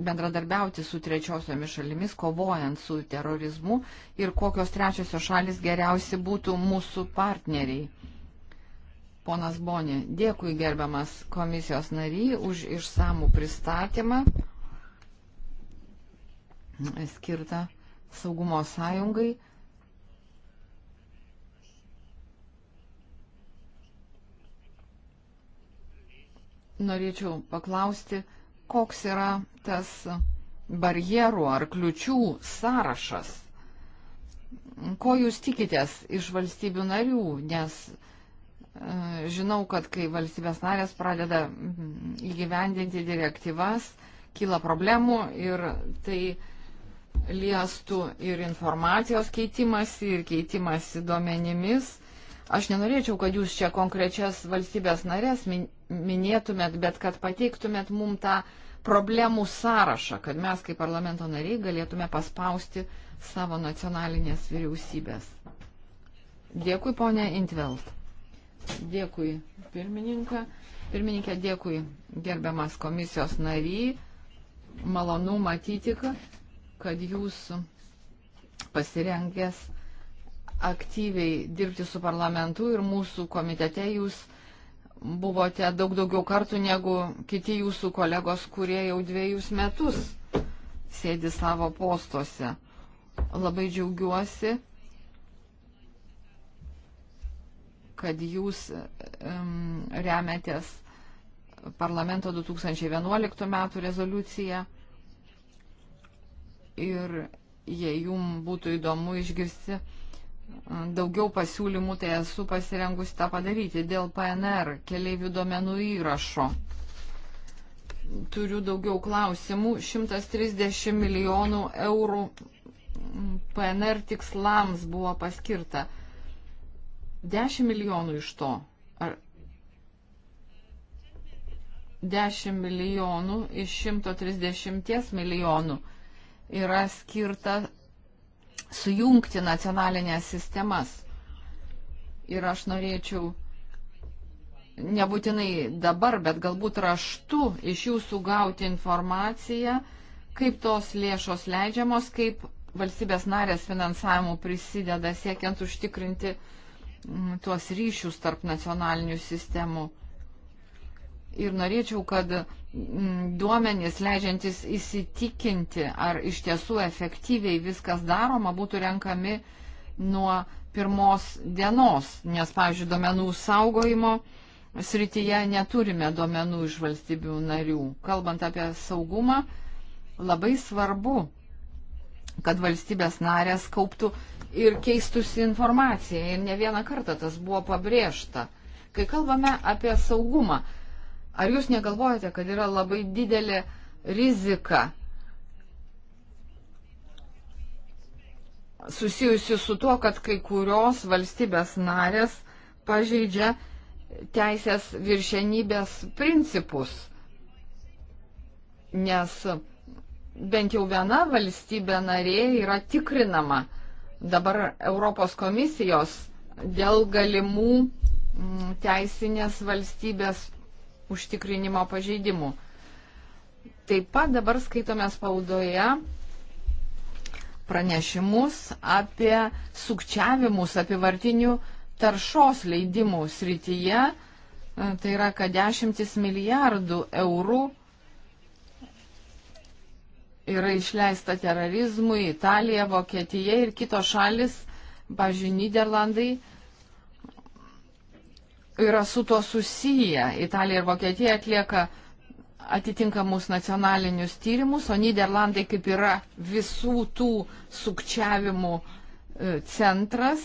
bendradarbiauti su trečiosiomis šalimis, kovojant su terorizmu ir kokios trečiosios šalis geriausi būtų mūsų partneriai? Ponas Boni, dėkui gerbiamas komisijos nary už išsamų pristatymą skirtą saugumo sąjungai. norėčiau paklausti, koks yra tas barjerų ar kliučių sąrašas. Ko jūs tikitės iš valstybių narių, nes e, žinau, kad kai valstybės narės pradeda mm, įgyvendinti direktyvas, kyla problemų ir tai liestų ir informacijos keitimasi, ir keitimasi duomenimis Aš nenorėčiau, kad jūs čia konkrečias valstybės narės minėtumėt, bet kad pateiktumėt mum tą problemų sąrašą, kad mes kaip parlamento nariai galėtume paspausti savo nacionalinės vyriausybės. Dėkui, ponė Intvelt. Dėkui, pirmininką. Pirmininkė, dėkui, gerbiamas komisijos nariai. Malonu matyti, kad jūs pasirengęs aktyviai dirbti su parlamentu ir mūsų komitete jūs buvote daug daugiau kartų negu kiti jūsų kolegos, kurie jau dviejus metus sėdi savo postuose. Labai džiaugiuosi, kad jūs um, remiatės parlamento 2011 metų rezoliuciją ir jei jums būtų įdomu išgirsti, daugiau pasiūlymų, tai esu pasirengusi tą padaryti. Dėl PNR keliaivių duomenų įrašo turiu daugiau klausimų. 130 milijonų eurų PNR tikslams buvo paskirta. 10 milijonų iš to. Ar 10 milijonų iš 130 milijonų yra skirta sujungti nacionalinės sistemas. Ir aš norėčiau nebūtinai dabar, bet galbūt raštu iš jūsų gauti informaciją, kaip tos lėšos leidžiamos, kaip valstybės narės finansavimų prisideda siekiant užtikrinti mm, tuos ryšius tarp nacionalinių sistemų. Ir norėčiau, kad Mm, duomenys leidžiantis įsitikinti, ar iš tiesų efektyviai viskas daroma, būtų renkami nuo pirmos dienos, nes, pavyzdžiui, duomenų saugojimo srityje neturime duomenų iš valstybių narių. Kalbant apie saugumą, labai svarbu, kad valstybės narės kauptų ir keistųsi informaciją. Ir ne vieną kartą tas buvo pabrėžta. Kai kalbame apie saugumą, Ar jūs negalvojate, kad yra labai didelė rizika susijusi su tuo, kad kai kurios valstybės narės pažeidžia teisės viršenybės principus? Nes bent jau viena valstybė narė yra tikrinama dabar Europos komisijos dėl galimų mm, teisinės valstybės užtikrinimo pažeidimų. Taip pat dabar skaitome spaudoje pranešimus apie sukčiavimus apivartinių taršos leidimų srityje. Tai yra, kad dešimtis milijardų eurų yra išleista terorizmui Italija, Vokietija ir kitos šalis, pavyzdžiui, Niderlandai yra su tuo susiję. Italija ir Vokietija atlieka atitinkamus nacionalinius tyrimus, o Niderlandai kaip yra visų tų sukčiavimų e, centras,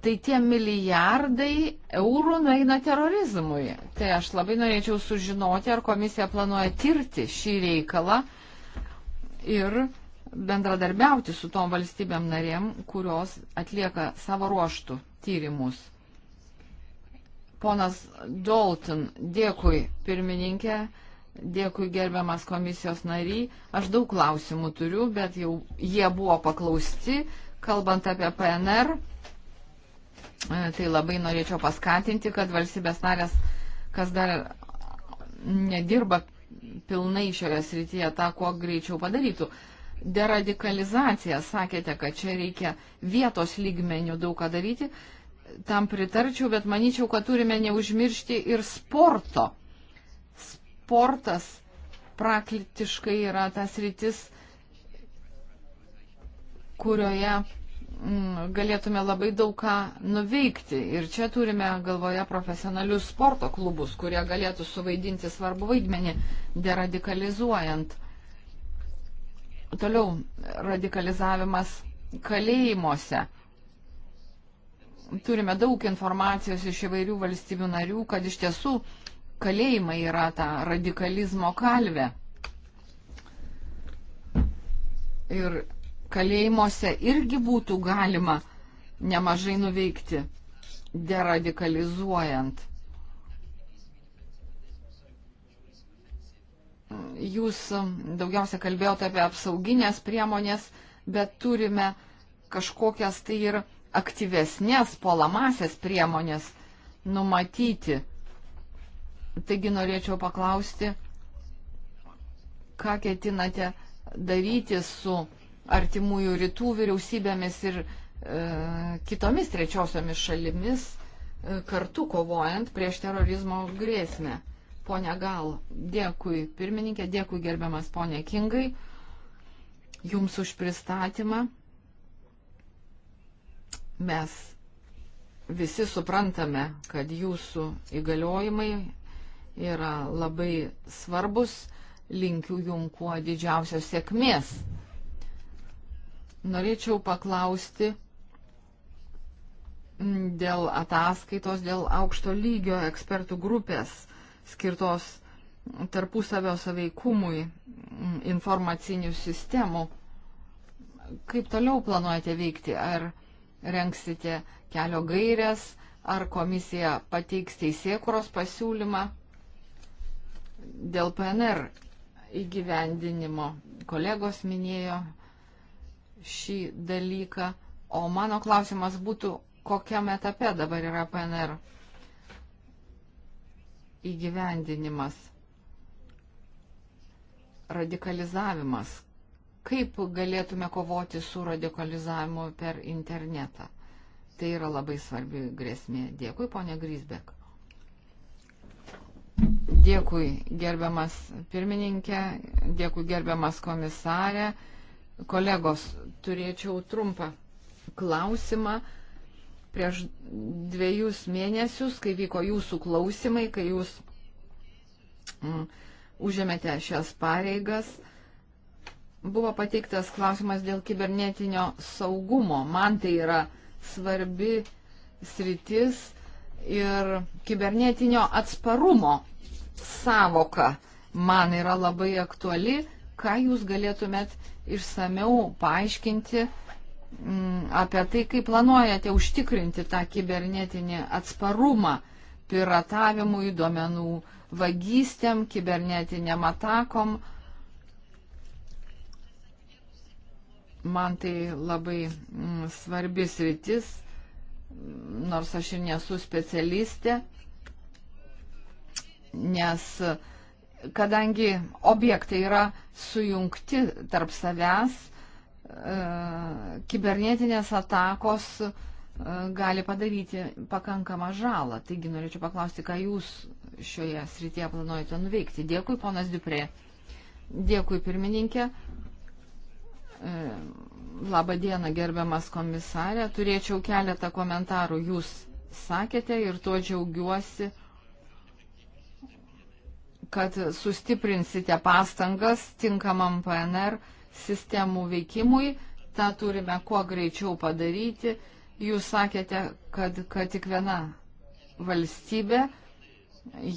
tai tie milijardai eurų nueina terorizmui. Tai aš labai norėčiau sužinoti, ar komisija planuoja tirti šį reikalą ir bendradarbiauti su tom valstybėm narėm, kurios atlieka savo ruoštų tyrimus. Ponas Dalton, dėkui pirmininkė, dėkui gerbiamas komisijos nariai. Aš daug klausimų turiu, bet jau jie buvo paklausti, kalbant apie PNR. E, tai labai norėčiau paskatinti, kad valstybės narės, kas dar nedirba pilnai šioje srityje, tą kuo greičiau padarytų. Deradikalizacija, sakėte, kad čia reikia vietos lygmenių daug ką daryti. Uh, tam pritarčiau, bet manyčiau, kad turime neužmiršti ir sporto. Sportas praktiškai yra tas rytis, kurioje mm, galėtume labai daug ką nuveikti. Ir čia turime galvoje profesionalius sporto klubus, kurie galėtų suvaidinti svarbu vaidmenį deradikalizuojant. Toliau radikalizavimas kalėjimuose turime daug informacijos iš įvairių valstybių narių, kad iš tiesų kalėjimai yra ta radikalizmo kalvė. Ir kalėjimuose irgi būtų galima nemažai nuveikti, deradikalizuojant. Jūs daugiausia kalbėjote apie apsauginės priemonės, bet turime kažkokias tai ir aktyvesnės polamasias priemonės numatyti. Taigi norėčiau paklausti, ką ketinate daryti su artimųjų rytų vyriausybėmis ir e, kitomis trečiosiomis šalimis e, kartu kovojant prieš terorizmo grėsmę. Pone Gal, dėkui pirmininkė, dėkui gerbiamas ponė Kingai, jums už pristatymą. Mes visi suprantame, kad jūsų įgaliojimai yra labai svarbus. Linkiu jum kuo didžiausios sėkmės. Norėčiau paklausti dėl ataskaitos, dėl aukšto lygio ekspertų grupės skirtos tarpusavio saveikumui informacinių sistemų. Kaip toliau planuojate veikti? Ar renksite kelio gairias, ar komisija pateiks teisėkuros pasiūlymą dėl PNR įgyvendinimo. Kolegos minėjo šį dalyką, o mano klausimas būtų, kokiam etape dabar yra PNR įgyvendinimas, radikalizavimas, kaip galėtume kovoti su radikalizavimu per internetą. Tai yra labai svarbi grėsmė. Dėkui, ponė Grisbek. Dėkui, gerbiamas pirmininkė, dėkui, gerbiamas komisarė. Kolegos, turėčiau trumpą klausimą. Prieš dviejus mėnesius, kai vyko jūsų klausimai, kai jūs mm, užėmėte šias pareigas, mm, Buvo pateiktas klausimas dėl kibernetinio saugumo. Man tai yra svarbi sritis ir kibernetinio atsparumo savoka man yra labai aktuali. Ką jūs galėtumėt išsameu paaiškinti mm, apie tai, kaip planuojate užtikrinti tą kibernetinį atsparumą piratavimui, duomenų vagystėm, kibernetiniam atakom? Man tai labai mm, svarbis rytis, nors aš ir nesu specialistė, nes kadangi objektai yra sujungti tarp savęs, e, kibernetinės atakos e, gali padaryti pakankamą žalą. Taigi norėčiau paklausti, ką jūs šioje srityje planuojate nuveikti. Dėkui, ponas Duprė. Dėkui, pirmininkė. E, Labą dieną, gerbiamas komisarė. Turėčiau keletą komentarų. Jūs sakėte ir tuo džiaugiuosi, kad sustiprinsite pastangas tinkamam PNR sistemų veikimui. Ta turime kuo greičiau padaryti. Jūs sakėte, kad, kad tik viena valstybė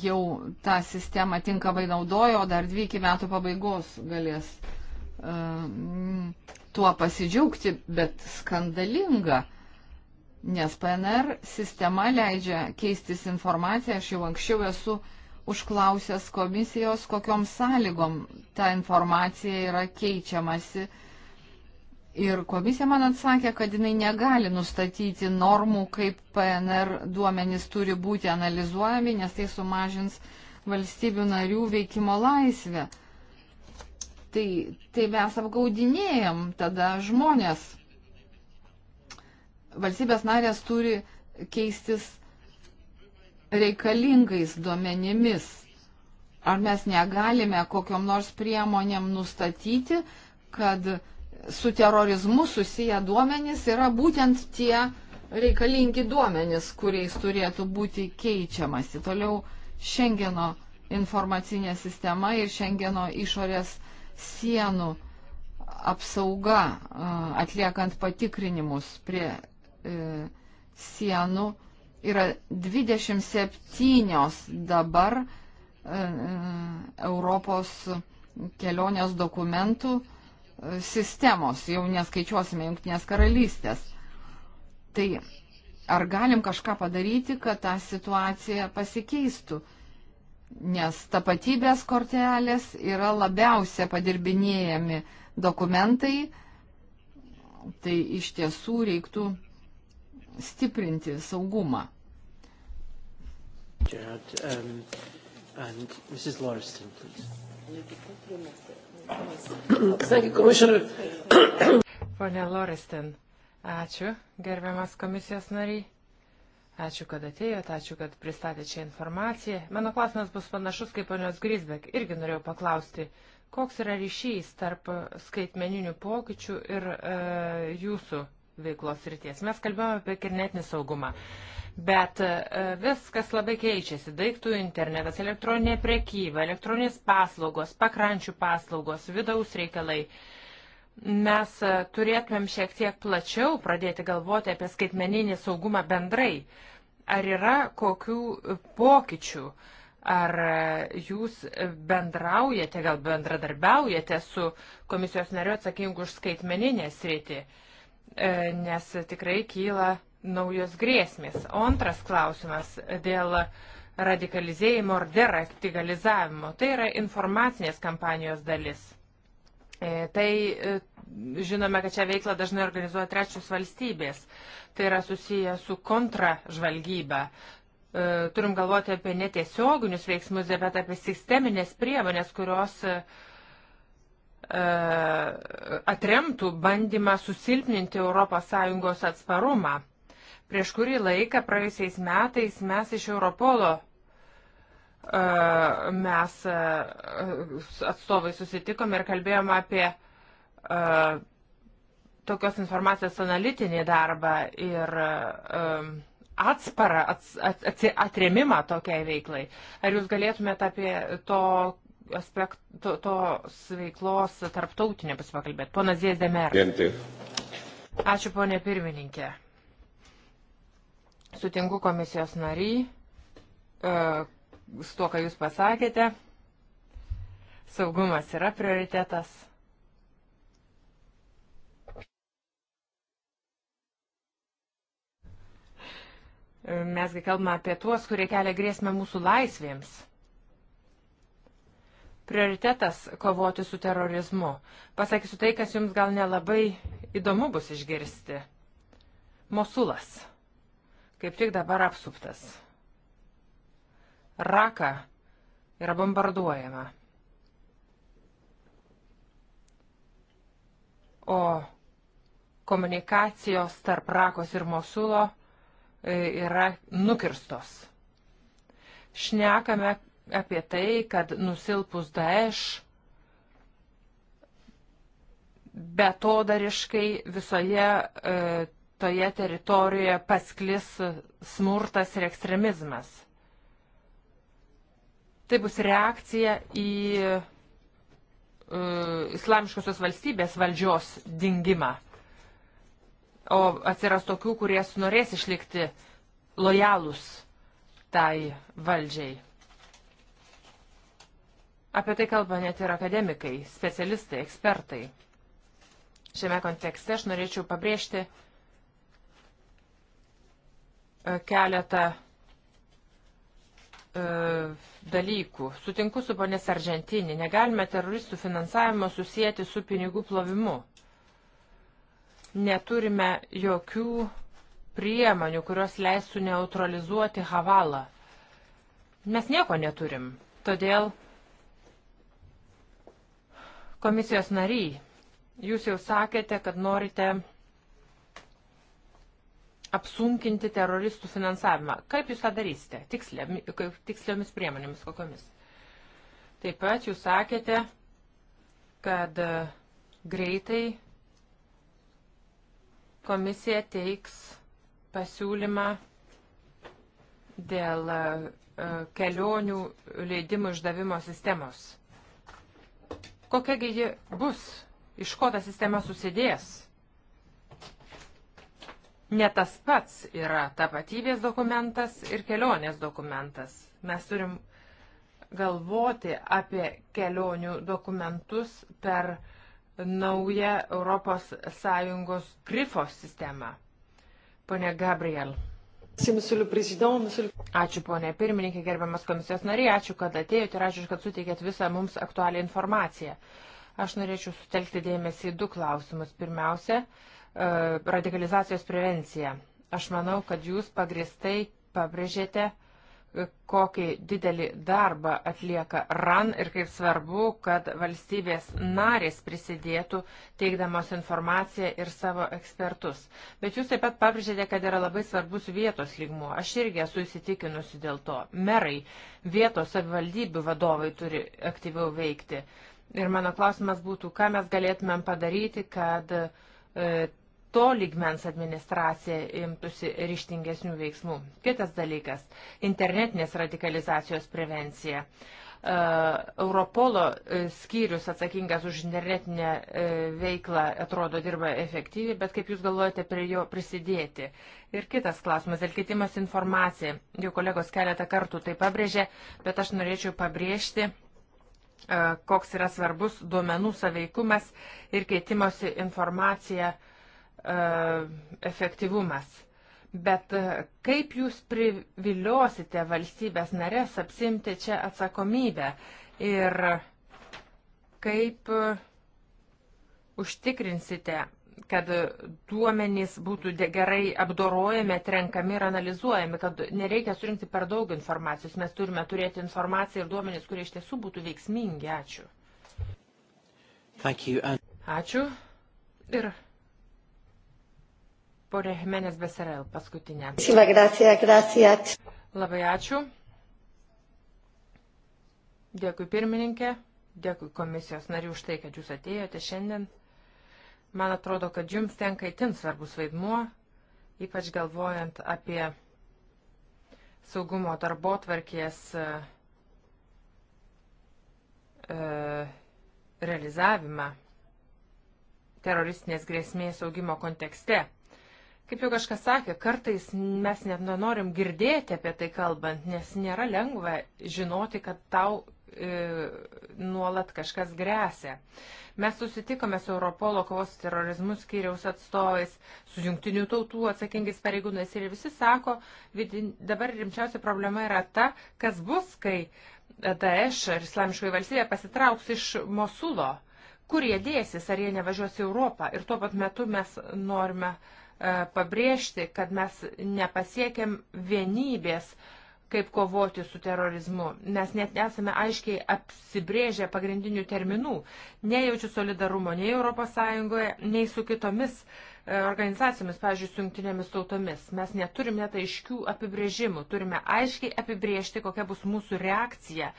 jau tą sistemą tinkamai naudojo, o dar dvi iki metų pabaigos galės Ehm, tuo pasidžiaugti, bet skandalinga, nes PNR sistema leidžia keistis informaciją. Aš jau anksčiau esu užklausęs komisijos, kokiom sąlygom ta informacija yra keičiamasi. Ir komisija man atsakė, kad jinai negali nustatyti normų, kaip PNR duomenys turi būti analizuojami, nes tai sumažins valstybių narių veikimo laisvę tai, tai mes apgaudinėjom tada žmonės. Valstybės narės turi keistis reikalingais duomenimis. Ar mes negalime kokiam nors priemonėm nustatyti, kad su terorizmu susiję duomenys yra būtent tie reikalingi duomenys, kuriais turėtų būti keičiamasi. Toliau Šengeno informacinė sistema ir Šengeno išorės uh, sienų apsauga, atliekant patikrinimus prie e, sienų, yra 27 dabar e, e, Europos kelionės dokumentų sistemos, jau neskaičiuosime Junktinės karalystės. Tai ar galim kažką padaryti, kad ta situacija pasikeistų? nes tapatybės kortelės yra labiausia padirbinėjami dokumentai, tai iš tiesų reiktų stiprinti saugumą. Gerard, um, and Mrs. Lauriston, Thank you, Commissioner. Pone Lauriston, ačiū, gerbiamas komisijos nariai. Ačiū, kad atėjote, ačiū, kad pristatėte čia informaciją. Mano klausimas bus panašus kaip ponios Grisbek. Irgi norėjau paklausti, koks yra ryšys tarp skaitmeninių pokyčių ir e, jūsų veiklos ryties. Mes kalbėjome apie kibernetinį saugumą. Bet e, viskas labai keičiasi. Daiktų internetas, elektroninė prekyba, elektroninės paslaugos, pakrančių paslaugos, vidaus reikalai mes e, turėtumėm šiek tiek plačiau pradėti galvoti apie skaitmeninį saugumą bendrai. Ar yra kokių pokyčių? Ar e, jūs bendraujate, gal bendradarbiaujate su komisijos nariu atsakingu už skaitmeninę sritį? E, nes tikrai kyla naujos grėsmės. O antras klausimas dėl radikalizėjimo ar deradikalizavimo. Tai yra informacinės kampanijos dalis E, tai e, žinome, kad čia veiklą dažnai organizuoja trečios valstybės. Tai yra susiję su kontražvalgyba. E, turim galvoti apie netiesioginius veiksmus, bet apie sisteminės priemonės, kurios atremtų bandymą susilpninti ES atsparumą. Prieš kurį laiką, praėjusiais metais, mes iš Europolo mes atstovai susitikome ir kalbėjome apie tokios informacijos analitinį darbą ir atsparą, ats, at, at, atremimą tokiai veiklai. Ar jūs galėtumėte apie to aspekt, to, tos veiklos tarptautinę pasipakalbėti? Ponas Zėdemer. Ačiū, ponė pirmininkė. Sutinku komisijos nariai su to, ką Jūs pasakėte. Saugumas yra prioritetas. Mesgi kalbame apie tuos, kurie kelia grėsmę mūsų laisvėms. Prioritetas kovoti su terorizmu. Pasakysiu tai, kas jums gal nelabai įdomu bus išgirsti. Mosulas. Kaip tik dabar apsuptas. Raka yra bombarduojama. O komunikacijos tarp Rakos ir Mosulo e, yra nukirstos. Šnekame apie tai, kad nusilpus Daesh betodariškai visoje e, toje teritorijoje pasklis smurtas ir ekstremizmas. Tai bus reakcija į uh, islamiškosios valstybės valdžios dingimą. O atsiras tokių, kurie norės išlikti lojalūs tai valdžiai. Apie tai kalba net ir akademikai, specialistai, ekspertai. Šiame kontekste aš norėčiau pabrėžti e, keletą E, dalykų. Sutinku su ponės Argentinė, negalime teroristų finansavimo susijęti su pinigų plovimu. Neturime jokių priemonių, kurios leistų neutralizuoti havalą. Mes nieko neturim. Todėl komisijos nariai, jūs jau sakėte, kad norite apsunkinti teroristų finansavimą. Kaip jūs tą darysite? Tikslė, tiksliomis priemonėmis kokiamis? Taip pat jūs sakėte, kad e, greitai komisija teiks pasiūlymą dėl e, e, kelionių leidimų išdavimo sistemos. Kokiagi ji bus? Iš ko ta sistema susidės? ne tas pats yra tapatybės dokumentas ir kelionės dokumentas. Mes turim galvoti apie kelionių dokumentus per naują ES grifos sistemą. Pone Gabriel. Ačiū ponė pirmininkė, gerbiamas komisijos nariai, ačiū, kad atėjote ir ačiū, kad suteikėt visą mums aktualią informaciją. Aš norėčiau sutelkti dėmesį į du klausimus. Pirmiausia, E, radikalizacijos prevenciją. Aš manau, kad jūs pagristai pabrėžėte, e, kokį didelį darbą atlieka RAN ir kaip svarbu, kad valstybės narės prisidėtų teikdamos informaciją ir savo ekspertus. Bet jūs taip pat pabrėžėte, kad yra labai svarbus vietos lygmuo. Aš irgi esu įsitikinusi dėl to. Merai, vietos savivaldybių vadovai turi aktyviau veikti. Ir mano klausimas būtų, ką mes galėtumėm padaryti, kad e, to lygmens administracija imtųsi ryštingesnių veiksmų. Kitas dalykas - internetinės radikalizacijos prevencija. E, Europolo e, skyrius atsakingas už internetinę e, veiklą atrodo dirba efektyviai, bet kaip Jūs galvojate prie jo prisidėti? Ir kitas klausimas, dėl kitimas informacija. Jau kolegos keletą kartų tai pabrėžė, bet aš norėčiau pabrėžti, koks yra svarbus duomenų saveikumas ir keitimosi informacija uh, E, efektyvumas. Bet e, kaip jūs priviliosite valstybės narės apsimti čia atsakomybę ir kaip e, užtikrinsite, kad duomenys būtų gerai apdorojami, atrenkami ir analizuojami, kad nereikia surinkti per daug informacijos, mes turime turėti informaciją ir duomenys, kurie iš tiesų būtų veiksmingi. Ačiū. Ačiū. Ir Pone Jimenez Beserel, paskutinė. Labai ačiū. Dėkui pirmininkė, dėkui komisijos narių už tai, kad jūs atėjote šiandien. Man atrodo, kad jums tenka itin svarbus vaidmuo, ypač galvojant apie saugumo darbo tvarkės e, realizavimą teroristinės grėsmės augimo kontekste. Kaip jau kažkas sakė, kartais mes net nenorim girdėti apie tai kalbant, nes nėra lengva žinoti, kad tau e, nuolat kažkas grėsia. Mes susitikome su Europolo kovos terorizmų skyriaus atstovais, su jungtinių tautų atsakingais pareigūnais ir visi sako, vidin, dabar rimčiausia problema yra ta, kas bus, kai Daesh ar Islamiškoji valstybė pasitrauks iš Mosulo, kur jie dėsis, ar jie nevažiuos į Europą. Ir tuo pat metu mes norime uh, E, pabrėžti, kad mes nepasiekėm vienybės, kaip kovoti su terorizmu. Mes net nesame aiškiai apsibrėžę pagrindinių terminų. Nejaučiu solidarumo nei ES, nei su kitomis e, organizacijomis, pavyzdžiui, su jungtinėmis tautomis. Mes neturim net aiškių apibrėžimų. Turime aiškiai apibrėžti, kokia bus mūsų reakcija,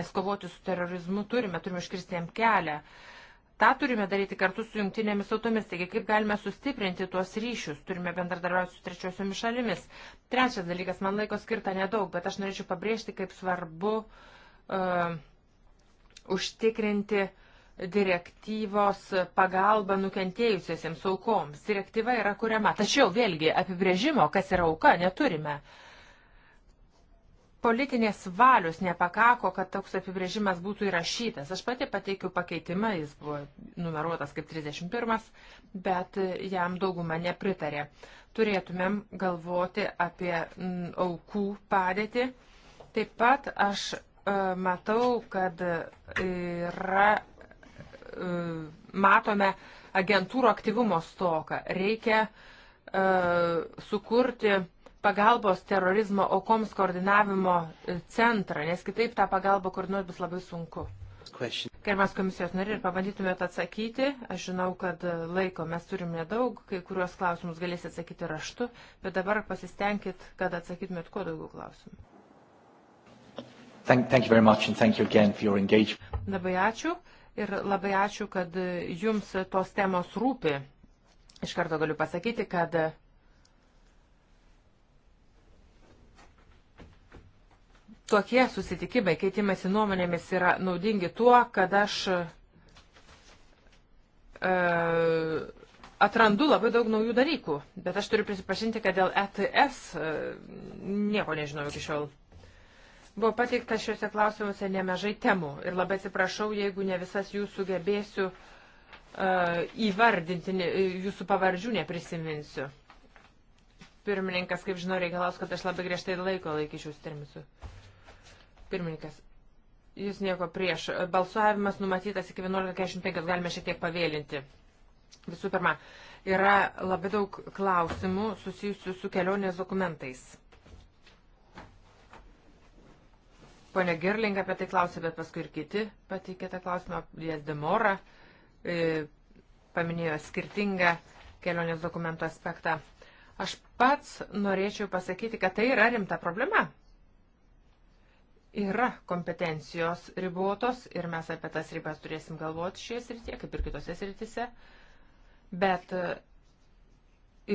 nes kovoti su terorizmu turime, turime iškirsti jam kelią. Uh, Ta turime daryti kartu su jungtinėmis tautomis, taigi kaip galime sustiprinti tuos ryšius, turime bendradarbiauti su trečiosiomis šalimis. Trečias dalykas, man laiko skirta nedaug, bet aš norėčiau pabrėžti, kaip svarbu uh, užtikrinti uh, direktyvos pagalba nukentėjusiesiems aukoms. Direktyva yra kuriama. Tačiau vėlgi apibrėžimo, kas yra auka, neturime. Uh, politinės valios nepakako, kad toks apibrėžimas būtų įrašytas. Aš pati pateikiu pakeitimą, jis buvo numeruotas kaip 31, bet jam dauguma nepritarė. Turėtumėm galvoti apie mm, aukų padėtį. Taip pat aš e, matau, kad yra, e, matome agentūrų aktyvumo stoką. Reikia e, sukurti pagalbos terorizmo aukoms koordinavimo e, centrą, nes kitaip tą pagalbą koordinuoti bus labai sunku. Gerbiamas komisijos nariai, ir pabandytumėte atsakyti, aš žinau, kad e, laiko mes turim nedaug, kai kuriuos klausimus galėsite atsakyti raštu, bet dabar pasistengkit, kad atsakytumėt kuo daugiau klausimų. Thank, thank you very much and thank you again for your engagement. Labai ačiū ir labai ačiū, kad e, jums tos temos rūpi. Iš karto galiu pasakyti, kad tokie susitikimai, keitimasi nuomonėmis yra naudingi tuo, kad aš e, atrandu labai daug naujų dalykų. Bet aš turiu prisipažinti, kad dėl ETS e, nieko nežinau iki šiol. Buvo pateikta šiuose klausimuose nemažai temų ir labai atsiprašau, jeigu ne visas jų sugebėsiu uh, įvardinti, ne, jūsų pavardžių neprisiminsiu. Pirmininkas, kaip žinau, reikalaus, kad aš labai griežtai laiko laikyčiaus termisų. Uh, Pirmininkas, jūs nieko prieš. Balsuojavimas numatytas iki 11.45, galime šiek tiek pavėlinti. Visų pirma, yra labai daug klausimų susijusių su kelionės dokumentais. Pone Girling apie tai klausė, bet paskui ir kiti pateikė tą klausimą. Dėmora e, paminėjo skirtingą kelionės dokumento aspektą. Aš pats norėčiau pasakyti, kad tai yra rimta problema yra kompetencijos ribotos ir mes apie tas ribas turėsim galvoti šioje srityje, kaip ir kitose srityse, bet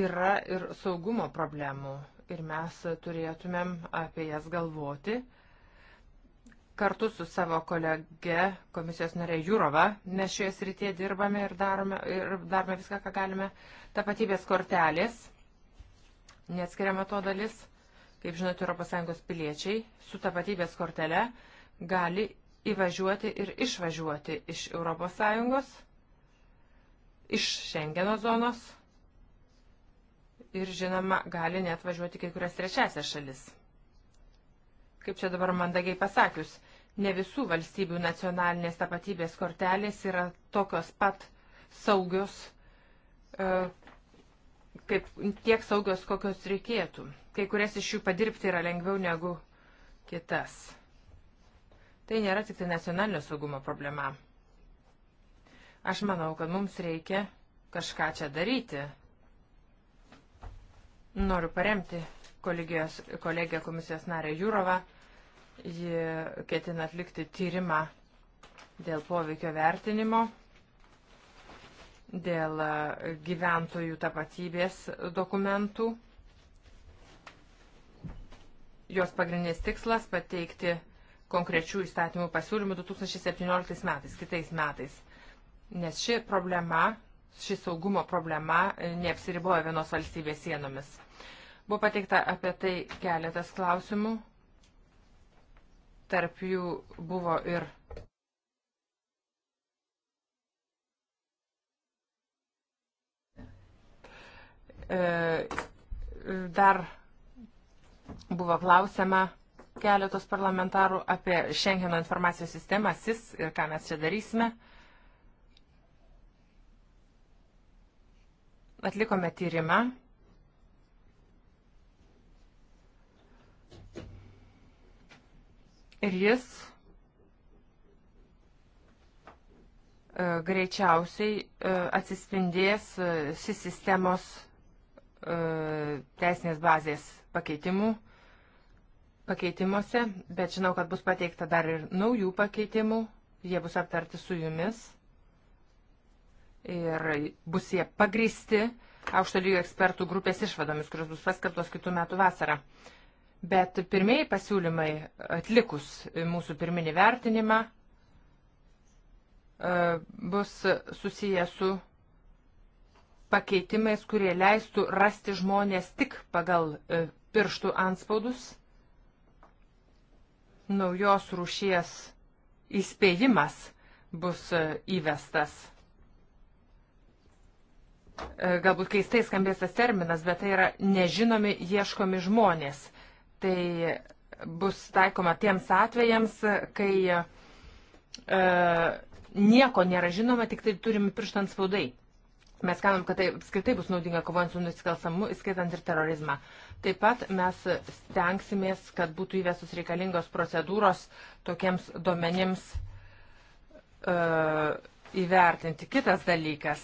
yra ir saugumo problemų ir mes turėtumėm apie jas galvoti. Kartu su savo kolege, komisijos narė Jurova, mes šioje srityje dirbame ir darome, ir darome viską, ką galime. Tapatybės kortelės, neatskiriama to dalis Kaip žinote, ES piliečiai su tapatybės kortele gali įvažiuoti ir išvažiuoti iš ES, iš Schengeno zonos ir, žinoma, gali net važiuoti kai kurias trečiasias šalis. Kaip čia dabar mandagiai pasakius, ne visų valstybių nacionalinės tapatybės kortelės yra tokios pat saugios, e, kaip tiek saugios, kokios reikėtų. Kai kurias iš jų padirbti yra lengviau negu kitas. Tai nėra tik tai nacionalinio saugumo problema. Aš manau, kad mums reikia kažką čia daryti. Noriu paremti kolegijos, kolegiją komisijos narę Jūrovą. Ji ketina atlikti tyrimą dėl poveikio vertinimo, dėl gyventojų tapatybės dokumentų Jos pagrindinis tikslas - pateikti konkrečių įstatymų pasiūlymų 2017 metais, kitais metais. Nes ši problema, ši saugumo problema e, neapsiriboja vienos valstybės sienomis. Buvo pateikta apie tai keletas klausimų. Tarp jų buvo ir. E, dar Buvo klausima keletos parlamentarų apie Schengeno informacijos sistemą SIS ir ką mes čia darysime. Atlikome tyrimą. Ir jis e, greičiausiai e, atsispindės e, SIS sistemos teisinės bazės pakeitimų pakeitimuose, bet žinau, kad bus pateikta dar ir naujų pakeitimų, jie bus aptarti su jumis ir bus jie pagristi aukšto lygio ekspertų grupės išvadomis, kurios bus paskelbtos kitų metų vasarą. Bet pirmieji pasiūlymai atlikus mūsų pirminį vertinimą e, bus susiję su pakeitimais, kurie leistų rasti žmonės tik pagal e, pirštų anspaudus naujos rūšies įspėjimas bus e, įvestas. E, galbūt keistai skambės tas terminas, bet tai yra nežinomi ieškomi žmonės. Tai bus taikoma tiems atvejams, kai e, nieko nėra žinoma, tik tai turime pirštant spaudai. Mes kalbam, kad tai apskritai bus naudinga kovojant su nusikalstamu, įskaitant ir terorizmą. E, Taip pat mes stengsimės, kad būtų įvestus reikalingos procedūros tokiems duomenims e, įvertinti. Kitas dalykas,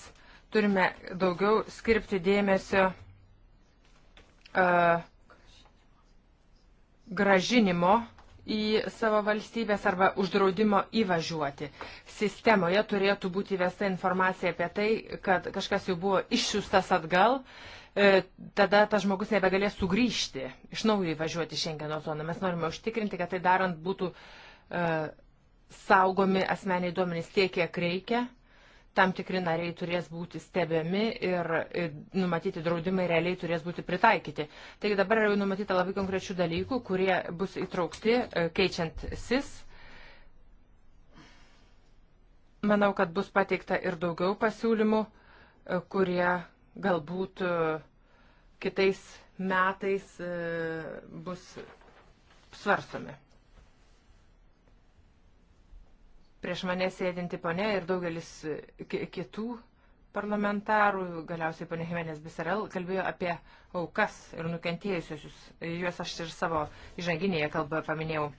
turime daugiau skirpti dėmesio e, gražinimo į savo valstybės arba uždraudimo įvažiuoti. Sistemoje turėtų būti įvesta informacija apie tai, kad kažkas jau buvo išsiųstas atgal. E, E, tada tas žmogus nebegalės sugrįžti, iš naujo įvažiuoti į Schengeno zoną. Mes norime užtikrinti, kad tai darant būtų e, saugomi asmeniai duomenys tiek, kiek reikia. Tam tikri nariai turės būti stebiami ir numatyti draudimai realiai turės būti pritaikyti. Taigi dabar yra jau numatyta labai konkrečių dalykų, kurie bus įtraukti e, keičiant SIS Manau, kad bus pateikta ir daugiau pasiūlymų, kurie Galbūt e, kitais metais e, bus svarstomi. Prieš mane sėdinti ponė ir daugelis e, kitų parlamentarų, galiausiai ponė Jimenės Biserel, kalbėjo apie aukas ir nukentėjusius. Juos aš ir savo įžanginėje kalboje paminėjau.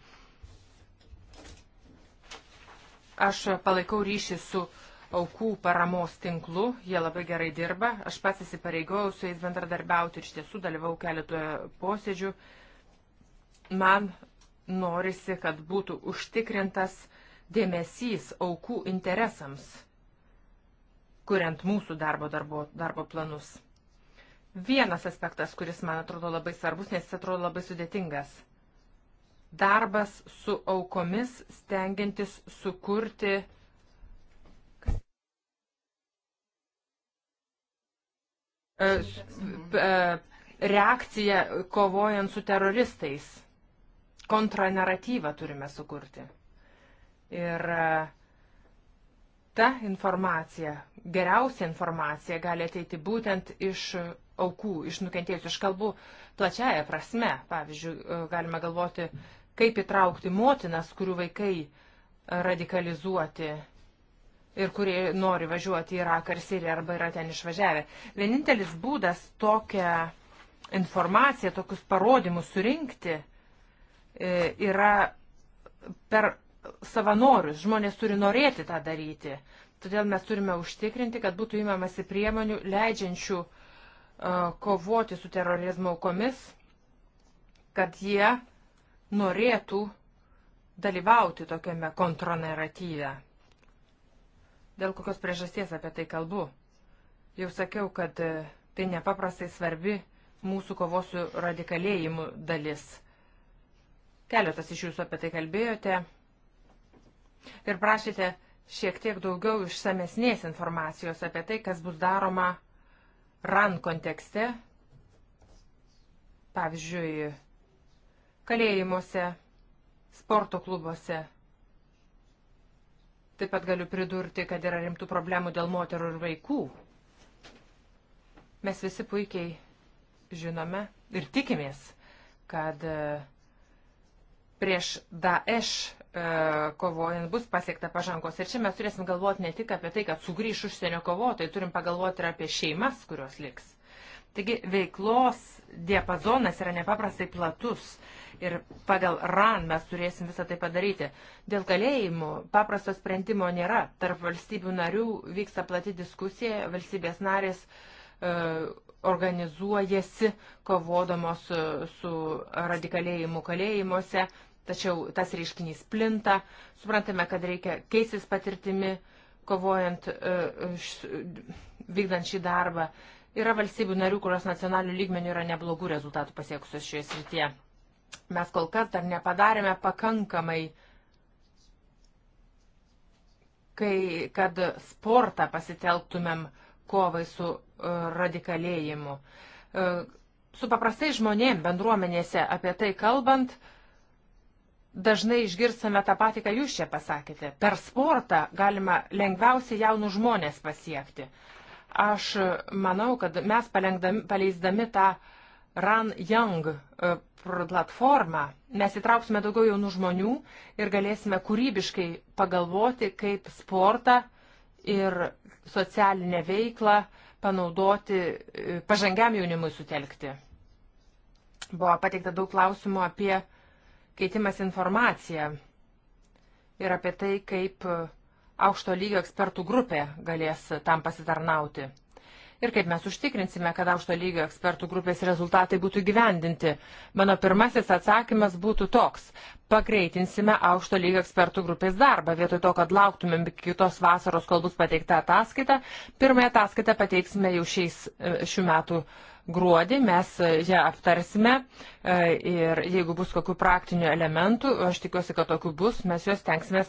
Aš palaikau ryšį su uh, aukų paramos tinklu, jie labai gerai dirba, aš pats įsipareigojau su jais bendradarbiauti ir iš tiesų dalyvau keletoje posėdžių. Man norisi, kad būtų užtikrintas dėmesys aukų interesams, kuriant mūsų darbo, darbo, darbo planus. Vienas aspektas, kuris man atrodo labai svarbus, nes jis atrodo labai sudėtingas darbas su aukomis, stengiantis sukurti E, e, reakciją kovojant su teroristais. Kontranaratyvą turime sukurti. Ir e, ta informacija, geriausia informacija gali ateiti būtent iš aukų, iš nukentėjusių. Aš kalbu plačiaja prasme. Pavyzdžiui, galime galvoti, kaip įtraukti motinas, kurių vaikai radikalizuoti ir kurie nori važiuoti į Iraką ir Siriją arba yra ten išvažiavę. Vienintelis būdas tokią informaciją, tokius parodymus surinkti e, yra per savanorius. Žmonės turi norėti tą daryti. Todėl mes turime užtikrinti, kad būtų įmamasi priemonių leidžiančių e, kovoti su terorizmo aukomis, kad jie norėtų dalyvauti tokiame kontronaratyve. Dėl kokios priežasties apie tai kalbu? Jau sakiau, kad e, tai nepaprastai svarbi mūsų kovos su radikalėjimu dalis. Keletas iš jūsų apie tai kalbėjote ir prašėte šiek tiek daugiau išsamesnės informacijos apie tai, kas bus daroma RAN kontekste, pavyzdžiui, kalėjimuose, sporto klubuose Taip pat galiu pridurti, kad yra rimtų problemų dėl moterų ir vaikų. Mes visi puikiai žinome ir tikimės, kad e, prieš Daesh e, kovojant bus pasiekta pažangos. Ir čia mes turėsim galvoti ne tik apie tai, kad sugrįš užsienio kovotojai, turim pagalvoti ir apie šeimas, kurios liks. Taigi veiklos diapazonas yra nepaprastai platus Ir pagal RAN mes turėsim visą tai padaryti. Dėl kalėjimų paprasto sprendimo nėra. Tarp valstybių narių vyksta plati diskusija, valstybės narės e, organizuojasi kovodamos su, e, su radikalėjimu kalėjimuose, tačiau tas reiškinys plinta. Suprantame, kad reikia keisis patirtimi, kovojant, e, vykdant šį darbą. Yra valstybių narių, kurios nacionalių lygmenių yra neblogų rezultatų pasiekusios šioje srityje. Mes kol kas dar nepadarėme pakankamai, kai, kad sportą pasitelktumėm kovai su e, radikalėjimu. E, su paprastai žmonėm bendruomenėse apie tai kalbant, dažnai išgirstame tą patį, ką jūs čia pasakėte. Per sportą galima lengviausiai jaunų žmonės pasiekti. Aš manau, kad mes paleisdami tą uh, Run Young e, platformą, mes įtrauksime daugiau jaunų žmonių ir galėsime kūrybiškai pagalvoti, kaip sportą ir socialinę veiklą panaudoti e, pažangiam jaunimui sutelkti. Buvo pateikta daug klausimų apie keitimas informaciją ir apie tai, kaip e, aukšto lygio ekspertų grupė galės tam pasitarnauti ir kaip mes užtikrinsime, kad aukšto lygio ekspertų grupės rezultatai būtų gyvendinti. Mano pirmasis atsakymas būtų toks. Pagreitinsime aukšto lygio ekspertų grupės darbą. Vietoj to, kad lauktumėm kitos vasaros, kol bus pateikta ataskaita, pirmąją ataskaitą pateiksime jau šiais, šių metų gruodį mes e, ją aptarsime e, ir jeigu bus kokių praktinių elementų, aš tikiuosi, kad tokių bus, mes juos tenksime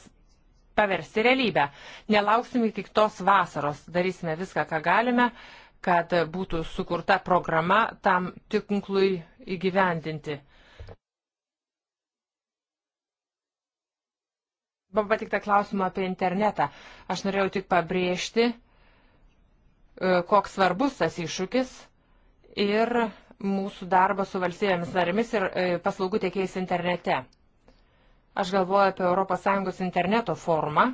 paversti realybę. Nelauksim iki tos vasaros, darysime viską, ką galime kad būtų sukurta programa tam tinklui įgyvendinti. Buvo patikta klausimą apie internetą. Aš norėjau tik pabrėžti, e, koks svarbus tas iššūkis ir mūsų darbą su valstybėmis narimis ir e, paslaugų tiekėjais internete. Aš galvoju apie ES interneto formą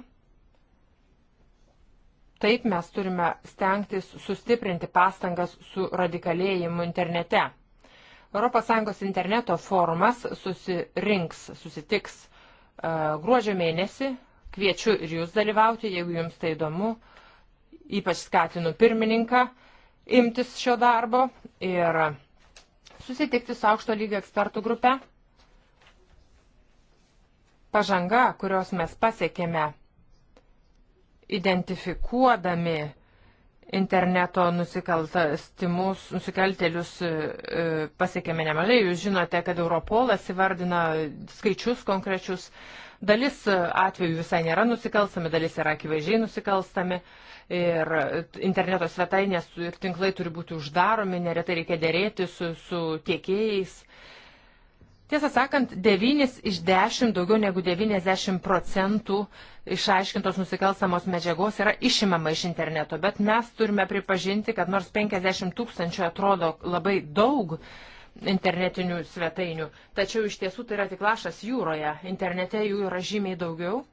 Taip mes turime stengtis sustiprinti pastangas su radikalėjimu internete. ES interneto forumas susirinks, susitiks e, gruodžio mėnesį. Kviečiu ir jūs dalyvauti, jeigu jums tai įdomu. Ypač skatinu pirmininką imtis šio darbo ir susitikti su aukšto lygio ekspertų grupe. Pažanga, kurios mes pasiekėme identifikuodami interneto nusikaltimus, nusikaltelius e, pasiekėme nemažai. Jūs žinote, kad Europolas įvardina skaičius konkrečius. Dalis atvejų visai nėra nusikalstami, dalis yra akivaizdžiai nusikalstami. Ir interneto svetainės ir tinklai turi būti uždaromi, neretai reikia dėrėti su, su tiekėjais. Uh, Tiesą sakant, 9 iš 10, daugiau negu 90 procentų išaiškintos nusikalstamos medžiagos yra išimama iš interneto, bet mes turime pripažinti, kad nors 50 tūkstančių atrodo labai daug internetinių svetainių, tačiau iš tiesų tai yra tik lašas jūroje, internete jų yra žymiai daugiau.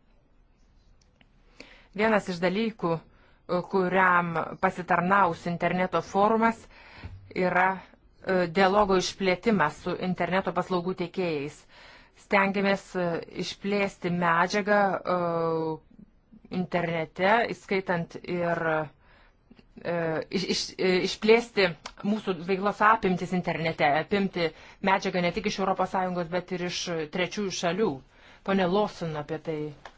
Vienas iš dalykų, kuriam pasitarnaus interneto forumas, yra E, dialogo išplėtimą su interneto paslaugų teikėjais. Stengiamės e, išplėsti medžiagą e, internete, įskaitant ir iš, iš, išplėsti mūsų veiklos apimtis internete, apimti medžiagą ne tik iš ES, bet ir iš trečiųjų šalių. Pone Lawson apie tai,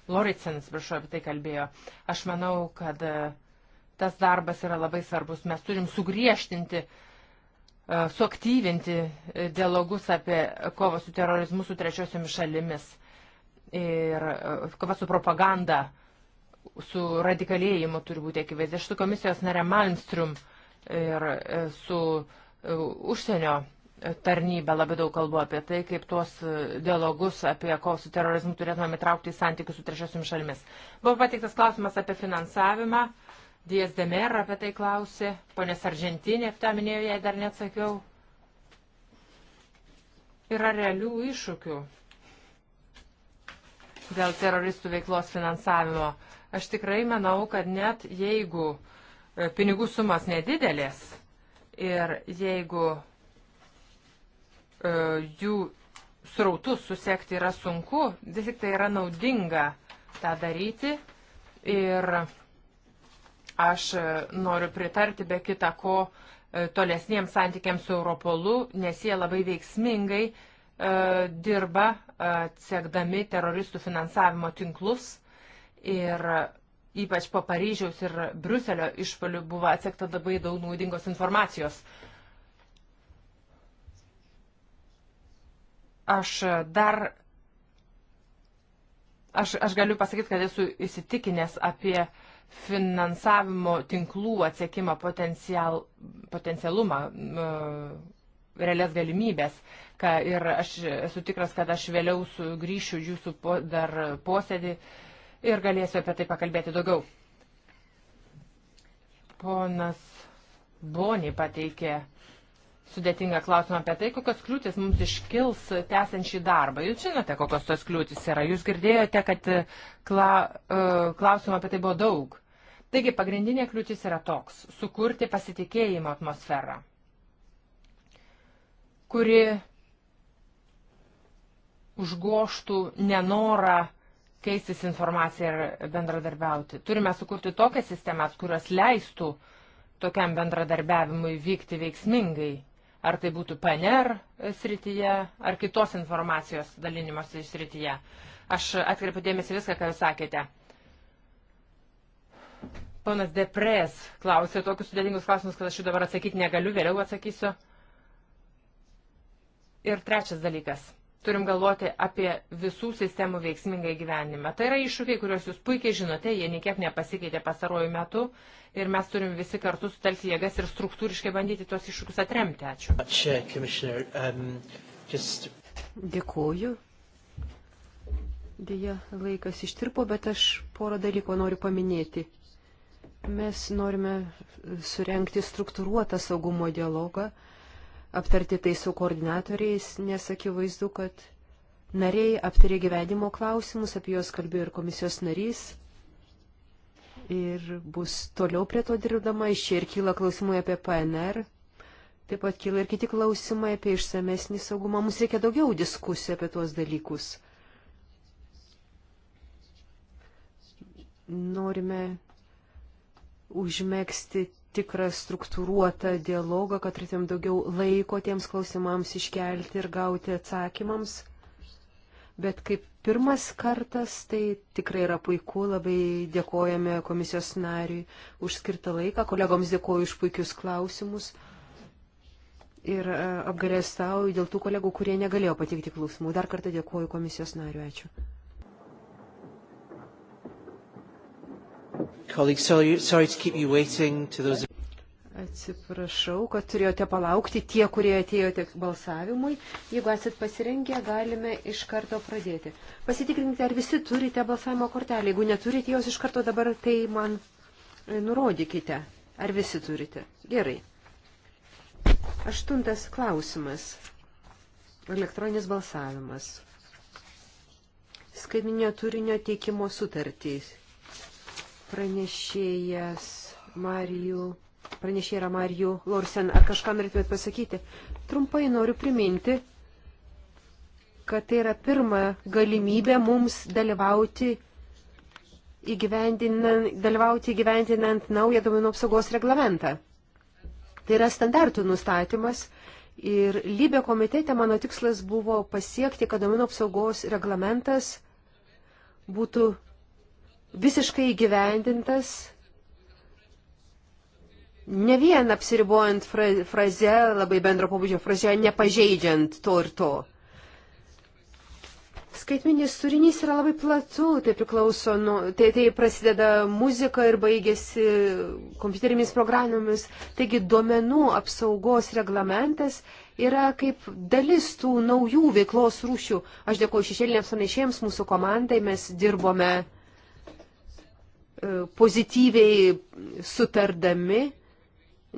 Loricin, atsiprašau, apie tai kalbėjo. Aš manau, kad tas darbas yra labai svarbus. Mes turim sugriežtinti uh, E, suaktyvinti dialogus apie kovą su terorizmu su trečiosiomis šalimis ir e, kova su propaganda, su radikalėjimu turi būti akivaizdė. Aš su komisijos nare Malmström ir e, su užsienio tarnybą labai daug kalbu apie tai, kaip tuos dialogus apie kovą su terorizmu turėtumėm įtraukti į santykius su trečiosiomis šalimis. Buvo pateiktas klausimas apie finansavimą. Dijas Demer apie tai klausė, ponės Argentinė, tą minėjau, jei dar neatsakiau. Yra realių iššūkių dėl teroristų veiklos finansavimo. Aš tikrai manau, kad net jeigu e, pinigų sumas nedidelės ir jeigu e, jų srautus susekti yra sunku, vis tik tai yra naudinga tą daryti. Ir Aš e, noriu pritarti be kita ko e, tolesniems santykiams su Europolu, nes jie labai veiksmingai e, dirba atsekdami teroristų finansavimo tinklus ir ypač po Paryžiaus ir Bruselio išpolių buvo atsekta labai daug naudingos informacijos. Aš dar. Aš, aš galiu pasakyti, kad esu įsitikinęs apie uh, finansavimo tinklų atsiekimą potencial, potencialumą, e, realias galimybės. Ka, ir aš esu tikras, kad aš vėliau sugrįšiu jūsų po, dar posėdį ir galėsiu apie tai pakalbėti daugiau. Ponas Boni pateikė sudėtingą klausimą apie tai, kokios kliūtis mums iškils tęsiant šį darbą. Jūs žinote, kokios tos kliūtis yra. Jūs girdėjote, kad e, kla, e, klausimų apie tai buvo daug. Taigi, pagrindinė kliūtis yra toks - sukurti pasitikėjimo atmosferą, kuri užgoštų nenorą keistis informaciją ir bendradarbiauti. Turime sukurti tokias sistemas, kurios leistų tokiam bendradarbiavimui vykti veiksmingai ar tai būtų PNR srityje, ar kitos informacijos dalinimosi srityje. Aš atkreipiu dėmesį viską, ką jūs sakėte. Ponas Depres klausė tokius sudėtingus klausimus, kad aš jų dabar atsakyti negaliu, vėliau atsakysiu. Ir trečias dalykas – Turim galvoti apie visų sistemų veiksmingą gyvenimą. Tai yra iššūkiai, kuriuos jūs puikiai žinote, jie niekiek nepasikeitė pasarojų metu ir mes turim visi kartu sutelkti jėgas ir struktūriškai bandyti tuos iššūkius atremti. Ačiū. Um, Dėkuoju. Deja, laikas ištirpo, bet aš porą dalykų noriu paminėti. Mes norime surenkti struktūruotą saugumo dialogą aptarti tai su koordinatoriais, nes akivaizdu, kad nariai aptarė gyvenimo klausimus, apie juos kalbėjo ir komisijos narys. Ir bus toliau prie to dirbdama, iš čia ir kyla klausimai apie PNR. Taip pat kyla ir kiti klausimai apie išsamesnį saugumą. Mums reikia daugiau diskusijų apie tuos dalykus. Norime užmėgsti tikrą struktūruotą dialogą, kad turėtum daugiau laiko tiems klausimams iškelti ir gauti atsakymams. Bet kaip pirmas kartas, tai tikrai yra puiku, labai dėkojame komisijos nariui už skirtą laiką, kolegoms dėkoju už puikius klausimus ir e, apgalės tau dėl tų kolegų, kurie negalėjo patikti klausimų. Dar kartą dėkoju komisijos nariui, ačiū. Colleagues, sorry, sorry to keep you waiting to those. Atsiprašau, kad turėjote palaukti tie, kurie atėjote balsavimui. Jeigu esat pasirengę, galime iš karto pradėti. Pasitikrinkite, ar visi turite balsavimo kortelę. Jeigu neturite jos iš karto dabar, tai man e, nurodykite, ar visi turite. Gerai. Aštuntas klausimas. Elektroninis balsavimas. Skaitminio turinio teikimo sutartys pranešėjas Marijų. Pranešė yra Marijų Lorsen. Ar kažką norėtumėt pasakyti? Trumpai noriu priminti, kad tai yra pirma galimybė mums dalyvauti įgyvendinant, dalyvauti įgyvendinant naują duomenų apsaugos reglamentą. Tai yra standartų nustatymas ir lybė komitete mano tikslas buvo pasiekti, kad duomenų apsaugos reglamentas būtų visiškai gyvendintas, ne vien apsiribuojant fraze, labai bendro pobūdžio fraze, nepažeidžiant to ir to. Skaitminis turinys yra labai platu, tai priklauso nuo, tai, tai prasideda muzika ir baigėsi kompiuterinėmis programomis, taigi duomenų apsaugos reglamentas yra kaip dalis tų naujų veiklos rūšių. Aš dėkuoju šešėlinėms pranešėjams, mūsų komandai, mes dirbome E, pozityviai sutardami,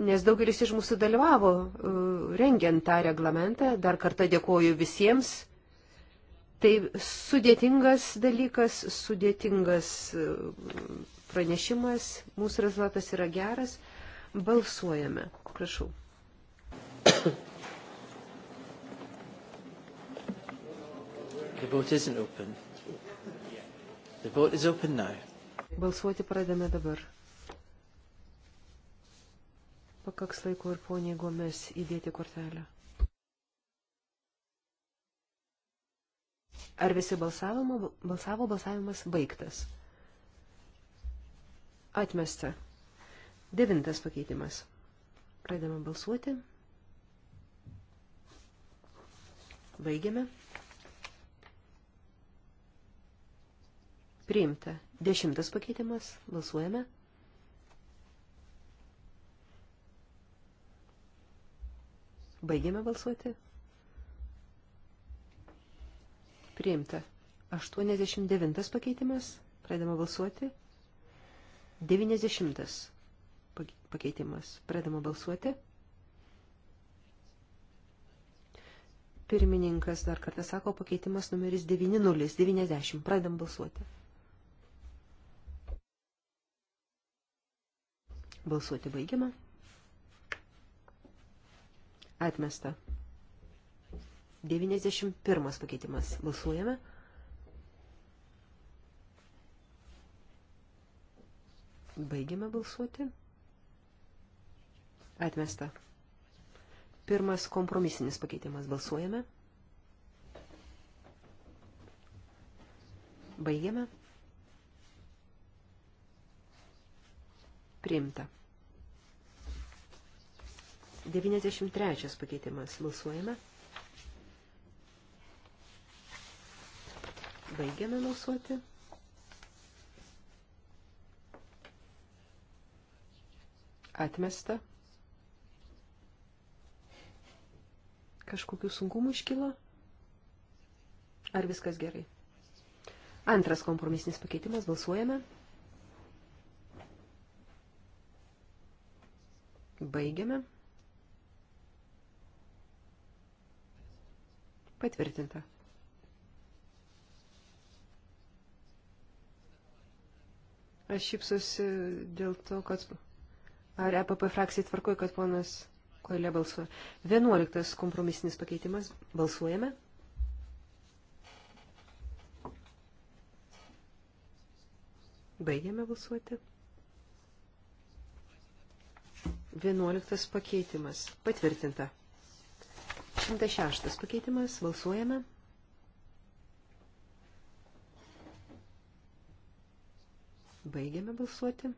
nes daugelis iš mūsų dalyvavo e, rengiant tą reglamentą. Dar kartą dėkoju visiems. Tai sudėtingas dalykas, sudėtingas e, pranešimas, mūsų rezultatas yra geras. Balsuojame. Prašau. The vote isn't open. The vote is open now. Balsuoti pradame dabar. Pakaks laiko ir poniai Gomes įdėti kortelę. Ar visi balsavimo, balsavo balsavimas baigtas? Atmesta. Devintas pakeitimas. Pradame balsuoti. Baigiame. Priimta. Dešimtas pakeitimas. Balsuojame. Baigėme balsuoti. Priimta. 89 pakeitimas. Pradama balsuoti. 90 pakeitimas. Pradama balsuoti. Pirmininkas dar kartą sako pakeitimas numeris 9090. Pradam balsuoti. Balsuoti baigiama. Atmesta. 91 pakeitimas. Balsuojame. Baigiame balsuoti. Atmesta. Pirmas kompromisinis pakeitimas. Balsuojame. Baigiame. Priimta. 93 pakeitimas. Balsuojame. Baigiame balsuoti. Atmesta. Kažkokių sunkumų iškilo? Ar viskas gerai? Antras kompromisinis pakeitimas. Balsuojame. Baigiame. Patvirtinta. Aš šypsosi dėl to, kad... Ar EPP frakcijai tvarkoja, kad ponas Koelė balsuoja? Vienuoliktas kompromisinis pakeitimas. Balsuojame. Baigiame balsuoti. Vienuoliktas pakeitimas. Patvirtinta. 106 pakeitimas. Balsuojame. Baigiame balsuoti.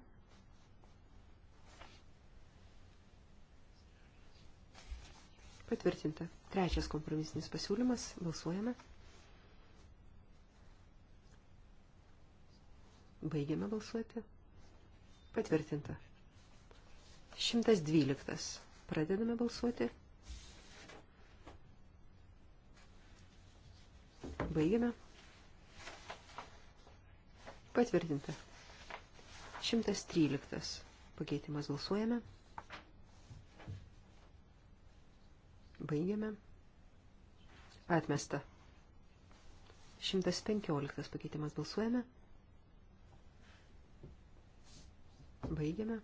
Patvirtinta. Trečias kompromisinis pasiūlymas. Balsuojame. Baigiame balsuoti. Patvirtinta. 112. Pradedame balsuoti. Baigiame. Patvirtinta. 113 pakeitimas balsuojame. Baigiame. Atmesta. 115 pakeitimas balsuojame. Baigiame.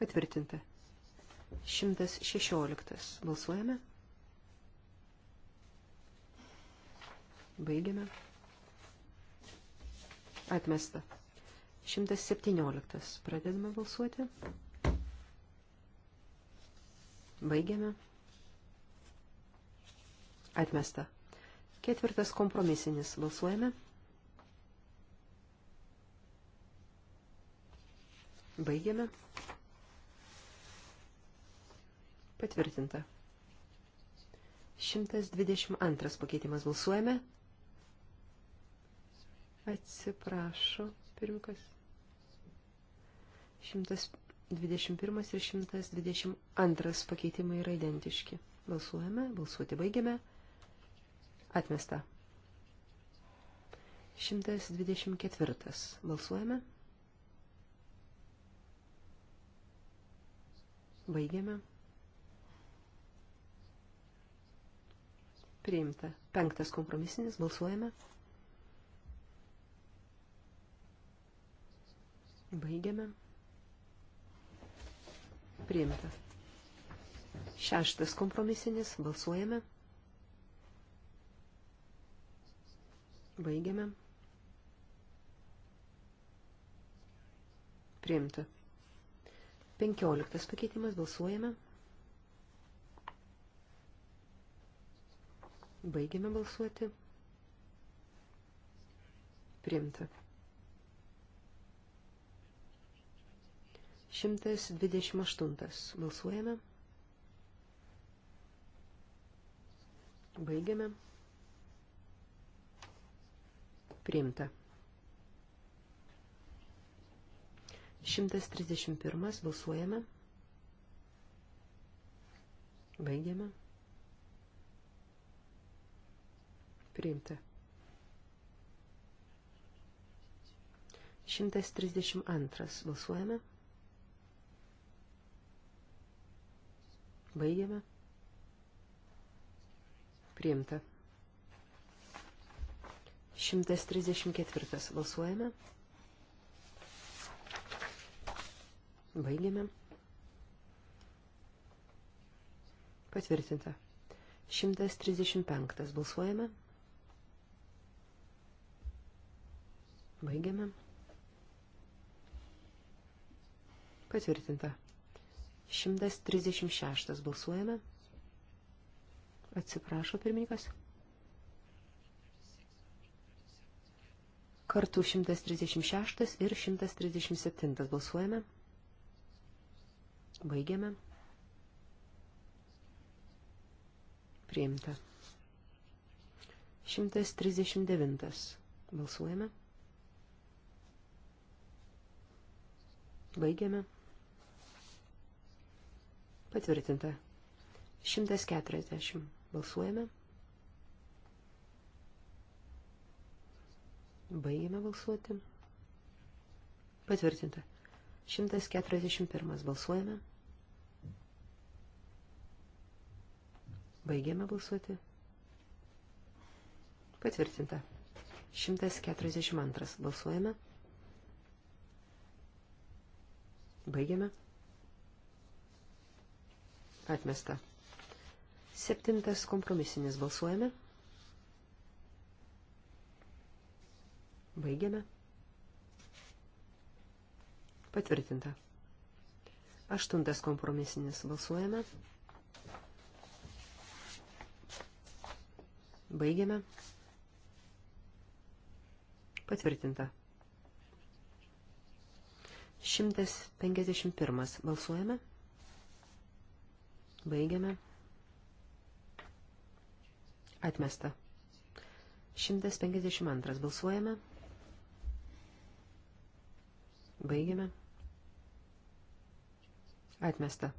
Patvirtinta. 116 balsuojame. Baigiame. Atmesta. 117. Pradedame balsuoti. Baigiame. Atmesta. Ketvirtas kompromisinis. Balsuojame. Baigiame. Patvirtinta. 122 pakeitimas balsuojame. Atsiprašo, pirmkas. 121 ir 122 pakeitimai yra identiški. Balsuojame, balsuoti baigiame. Atmesta. 124. Balsuojame. Baigiame. Priimta. Penktas kompromisinis. Balsuojame. Balsuojame. Baigiame. Priimta. Šeštas kompromisinis. Balsuojame. Baigiame. Priimta. Penkioliktas pakeitimas. Balsuojame. Baigiame balsuoti. Priimta. 128. Balsuojame. Baigiame. Priimta. 131. Balsuojame. Baigiame. Priimta. 132. Balsuojame. Baigiame. Priimta. 134. Balsuojame. Baigiame. Patvirtinta. 135. Balsuojame. Baigiame. Patvirtinta. 136 balsuojame. Atsiprašo pirmininkas. Kartu 136 ir 137 balsuojame. Baigiame. Priimta. 139 balsuojame. Baigiame. Patvirtinta. 140. Balsuojame. Baigėme balsuoti. Patvirtinta. 141. Balsuojame. Baigėme balsuoti. Patvirtinta. 142. Balsuojame. Baigėme. Atmesta. Septintas kompromisinis balsuojame. Baigiame. Patvirtinta. Aštuntas kompromisinis balsuojame. Baigiame. Patvirtinta. 151 balsuojame. Baigiame. Atmesta. 152. Balsuojame. Baigiame. Atmesta.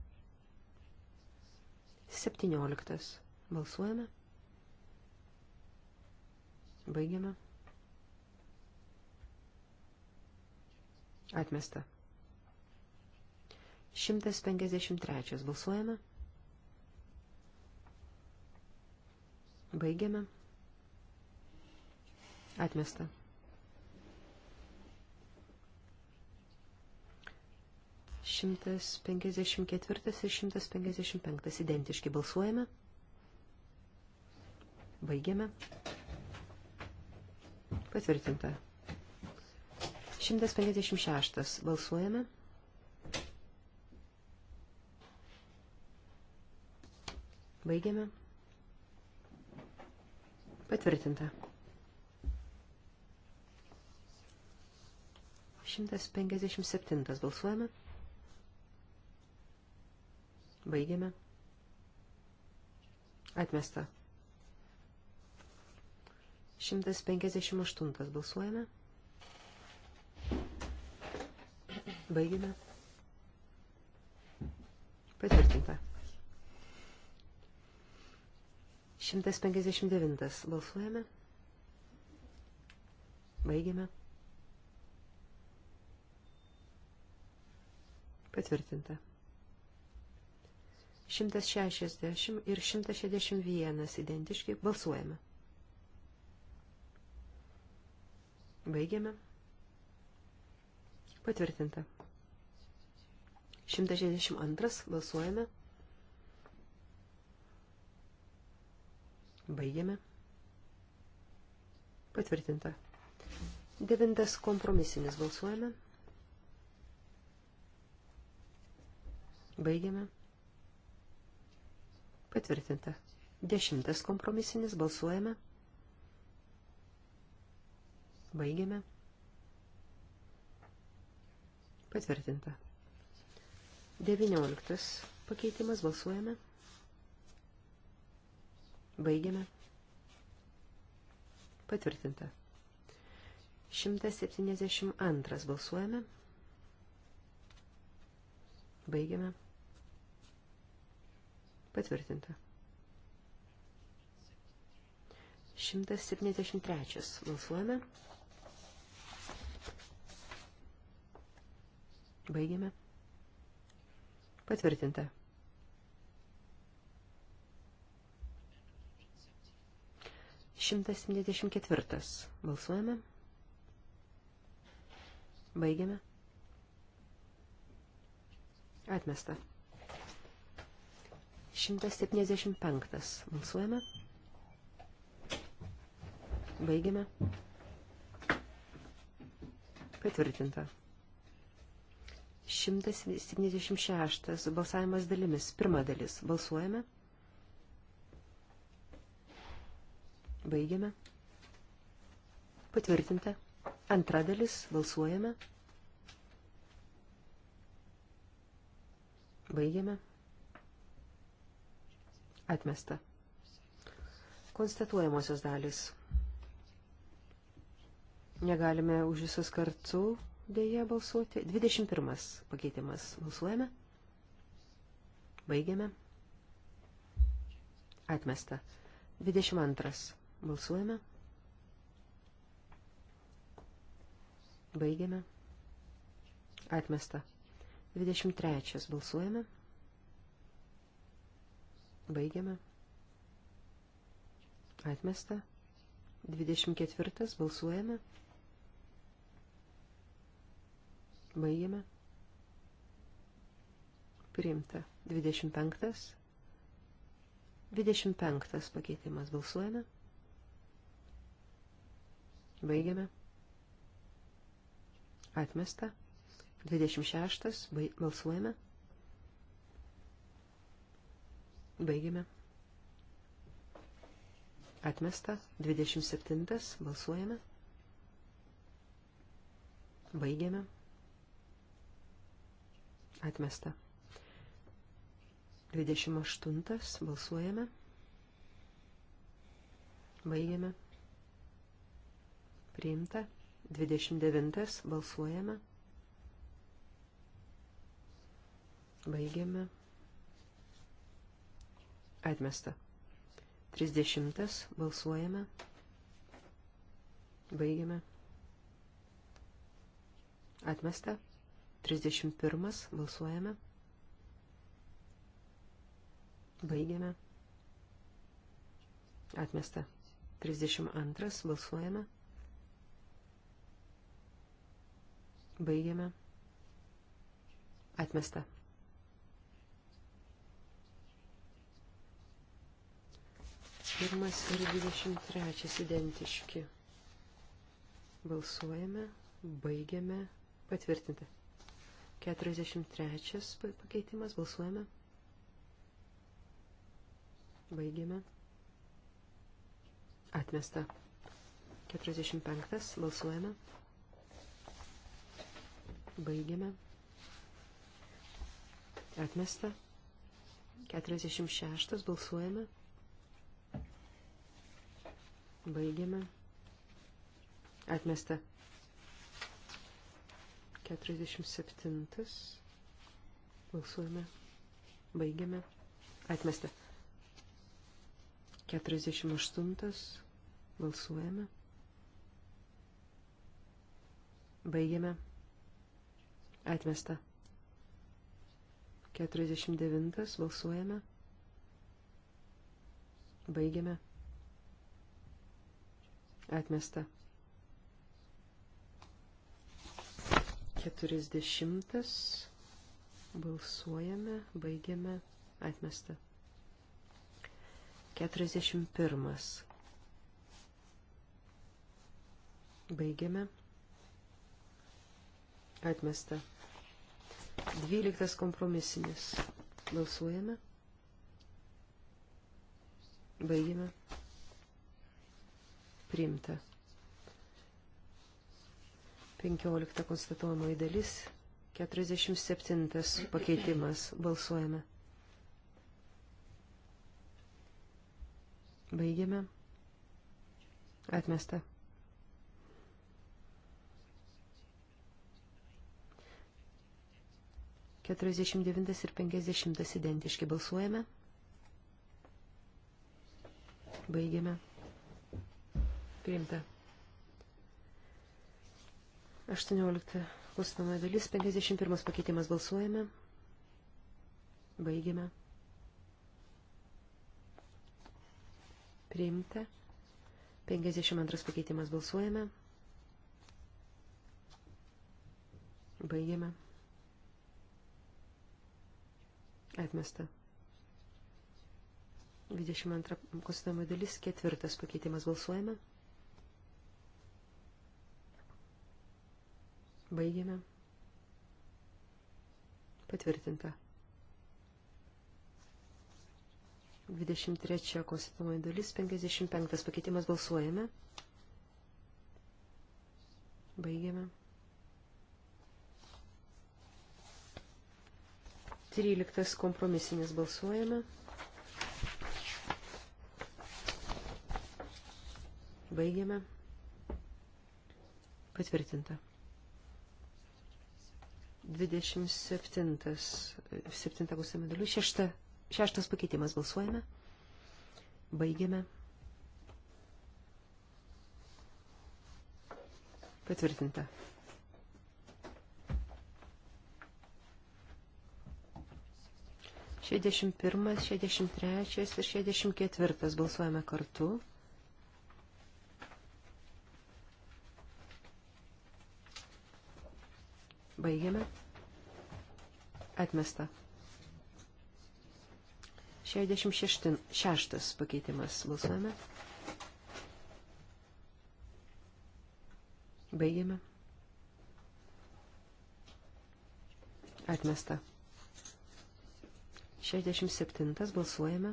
17. Balsuojame. Baigiame. Atmesta. 153. Balsuojame. Baigiame. Atmesta. Šimtas penkiasdešimt ketvirtas ir šimtas penkiasdešimt penktas identiški balsuojame. Baigiame. Patvirtinta. 156. Balsuojame. Baigiame. Patvirtinta. 157 balsuojame. Baigiame. Atmesta. 158 balsuojame. Baigiame. Patvirtinta. 159. Balsuojame. Baigiame. Patvirtinta. 160 ir 161 identiški. Balsuojame. Baigiame. Patvirtinta. 162 balsuojame. Baigiame. Patvirtinta. Devintas kompromisinis balsuojame. Baigiame. Patvirtinta. Dešimtas kompromisinis balsuojame. Baigiame. Patvirtinta. Devynioliktas pakeitimas balsuojame. Baigiame. Baigiame. Patvirtinta. 172 balsuojame. Baigiame. Patvirtinta. 173 balsuojame. Baigiame. Patvirtinta. 174. Balsuojame. Baigiame. Atmesta. 175. Balsuojame. Baigiame. Patvirtinta. 176. Balsavimas dalimis. Pirma dalis. Balsuojame. Baigiame. Patvirtinta. Antra dalis. Balsuojame. Baigiame. Atmesta. Konstatuojamosios dalys. Negalime už visus kartu dėje balsuoti. 21 pakeitimas. Balsuojame. Baigiame. Atmesta. 22. Balsuojame. Baigiame. Atmesta. 23. Balsuojame. Baigiame. Atmesta. 24. Balsuojame. Baigiame. Priimta. 25. 25. Pakeitimas. Balsuojame. Baigiame. Atmesta. 26. Balsuojame. Baigiame. Atmesta. 27. Balsuojame. Baigiame. Atmesta. 28. Balsuojame. Baigiame. Priimta. 29. Balsuojame. Baigiame. Atmesta. 30. Balsuojame. Baigiame. Atmesta. 31. Balsuojame. Baigiame. Atmesta. 32. Balsuojame. Baigiame. Atmesta. Pirmas ir 23 identiški. Balsuojame, baigiame, patvirtinta. 43 pakeitimas, balsuojame. Baigiame. Atmesta. 45 balsuojame. Baigiame. Atmesta. 46. Balsuojame. Baigiame. Atmesta. 47. Balsuojame. Baigiame. Atmesta. 48. Balsuojame. Baigiame. Atmesta. 49. Balsuojame. Baigiame. Atmesta. 40. Balsuojame. Baigiame. Atmesta. 41. Baigiame. Atmesta. Dvyliktas kompromisinis. Balsuojame. Baigime. Priimta. Penkiolikta konstatuojamoji dalis. 47 pakeitimas. Balsuojame. Baigiame. Atmesta. 49 ir 50 identiški balsuojame. Baigiame. Priimta. 18 klausimama dalis, 51 pakeitimas balsuojame. Baigiame. Priimta. 52 pakeitimas balsuojame. Baigiame. Atmesta. 22 konstituojama dalis, ketvirtas pakeitimas balsuojame. Baigiame. Patvirtinta. 23 konstituojama dalis, 55 pakeitimas balsuojame. Baigiame. 13 kompromisinis balsuojame. Baigiame. Patvirtinta. 27. 7 būsime dalių. 6. Šeštas pakeitimas balsuojame. Baigiame. Patvirtinta. 61, 63 ir 64 balsuojame kartu. Baigiame. Atmesta. 66 pakeitimas balsuojame. Baigiame. Atmesta. 67 balsuojame.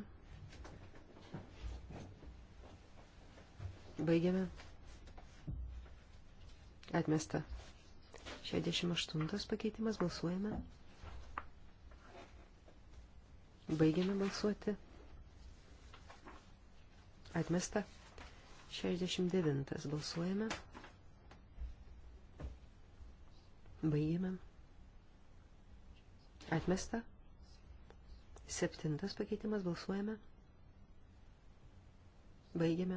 Baigiame. Atmesta. 68 pakeitimas balsuojame. Baigiame balsuoti. Atmesta. 69 balsuojame. Baigiame. Atmesta. Septintas pakeitimas balsuojame. Baigiame.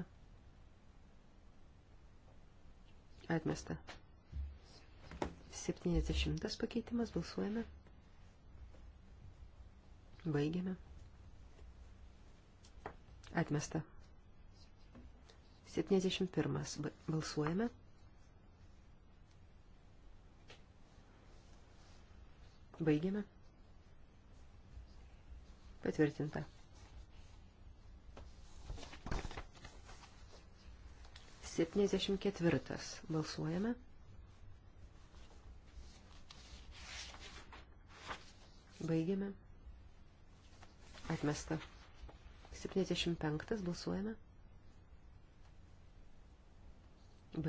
Atmesta. Septyniasdešimtas pakeitimas balsuojame. Baigiame. Atmesta. 71. Balsuojame. Baigiame. Patvirtinta. Septyniasdešimt ketvirtas. Balsuojame. Baigiame. Atmesta. 75 balsuojame.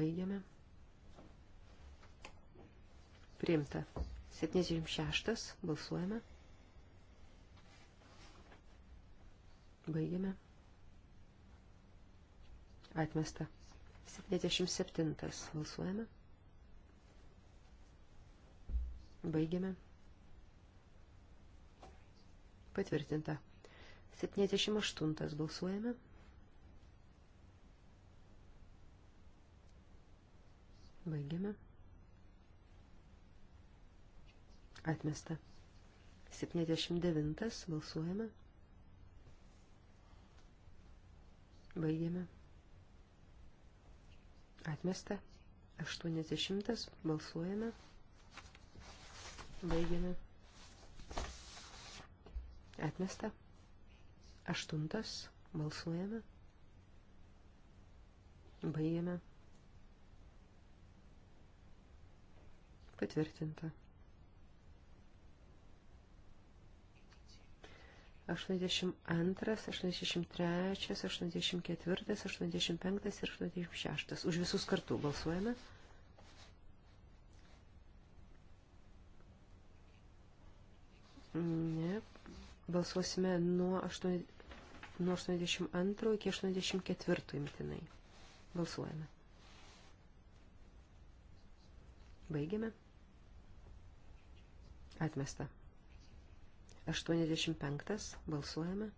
Baigiame. Priimta. 76 balsuojame. Baigiame. Atmesta. 77. Balsuojame. Baigiame. Patvirtinta. 78 balsuojame. Baigiame. Atmesta. 79 balsuojame. Baigėme. Atmesta. 80. Balsuojame. Baigėme. Atmesta. Aštuntas. Balsuojame. Baigėme. Patvirtinta. 82, 83, 84, 85 ir 86. Už visus kartų balsuojame. Ne. Balsuosime nuo, 8, nuo 82 iki 84 imtinai. Balsuojame. Baigiame. Atmesta. 85. Balsuojame.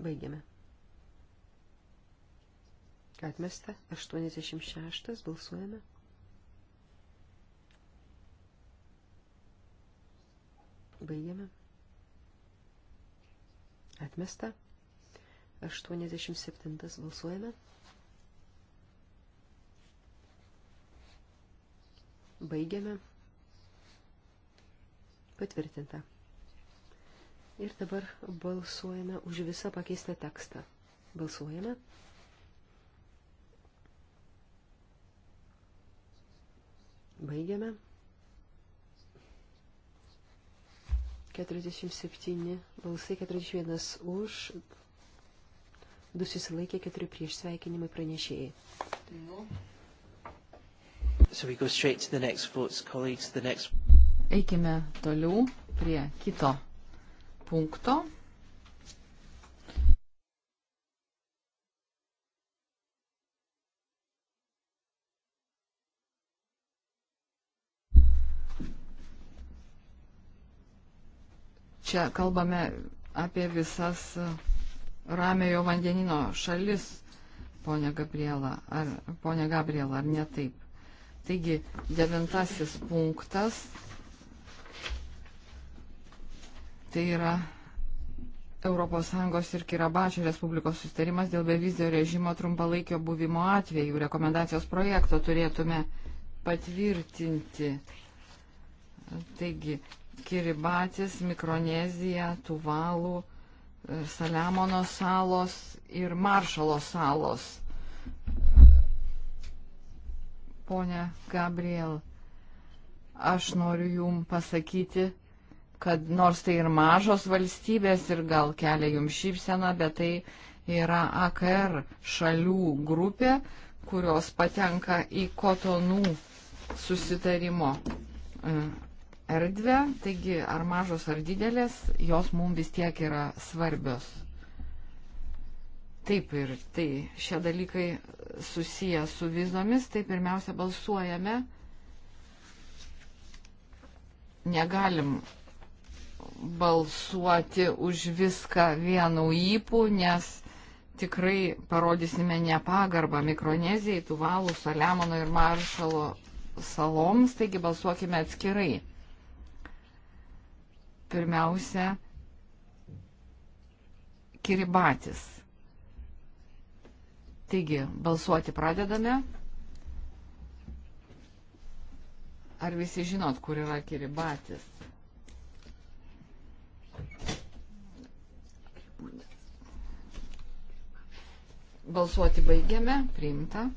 Baigiame. Atmesta. 86. Balsuojame. Baigiame. Atmesta. 87. Balsuojame. Baigiame. Patvirtinta. Ir dabar balsuojame už visą pakeistą tekstą. Balsuojame. Baigiame. 47 balsai, 41 už, 2 susilaikė, 4 prieš sveikinimai pranešėjai. So we go straight to the next votes, colleagues, the next... Eikime toliau prie kito punkto. Čia kalbame apie visas ramiojo vandenino šalis, ponia Gabriela, ar, ponia Gabriela, ar ne taip. Taigi, devintasis punktas Tai yra ES ir Kirabačio Respublikos sustarimas dėl bevizio režimo trumpalaikio buvimo atveju. Rekomendacijos projekto turėtume patvirtinti. Taigi, Kiribatis, Mikronezija, Tuvalų, Saliamono salos ir Maršalo salos. Pone Gabriel, aš noriu Jums pasakyti, kad nors tai ir mažos valstybės ir gal kelia jums šypseną, bet tai yra AKR šalių grupė, kurios patenka į kotonų susitarimo e, erdvę. Taigi, ar mažos ar didelės, jos mums vis tiek yra svarbios. Taip ir tai šie dalykai susiję su vizomis, tai pirmiausia balsuojame. Negalim balsuoti už viską vienu įpū, nes tikrai parodysime nepagarbą Mikronezijai, Tuvalų, Saliamono ir Maršalo saloms, taigi balsuokime atskirai. Pirmiausia, Kiribatis. Taigi, balsuoti pradedame. Ar visi žinot, kur yra Kiribatis? Balsuoti baigiame. Priimta.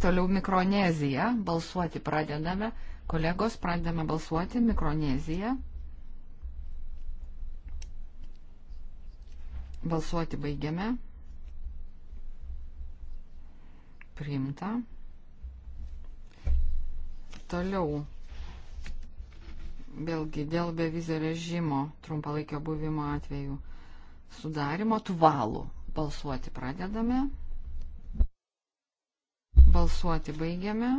Toliau Mikronezija. Balsuoti pradedame. Kolegos, pradedame balsuoti. Mikronezija. Balsuoti baigiame. Priimta. Toliau. Vėlgi dėl bevizio režimo trumpalaikio buvimo atveju sudarimo tuvalų. Balsuoti pradedame. Balsuoti baigiame.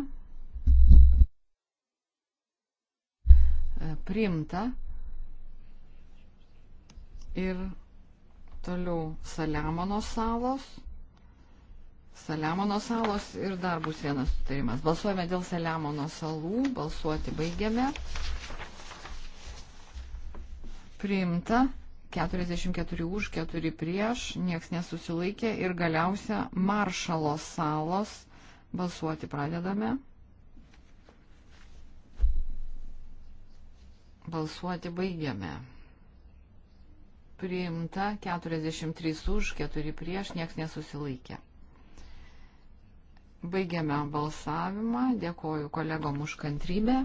E, Primta. Ir toliau Saliamono salos. Saliamono salos ir dar bus vienas sutarimas. Balsuojame dėl Saliamono salų. Balsuoti baigiame. Priimta. 44 už, 4 prieš, nieks nesusilaikė ir galiausia Maršalo salos. Balsuoti pradedame. Balsuoti baigiame. Priimta 43 už, 4 prieš, nieks nesusilaikė. Baigiame balsavimą. Dėkoju kolegom už kantrybę.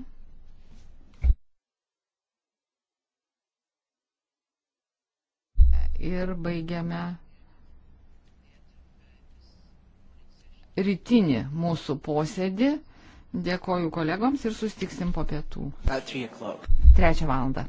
ir baigiame rytinį mūsų posėdį. Dėkoju kolegoms ir sustiksim po pietų. Trečią valandą.